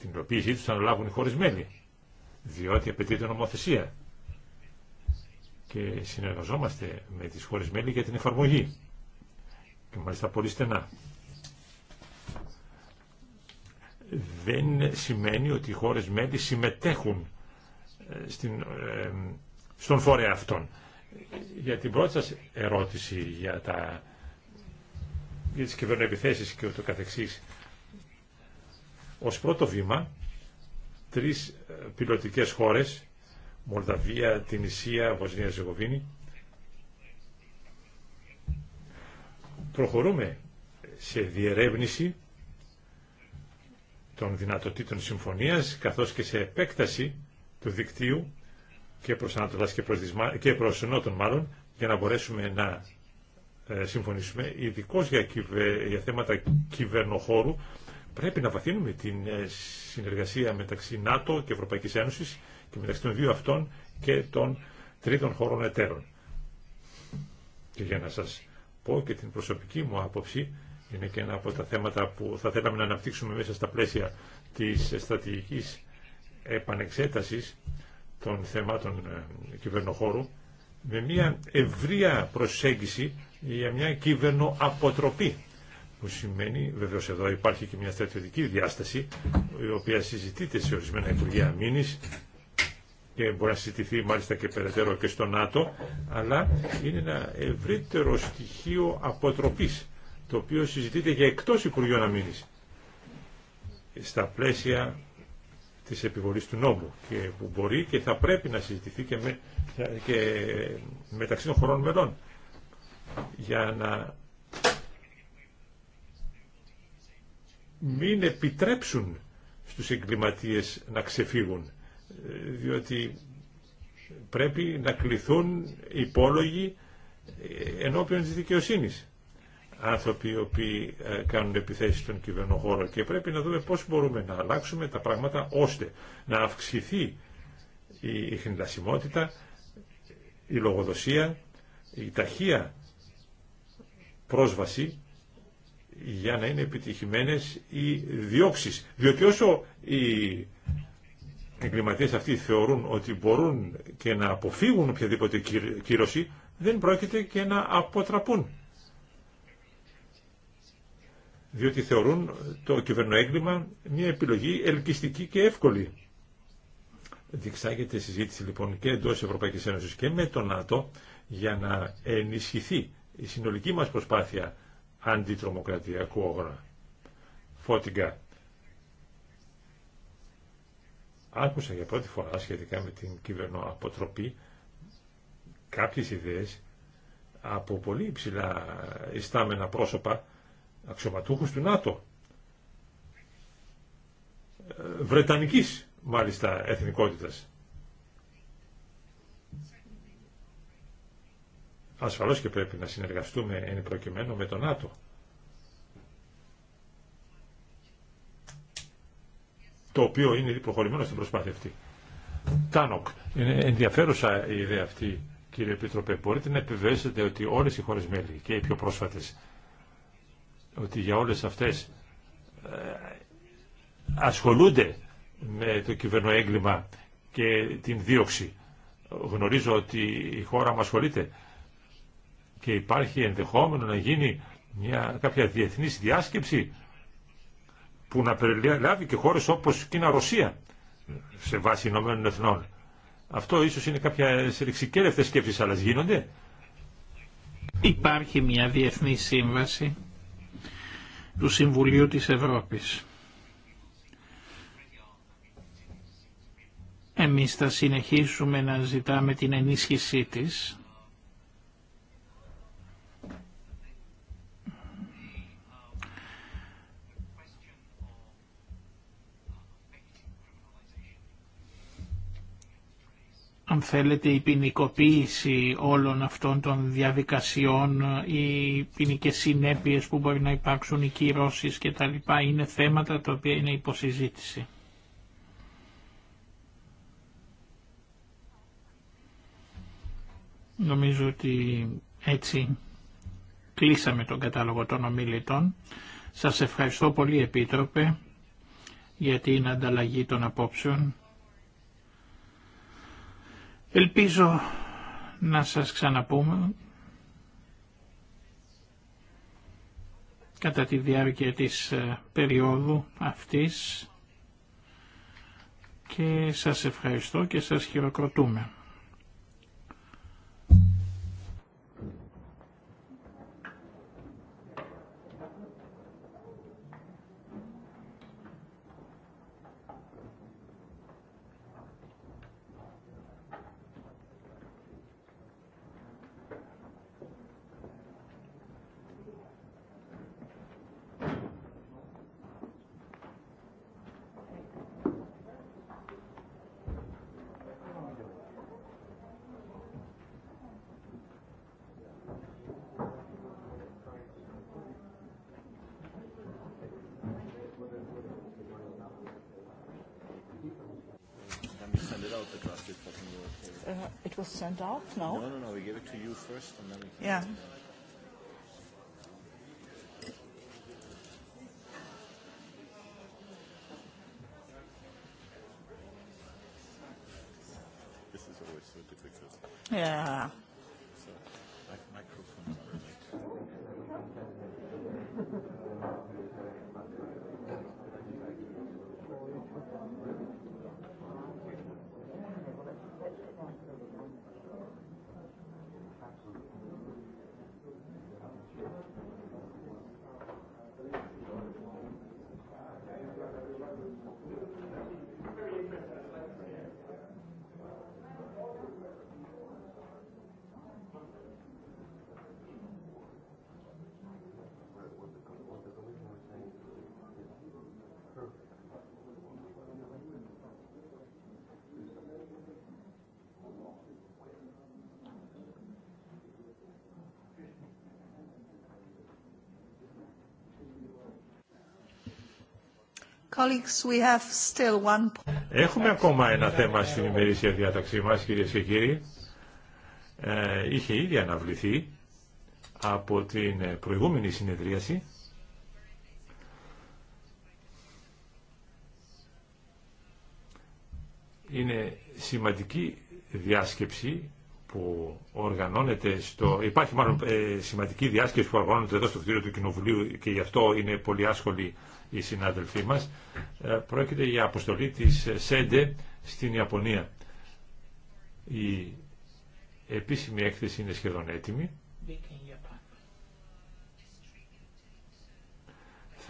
την υλοποίησή τους θα αναλάβουν οι χώρες μέλη διότι απαιτείται νομοθεσία και συνεργαζόμαστε με τις χώρες μέλη για την εφαρμογή και μάλιστα πολύ στενά. Δεν σημαίνει ότι οι χώρες μέλη συμμετέχουν στην, ε, στον φορέα αυτόν. Για την πρώτη σας ερώτηση για, τα, για τις και ούτω καθεξής, ως πρώτο βήμα, τρεις ε, πιλωτικές χώρες, Μολδαβία, Τινησία, Βοσνία, Ζεγοβίνη, προχωρούμε σε διερεύνηση των δυνατοτήτων συμφωνίας καθώς και σε επέκταση του δικτύου και προς Ανατολάς και προς, και προς Νότον μάλλον για να μπορέσουμε να ε, συμφωνήσουμε ειδικώ για, για θέματα κυβερνοχώρου πρέπει να βαθύνουμε την ε, συνεργασία μεταξύ ΝΑΤΟ και Ευρωπαϊκής Ένωσης και μεταξύ των δύο αυτών και των τρίτων χωρών εταίρων. Και για να σας πω και την προσωπική μου άποψη, είναι και ένα από τα θέματα που θα θέλαμε να αναπτύξουμε μέσα στα πλαίσια της στρατηγικής επανεξέτασης των θεμάτων ε, κυβερνοχώρου με μια ευρεία προσέγγιση για μια κυβερνοαποτροπή που σημαίνει, βεβαίως εδώ υπάρχει και μια στρατιωτική διάσταση η οποία συζητείται σε ορισμένα Υπουργεία Αμήνης και μπορεί να συζητηθεί μάλιστα και περαιτέρω και στο ΝΑΤΟ αλλά είναι ένα ευρύτερο στοιχείο αποτροπής το οποίο συζητείται για εκτός Υπουργείων Αμήνης στα πλαίσια της επιβολής του νόμου και που μπορεί και θα πρέπει να συζητηθεί και, με, και μεταξύ των χωρών μελών για να μην επιτρέψουν στους εγκληματίες να ξεφύγουν διότι πρέπει να κληθούν υπόλογοι ενώπιον της δικαιοσύνης άνθρωποι οι οποίοι ε, κάνουν επιθέσεις στον κυβερνοχώρο και πρέπει να δούμε πώς μπορούμε να αλλάξουμε τα πράγματα ώστε να αυξηθεί η χνηλασιμότητα, η λογοδοσία, η ταχεία πρόσβαση για να είναι επιτυχημένες οι διώξεις. Διότι όσο οι εγκληματίες αυτοί θεωρούν ότι μπορούν και να αποφύγουν οποιαδήποτε κύρωση, δεν πρόκειται και να αποτραπούν διότι θεωρούν το κυβερνοέγκλημα μια επιλογή ελκυστική και εύκολη. Διεξάγεται συζήτηση λοιπόν και εντός Ευρωπαϊκής Ένωσης και με το ΝΑΤΟ για να ενισχυθεί η συνολική μας προσπάθεια αντιτρομοκρατιακού αγώνα. Φώτιγκα. Άκουσα για πρώτη φορά σχετικά με την κυβερνοαποτροπή κάποιες ιδέες από πολύ υψηλά ιστάμενα πρόσωπα αξιωματούχους του ΝΑΤΟ, ε, βρετανικής μάλιστα εθνικότητας. Ασφαλώς και πρέπει να συνεργαστούμε εν προκειμένου με το ΝΑΤΟ. Το οποίο είναι προχωρημένο στην προσπάθεια αυτή. Τάνοκ, είναι ενδιαφέρουσα η ιδέα αυτή κύριε Επίτροπε. Μπορείτε να επιβεβαιώσετε ότι όλες οι χώρες μέλη και οι πιο πρόσφατες ότι για όλες αυτές ε, ασχολούνται με το κυβερνοέγκλημα και την δίωξη. Γνωρίζω ότι η χώρα μας ασχολείται και υπάρχει ενδεχόμενο να γίνει μια, κάποια διεθνής διάσκεψη που να περιλάβει και χώρες όπως Κίνα Ρωσία σε βάση Ηνωμένων Εθνών. Αυτό ίσως είναι κάποια ρηξικέλευτες σκέψεις, αλλά γίνονται. Υπάρχει μια διεθνή σύμβαση του Συμβουλίου της Ευρώπης. Εμείς θα συνεχίσουμε να ζητάμε την ενίσχυσή της αν θέλετε, η ποινικοποίηση όλων αυτών των διαδικασιών, οι ποινικέ συνέπειε που μπορεί να υπάρξουν, οι κυρώσει κτλ. είναι θέματα τα οποία είναι υποσυζήτηση. Νομίζω ότι έτσι κλείσαμε τον κατάλογο των ομιλητών. Σας ευχαριστώ πολύ Επίτροπε για την ανταλλαγή των απόψεων. Ελπίζω να σας ξαναπούμε κατά τη διάρκεια της ε, περίοδου αυτής και σας ευχαριστώ και σας χειροκροτούμε. 50% off, No? No, no, no. We give it to you first and then we can... Yeah. Έχουμε ακόμα ένα θέμα στην ημερήσια διάταξή μας, κυρίες και κύριοι. Ε, είχε ήδη αναβληθεί από την προηγούμενη συνεδρίαση. Είναι σημαντική διάσκεψη που οργανώνεται στο... Υπάρχει μάλλον ε, σημαντική διάσκεψη που οργανώνεται εδώ στο κτίριο του Κοινοβουλίου και γι' αυτό είναι πολύ άσχολοι οι συνάδελφοί μας. Ε, πρόκειται για αποστολή της ε, ΣΕΝΤΕ στην Ιαπωνία. Η επίσημη έκθεση είναι σχεδόν έτοιμη.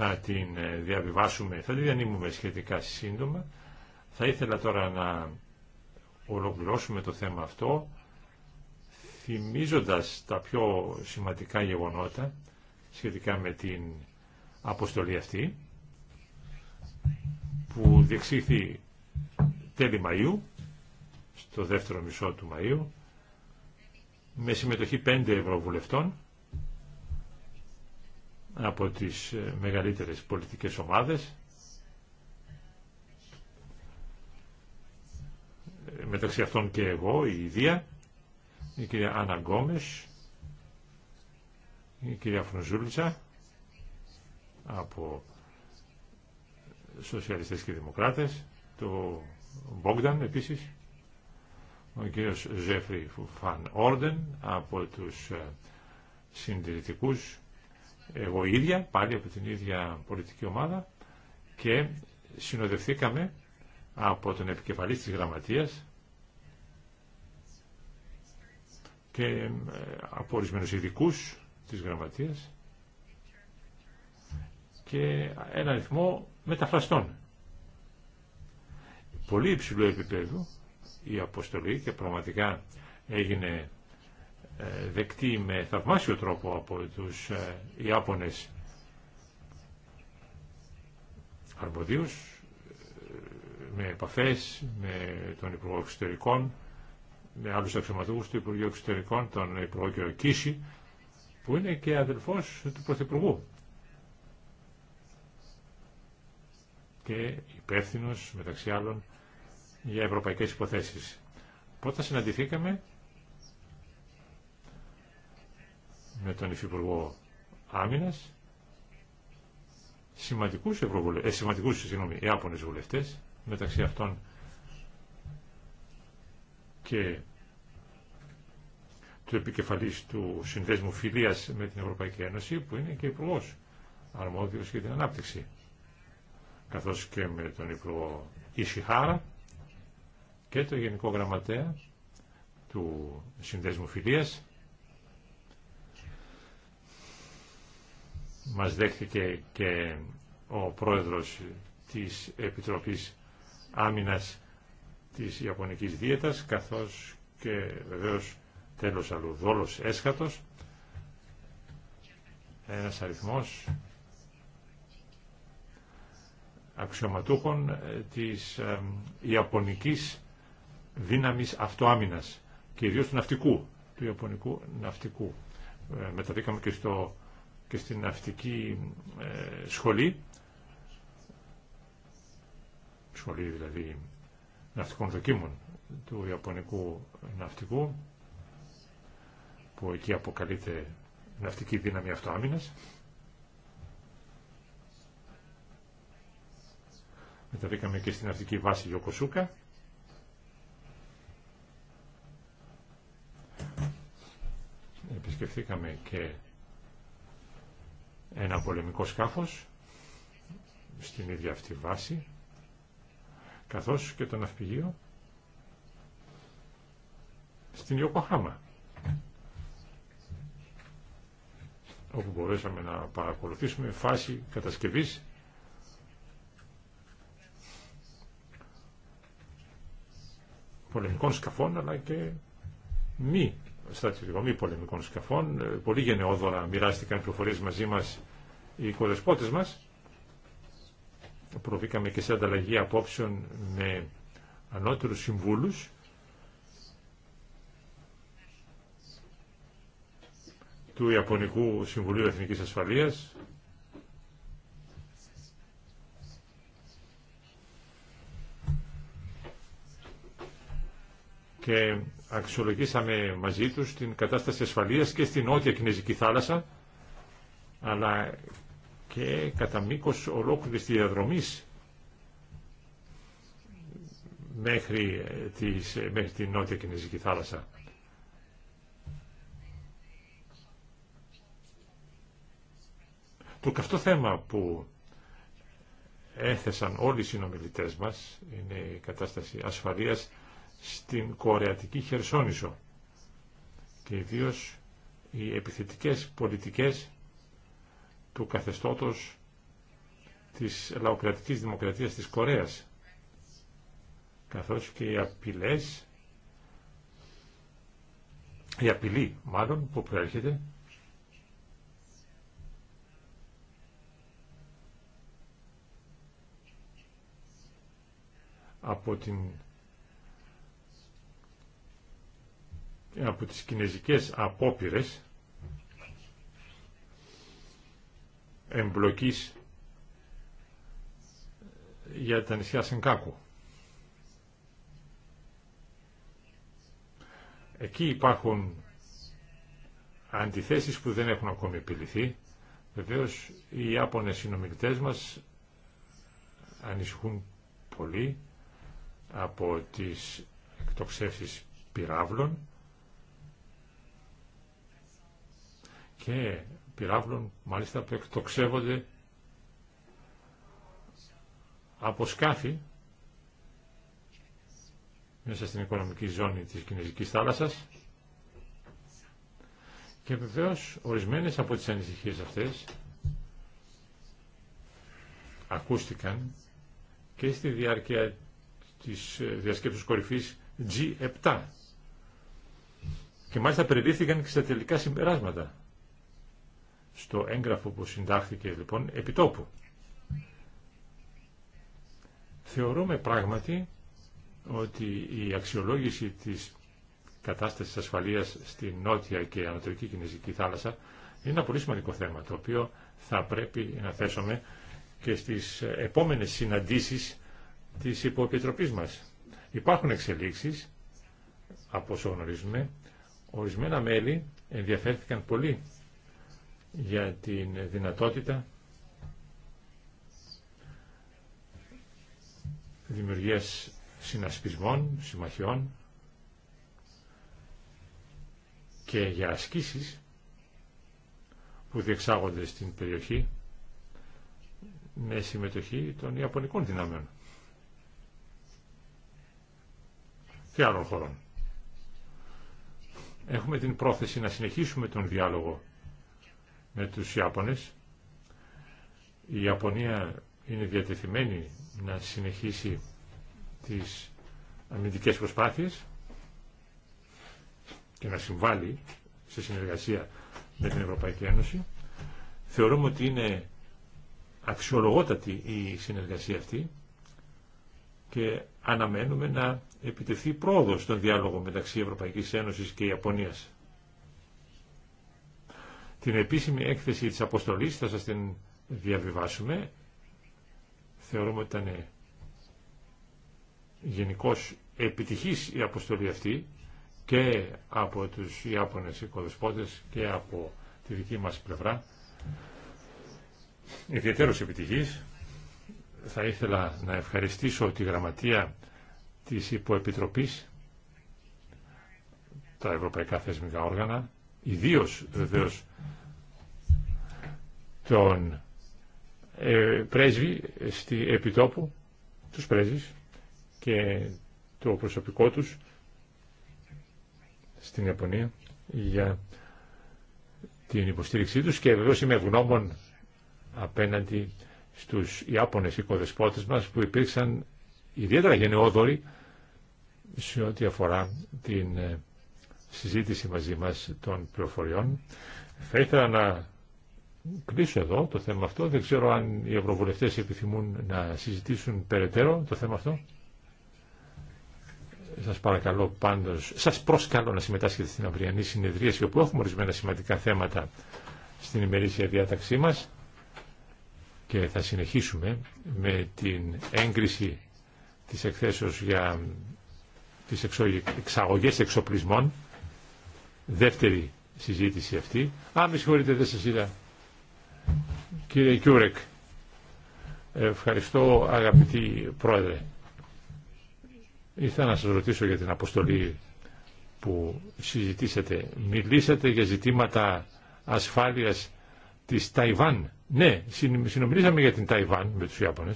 Θα την διαβιβάσουμε, θα την διανύμουμε σχετικά σύντομα. Θα ήθελα τώρα να ολοκληρώσουμε το θέμα αυτό θυμίζοντας τα πιο σημαντικά γεγονότα σχετικά με την αποστολή αυτή που διεξήχθη τέλη Μαΐου, στο δεύτερο μισό του Μαΐου, με συμμετοχή πέντε ευρωβουλευτών από τις μεγαλύτερες πολιτικές ομάδες, μεταξύ αυτών και εγώ, η Ιδία, η κυρία Άννα Γκόμες, η κυρία Φρουζούλτσα από Σοσιαλιστές και Δημοκράτες, το Μπόγκταν επίσης, ο κύριος Ζέφρι Φαν Όρντεν από τους ε, συντηρητικούς, εγώ ίδια, πάλι από την ίδια πολιτική ομάδα και συνοδευθήκαμε από τον επικεφαλής της γραμματείας και ε, από ορισμένου ειδικού της γραμματείας και ένα αριθμό μεταφραστών. Πολύ υψηλού επίπεδου η αποστολή και πραγματικά έγινε ε, δεκτή με θαυμάσιο τρόπο από τους ε, Ιάπωνες αρμοδίους με επαφές με τον Υπουργό Εξωτερικών με άλλους αξιωματούχους του Υπουργείου Εξωτερικών, τον Υπουργό κ. Κίση, που είναι και αδελφός του Πρωθυπουργού και υπεύθυνο μεταξύ άλλων για ευρωπαϊκές υποθέσεις. Πρώτα συναντηθήκαμε με τον Υφυπουργό Άμυνας, σημαντικούς, ευρωβουλε... ε, σημαντικούς συγγνώμη, Ιάπωνες βουλευτές, μεταξύ αυτών και του επικεφαλής του Συνδέσμου Φιλίας με την Ευρωπαϊκή Ένωση, που είναι και υπουργό αρμόδιος για την ανάπτυξη, καθώς και με τον υπουργό Ισιχάρα και το Γενικό Γραμματέα του Συνδέσμου Φιλίας. Μας δέχθηκε και ο πρόεδρος της Επιτροπής Άμυνας της Ιαπωνικής Δίαιτας, καθώς και βεβαίως τέλος αλλού δόλος έσχατος, ένας αριθμός αξιωματούχων ε, της ε, Ιαπωνικής δύναμης αυτοάμυνας και ιδίως του ναυτικού, του Ιαπωνικού ναυτικού. Ε, μεταδίκαμε και, στο, και στην ναυτική σχολή, σχολή δηλαδή ναυτικών δοκίμων του Ιαπωνικού ναυτικού, που εκεί αποκαλείται ναυτική δύναμη αυτοάμυνας. Μεταβήκαμε και στην ναυτική βάση Ιωκοσούκα Επισκεφθήκαμε και ένα πολεμικό σκάφος στην ίδια αυτή βάση καθώς και το ναυπηγείο στην Ιωκοχάμα. όπου μπορέσαμε να παρακολουθήσουμε φάση κατασκευής πολεμικών σκαφών αλλά και μη στρατιωτικών, μη πολεμικών σκαφών. Ε, πολύ γενναιόδωρα μοιράστηκαν πληροφορίε μαζί μας οι κορεσπότες μας. Προβήκαμε και σε ανταλλαγή απόψεων με ανώτερους συμβούλους του Ιαπωνικού Συμβουλίου Εθνικής Ασφαλείας και αξιολογήσαμε μαζί τους την κατάσταση ασφαλείας και στην νότια Κινέζικη θάλασσα αλλά και κατά μήκος ολόκληρης διαδρομής μέχρι, μέχρι την νότια Κινέζικη θάλασσα. Το καυτό θέμα που έθεσαν όλοι οι συνομιλητές μας είναι η κατάσταση ασφαλείας στην κορεατική Χερσόνησο και ιδίω οι επιθετικές πολιτικές του καθεστώτος της λαοκρατικής δημοκρατίας της Κορέας καθώς και οι απειλές η απειλή μάλλον που προέρχεται από, την, από τις κινέζικες απόπειρες εμπλοκής για τα νησιά Σενκάκου. Εκεί υπάρχουν αντιθέσεις που δεν έχουν ακόμη επιληθεί. Βεβαίως οι Ιάπωνες συνομιλητές μας ανησυχούν πολύ από τις εκτοξεύσεις πυράβλων και πυράβλων μάλιστα που εκτοξεύονται από σκάφη μέσα στην οικονομική ζώνη της Κινέζικης θάλασσας και βεβαίως ορισμένες από τις ανησυχίες αυτές ακούστηκαν και στη διάρκεια της ε, διασκέψης κορυφής G7. Και μάλιστα περιλήφθηκαν και στα τελικά συμπεράσματα. Στο έγγραφο που συντάχθηκε λοιπόν επιτόπου. Θεωρούμε πράγματι ότι η αξιολόγηση της κατάστασης ασφαλείας στη νότια και ανατολική κινέζικη θάλασσα είναι ένα πολύ σημαντικό θέμα, το οποίο θα πρέπει να θέσουμε και στις επόμενες συναντήσεις της υποεπιτροπής μας. Υπάρχουν εξελίξεις, από όσο γνωρίζουμε, ορισμένα μέλη ενδιαφέρθηκαν πολύ για την δυνατότητα δημιουργίας συνασπισμών, συμμαχιών και για ασκήσεις που διεξάγονται στην περιοχή με συμμετοχή των Ιαπωνικών δυνάμεων. και άλλων χωρών. Έχουμε την πρόθεση να συνεχίσουμε τον διάλογο με τους Ιάπωνες. Η Ιαπωνία είναι διατεθειμένη να συνεχίσει τις αμυντικές προσπάθειες και να συμβάλλει σε συνεργασία με την Ευρωπαϊκή Ένωση. Θεωρούμε ότι είναι αξιολογότατη η συνεργασία αυτή και αναμένουμε να επιτεθεί πρόοδο στον διάλογο μεταξύ Ευρωπαϊκής Ένωσης και Ιαπωνίας. Την επίσημη έκθεση της αποστολής θα σας την διαβιβάσουμε. Θεωρούμε ότι ήταν γενικώς επιτυχής η αποστολή αυτή και από τους Ιάπωνες οικοδεσπότες και από τη δική μας πλευρά. Ιδιαίτερος επιτυχής θα ήθελα να ευχαριστήσω τη Γραμματεία της Υποεπιτροπής, τα ευρωπαϊκά θεσμικά όργανα, ιδίως βεβαίω τον ε, πρέσβη στη επιτόπου, τους πρέσβεις και το προσωπικό τους στην Ιαπωνία για την υποστήριξή τους και βεβαίως είμαι ευγνώμων απέναντι στους Ιάπωνες οικοδεσπότες μας που υπήρξαν ιδιαίτερα γενναιόδοροι σε ό,τι αφορά την ε, συζήτηση μαζί μας των πληροφοριών. Θα ήθελα να κλείσω εδώ το θέμα αυτό. Δεν ξέρω αν οι ευρωβουλευτές επιθυμούν να συζητήσουν περαιτέρω το θέμα αυτό. Σας παρακαλώ πάντως, σας προσκαλώ να συμμετάσχετε στην αυριανή συνεδρίαση όπου έχουμε ορισμένα σημαντικά θέματα στην ημερήσια διάταξή μας και θα συνεχίσουμε με την έγκριση της εκθέσεως για τις εξαγωγές εξοπλισμών. Δεύτερη συζήτηση αυτή. Α, με συγχωρείτε, δεν σας είδα. Κύριε Κιούρεκ, ευχαριστώ αγαπητή Πρόεδρε. Ήρθα να σας ρωτήσω για την αποστολή που συζητήσατε. Μιλήσατε για ζητήματα ασφάλειας Τη Ταϊβάν. Ναι, συνομιλήσαμε για την Ταϊβάν με του Ιάπωνε.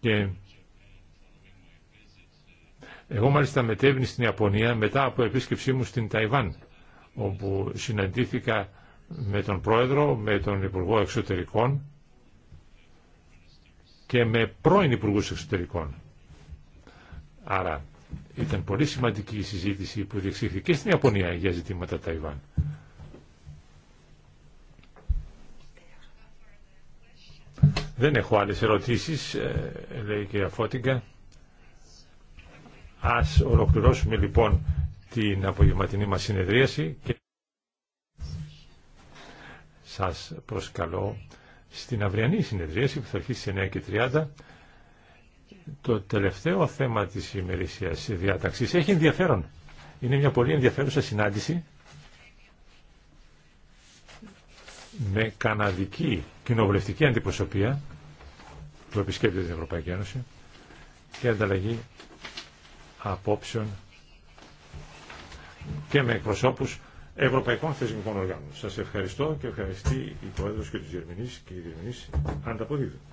και εγώ μάλιστα μετέβη στην Ιαπωνία μετά από επίσκεψή μου στην Ταϊβάν όπου συναντήθηκα με τον Πρόεδρο, με τον Υπουργό Εξωτερικών και με πρώην Υπουργού Εξωτερικών. Άρα ήταν πολύ σημαντική η συζήτηση που διεξήχθηκε και στην Ιαπωνία για ζητήματα Ταϊβάν. Δεν έχω άλλες ερωτήσεις, ε, λέει η κυρία Φώτιγκα. Ας ολοκληρώσουμε λοιπόν την απογευματινή μας συνεδρίαση και σας προσκαλώ στην αυριανή συνεδρίαση που θα αρχίσει στις 9.30 το τελευταίο θέμα της ημερησίας διάταξης έχει ενδιαφέρον. Είναι μια πολύ ενδιαφέρουσα συνάντηση με καναδική κοινοβουλευτική αντιπροσωπεία που επισκέπτεται την Ευρωπαϊκή Ένωση και ανταλλαγή απόψεων και με εκπροσώπους ευρωπαϊκών θεσμικών οργάνων. Σας ευχαριστώ και ευχαριστεί η Πρόεδρος και τους Γερμηνείς και οι Γερμηνείς ανταποδίδουν.